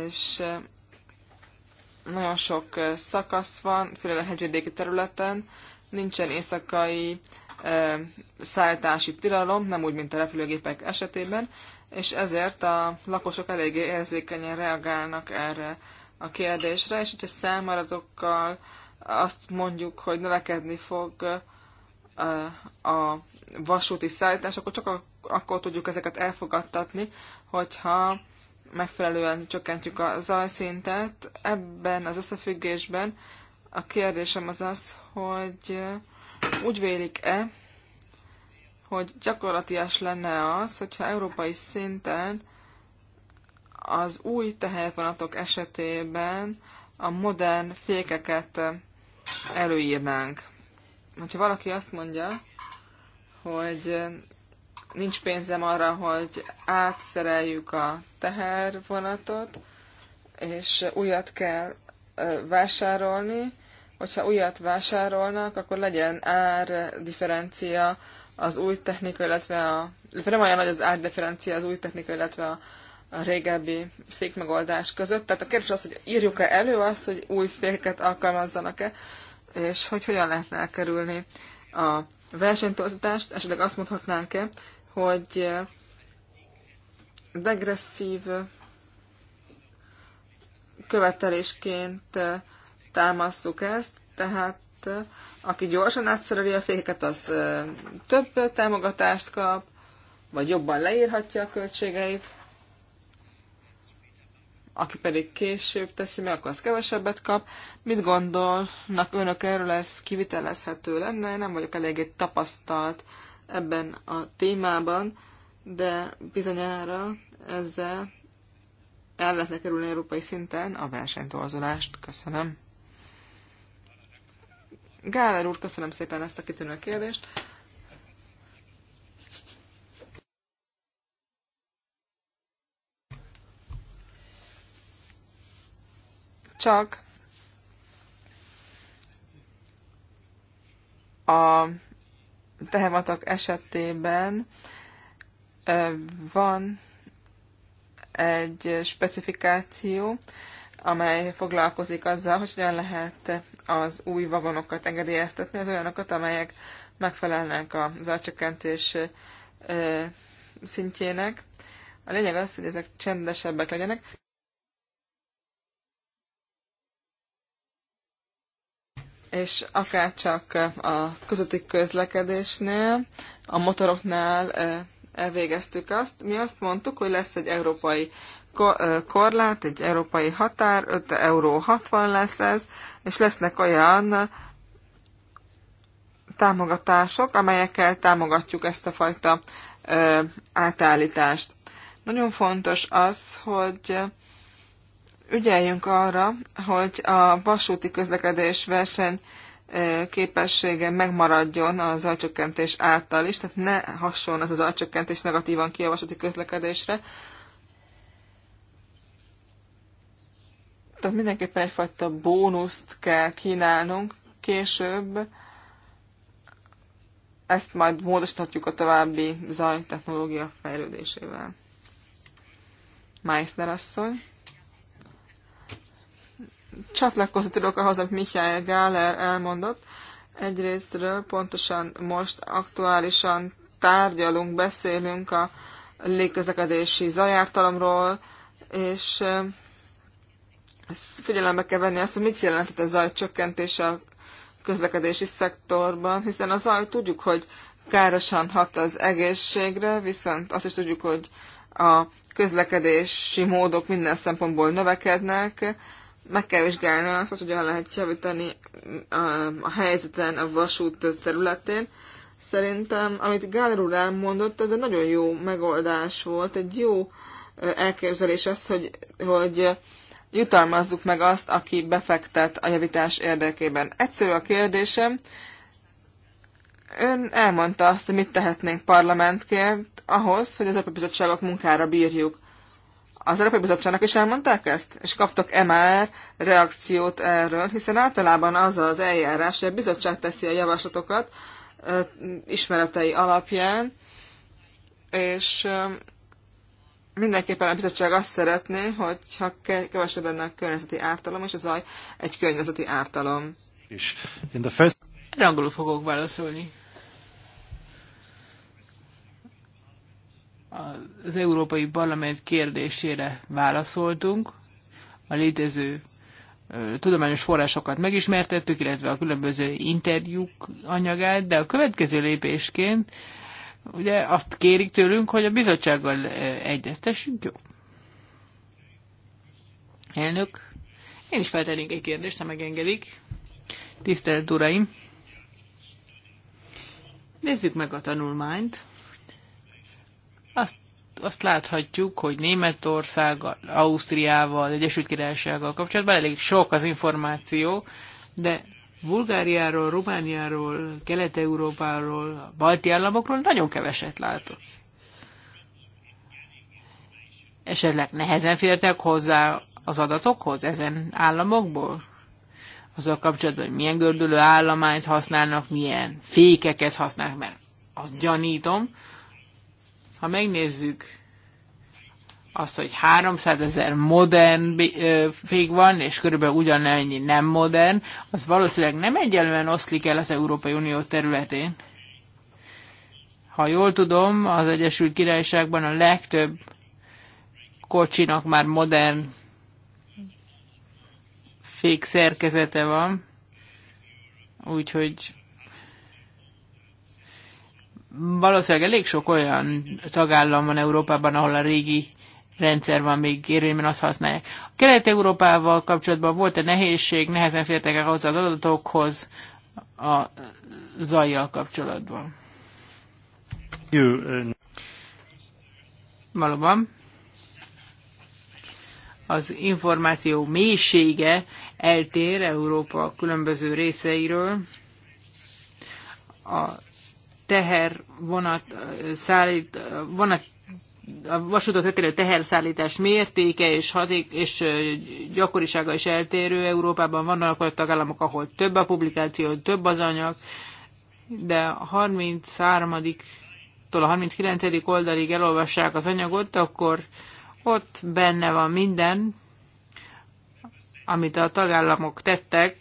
és nagyon sok szakasz van, főleg a hegyvidéki területen, nincsen éjszakai szállítási tilalom, nem úgy, mint a repülőgépek esetében, és ezért a lakosok eléggé érzékenyen reagálnak erre a kérdésre, és hogyha számaratokkal azt mondjuk, hogy növekedni fog a vasúti szállítás, akkor csak akkor tudjuk ezeket elfogadtatni, hogyha megfelelően csökkentjük a zajszintet. Ebben az összefüggésben a kérdésem az az, hogy úgy vélik-e, hogy gyakorlatias lenne az, hogyha európai szinten az új tehervonatok esetében a modern fékeket előírnánk hogyha valaki azt mondja, hogy eh, nincs pénzem arra, hogy átszereljük a tehervonatot, és újat kell eh, vásárolni, hogyha újat vásárolnak, akkor legyen ár-differencia az új technika, illetve a... Illetve nem olyan nagy az ár-differencia az új technika, illetve a, a régebbi fékmegoldás között. Tehát a kérdés az, hogy írjuk-e elő azt, hogy új féket alkalmazzanak-e, és hogy hogyan lehetne elkerülni a versenytorzítást, esetleg azt mondhatnánk-e, hogy eh, degresszív eh, követelésként eh, támasztjuk ezt, tehát aki gyorsan átszereli a fékeket, az több támogatást kap, vagy jobban leírhatja a költségeit aki pedig később teszi meg, akkor az kevesebbet kap. Mit gondolnak önök erről, ez kivitelezhető lenne? nem vagyok eléggé tapasztalt ebben a témában, de bizonyára ezzel el lehetne kerülni európai szinten a versenytorzulást. Köszönöm. Gáler úr, köszönöm szépen ezt a kitűnő kérdést. csak a tehervatak esetében van egy specifikáció, amely foglalkozik azzal, hogy hogyan lehet az új vagonokat engedélyeztetni, az olyanokat, amelyek megfelelnek a zajcsökkentés szintjének. A lényeg az, hogy ezek csendesebbek legyenek. és akárcsak a közötti közlekedésnél, a motoroknál eh, elvégeztük azt. Mi azt mondtuk, hogy lesz egy európai eh, korlát, egy európai határ, 5 euró 60 lesz ez, és lesznek olyan támogatások, amelyekkel támogatjuk ezt a fajta eh, átállítást. Nagyon fontos az, hogy ügyeljünk arra, hogy a vasúti közlekedés verseny képessége megmaradjon a zajcsökkentés által is, tehát ne hasson ez az zajcsökkentés negatívan ki a vasúti közlekedésre. Tehát mindenképpen egyfajta bónuszt kell kínálnunk később, ezt majd módosíthatjuk a további zajtechnológia fejlődésével. Meissner asszony csatlakozni tudok ahhoz, amit Mihály Gáler elmondott. Egyrésztről pontosan most aktuálisan tárgyalunk, beszélünk a légközlekedési zajártalomról, és figyelembe kell venni azt, hogy mit jelentett a zaj csökkentése a közlekedési szektorban, hiszen a zaj tudjuk, hogy károsan hat az egészségre, viszont azt is tudjuk, hogy a közlekedési módok minden szempontból növekednek, meg kell vizsgálni azt, hogy hogyan lehet javítani a, a helyzeten a vasút területén. Szerintem, amit Gáler úr elmondott, ez egy nagyon jó megoldás volt, egy jó elképzelés az, hogy, hogy jutalmazzuk meg azt, aki befektet a javítás érdekében. Egyszerű a kérdésem, ön elmondta azt, hogy mit tehetnénk parlamentként ahhoz, hogy az Európai Bizottságok munkára bírjuk. Az Európai Bizottságnak is elmondták ezt? És kaptok MR reakciót erről? Hiszen általában az az eljárás, hogy a bizottság teszi a javaslatokat ismeretei alapján, és mindenképpen a bizottság azt szeretné, hogyha kevesebb lenne a környezeti ártalom, és a zaj egy környezeti ártalom. És first... angolul fogok válaszolni. az Európai Parlament kérdésére válaszoltunk, a létező tudományos forrásokat megismertettük, illetve a különböző interjúk anyagát, de a következő lépésként ugye azt kérik tőlünk, hogy a bizottsággal egyeztessünk, jó? Elnök, én is feltennék egy kérdést, ha megengedik. Tisztelt Uraim! Nézzük meg a tanulmányt. Azt, azt láthatjuk, hogy Németországgal, Ausztriával, Egyesült Királysággal kapcsolatban elég sok az információ, de Bulgáriáról, Romániáról, Kelet-Európáról, a balti államokról nagyon keveset látok. Esetleg nehezen fértek hozzá az adatokhoz ezen államokból? Azzal kapcsolatban, hogy milyen gördülő állományt használnak, milyen fékeket használnak, mert azt gyanítom, ha megnézzük azt, hogy 300 ezer modern fék van, és körülbelül ugyanennyi nem modern, az valószínűleg nem egyenlően oszlik el az Európai Unió területén. Ha jól tudom, az Egyesült Királyságban a legtöbb kocsinak már modern fék szerkezete van, úgyhogy valószínűleg elég sok olyan tagállam van Európában, ahol a régi rendszer van még érvényben, azt használják. A Kelet-Európával kapcsolatban volt egy nehézség, nehezen fértek el hozzá az adatokhoz a zajjal kapcsolatban. Jó. Valóban. Az információ mélysége eltér Európa különböző részeiről. A teher vonat szállít, vonat a vasútot történő teherszállítás mértéke és, haték, és gyakorisága is eltérő. Európában vannak olyan tagállamok, ahol több a publikáció, több az anyag, de a 33 tól a 39. oldalig elolvassák az anyagot, akkor ott benne van minden, amit a tagállamok tettek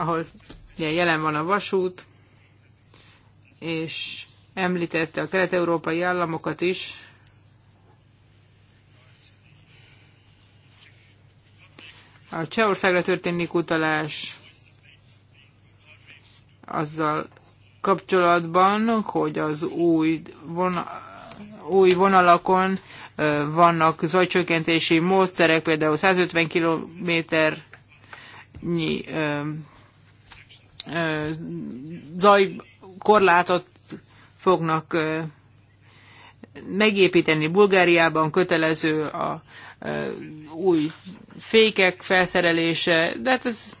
ahol ugye, jelen van a vasút, és említette a kelet-európai államokat is. A Csehországra történik utalás azzal kapcsolatban, hogy az új, vonal, új vonalakon vannak zajcsökkentési módszerek, például 150 nyi zajkorlátot fognak megépíteni Bulgáriában, kötelező a új fékek felszerelése, de hát ez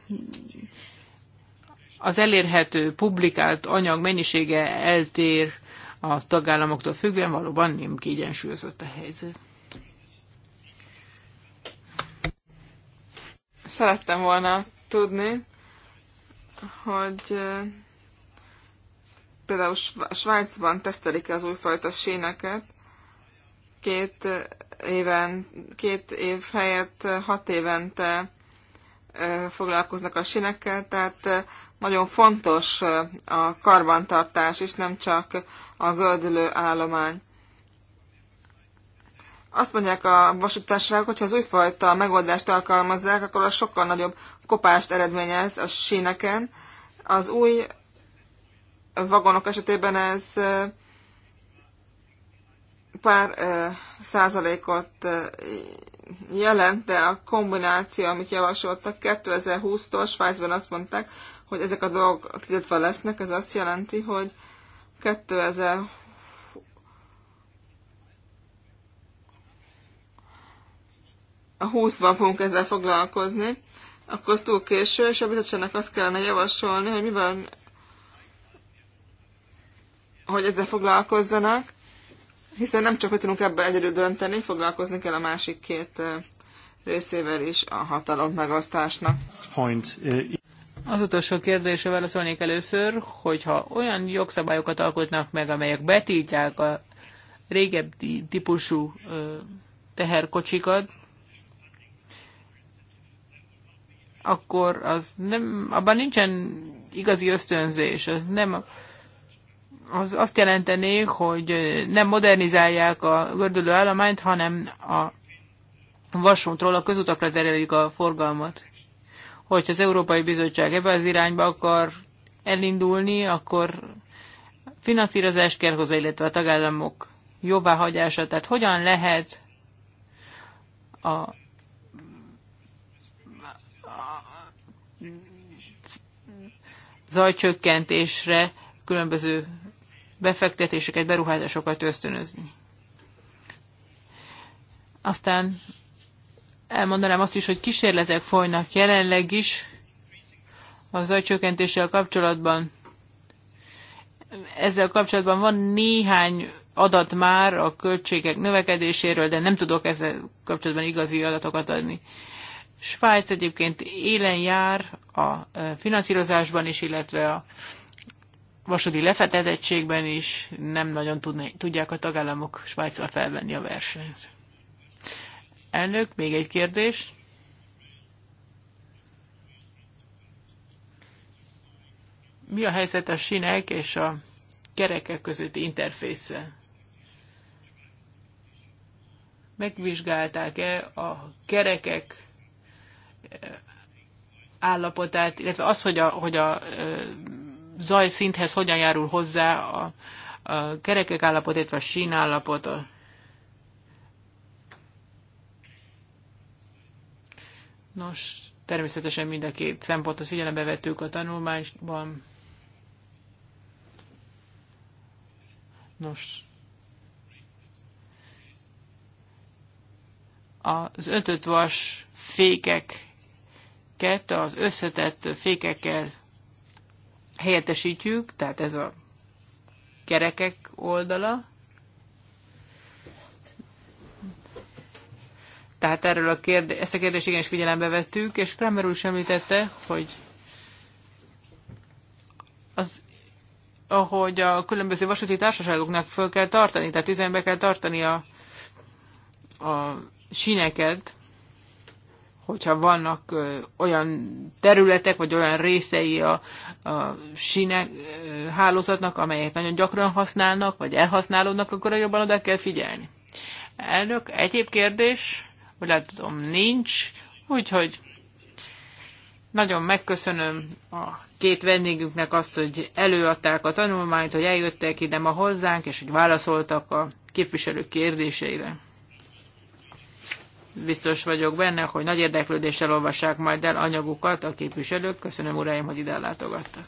az elérhető, publikált anyag mennyisége eltér a tagállamoktól függően, valóban nem kiegyensúlyozott a helyzet. Szerettem volna tudni, hogy például Svájcban tesztelik az újfajta séneket, két éven, két év helyett hat évente foglalkoznak a sínekkel, tehát nagyon fontos a karbantartás, és nem csak a gördülő állomány. Azt mondják a vasútársaságok, hogy ha az újfajta megoldást alkalmazzák, akkor az sokkal nagyobb kopást eredményez a síneken. Az új vagonok esetében ez pár százalékot jelent, de a kombináció, amit javasoltak 2020-tól, Svájcban azt mondták, hogy ezek a dolgok tiltva lesznek, ez azt jelenti, hogy 2000 20-ban fogunk ezzel foglalkozni, akkor az túl késő, és a bizottságnak azt kellene javasolni, hogy mivel hogy ezzel foglalkozzanak, hiszen nem csak hogy tudunk ebben egyedül dönteni, foglalkozni kell a másik két részével is a hatalom megosztásnak. Point. Az utolsó kérdésre válaszolnék először, hogyha olyan jogszabályokat alkotnak meg, amelyek betiltják a régebbi típusú teherkocsikat, akkor az nem, abban nincsen igazi ösztönzés, az nem az azt jelenteni, hogy nem modernizálják a gördülő állományt, hanem a vasútról a közutakra terelik a forgalmat. Hogyha az Európai Bizottság ebbe az irányba akar elindulni, akkor finanszírozást kell hozzá, illetve a tagállamok jobbáhagyása. Tehát hogyan lehet a zajcsökkentésre különböző befektetéseket, beruházásokat ösztönözni. Aztán elmondanám azt is, hogy kísérletek folynak jelenleg is a zajcsökkentéssel kapcsolatban. Ezzel kapcsolatban van néhány adat már a költségek növekedéséről, de nem tudok ezzel kapcsolatban igazi adatokat adni. Svájc egyébként élen jár a finanszírozásban is, illetve a vasúti lefetedettségben is nem nagyon tudni, tudják a tagállamok Svájcra felvenni a versenyt. Elnök, még egy kérdés. Mi a helyzet a sinek és a kerekek közötti interfésze? Megvizsgálták-e a kerekek állapotát, illetve az, hogy a, hogy a zaj szinthez hogyan járul hozzá a, a kerekek állapot, illetve a sín állapota. Nos, természetesen mind a két szempontot figyelembe vettük a tanulmányban. Nos, az ötöt vas fékek fékeket az összetett fékekkel helyettesítjük, tehát ez a kerekek oldala. Tehát erről a kérde ezt a kérdést igenis figyelembe vettük, és Kramer úr is említette, hogy az, ahogy a különböző vasúti társaságoknak föl kell tartani, tehát üzembe kell tartani a, a síneket, hogyha vannak olyan területek, vagy olyan részei a, a sinek hálózatnak, amelyek nagyon gyakran használnak, vagy elhasználódnak, akkor jobban oda kell figyelni. Elnök, egyéb kérdés, hogy látom nincs, úgyhogy nagyon megköszönöm a két vendégünknek azt, hogy előadták a tanulmányt, hogy eljöttek ide ma hozzánk, és hogy válaszoltak a képviselők kérdéseire biztos vagyok benne, hogy nagy érdeklődéssel olvassák majd el anyagukat a képviselők. Köszönöm, uraim, hogy ide látogattak.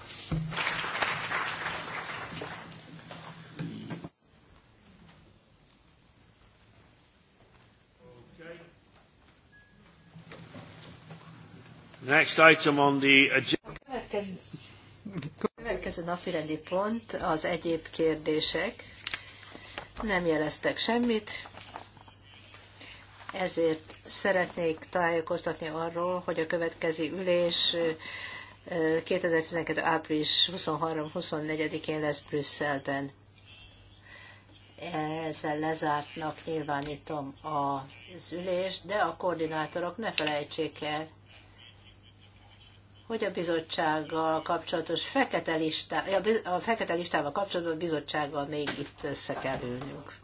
Next item on the agenda. Következő, napirendi pont az egyéb kérdések. Nem jeleztek semmit. Ezért szeretnék tájékoztatni arról, hogy a következő ülés 2012. április 23-24-én lesz Brüsszelben. Ezzel lezártnak nyilvánítom az ülést, de a koordinátorok ne felejtsék el, hogy a bizottsággal kapcsolatos fekete listá, a fekete listával kapcsolatban a bizottsággal még itt össze kell ülnünk.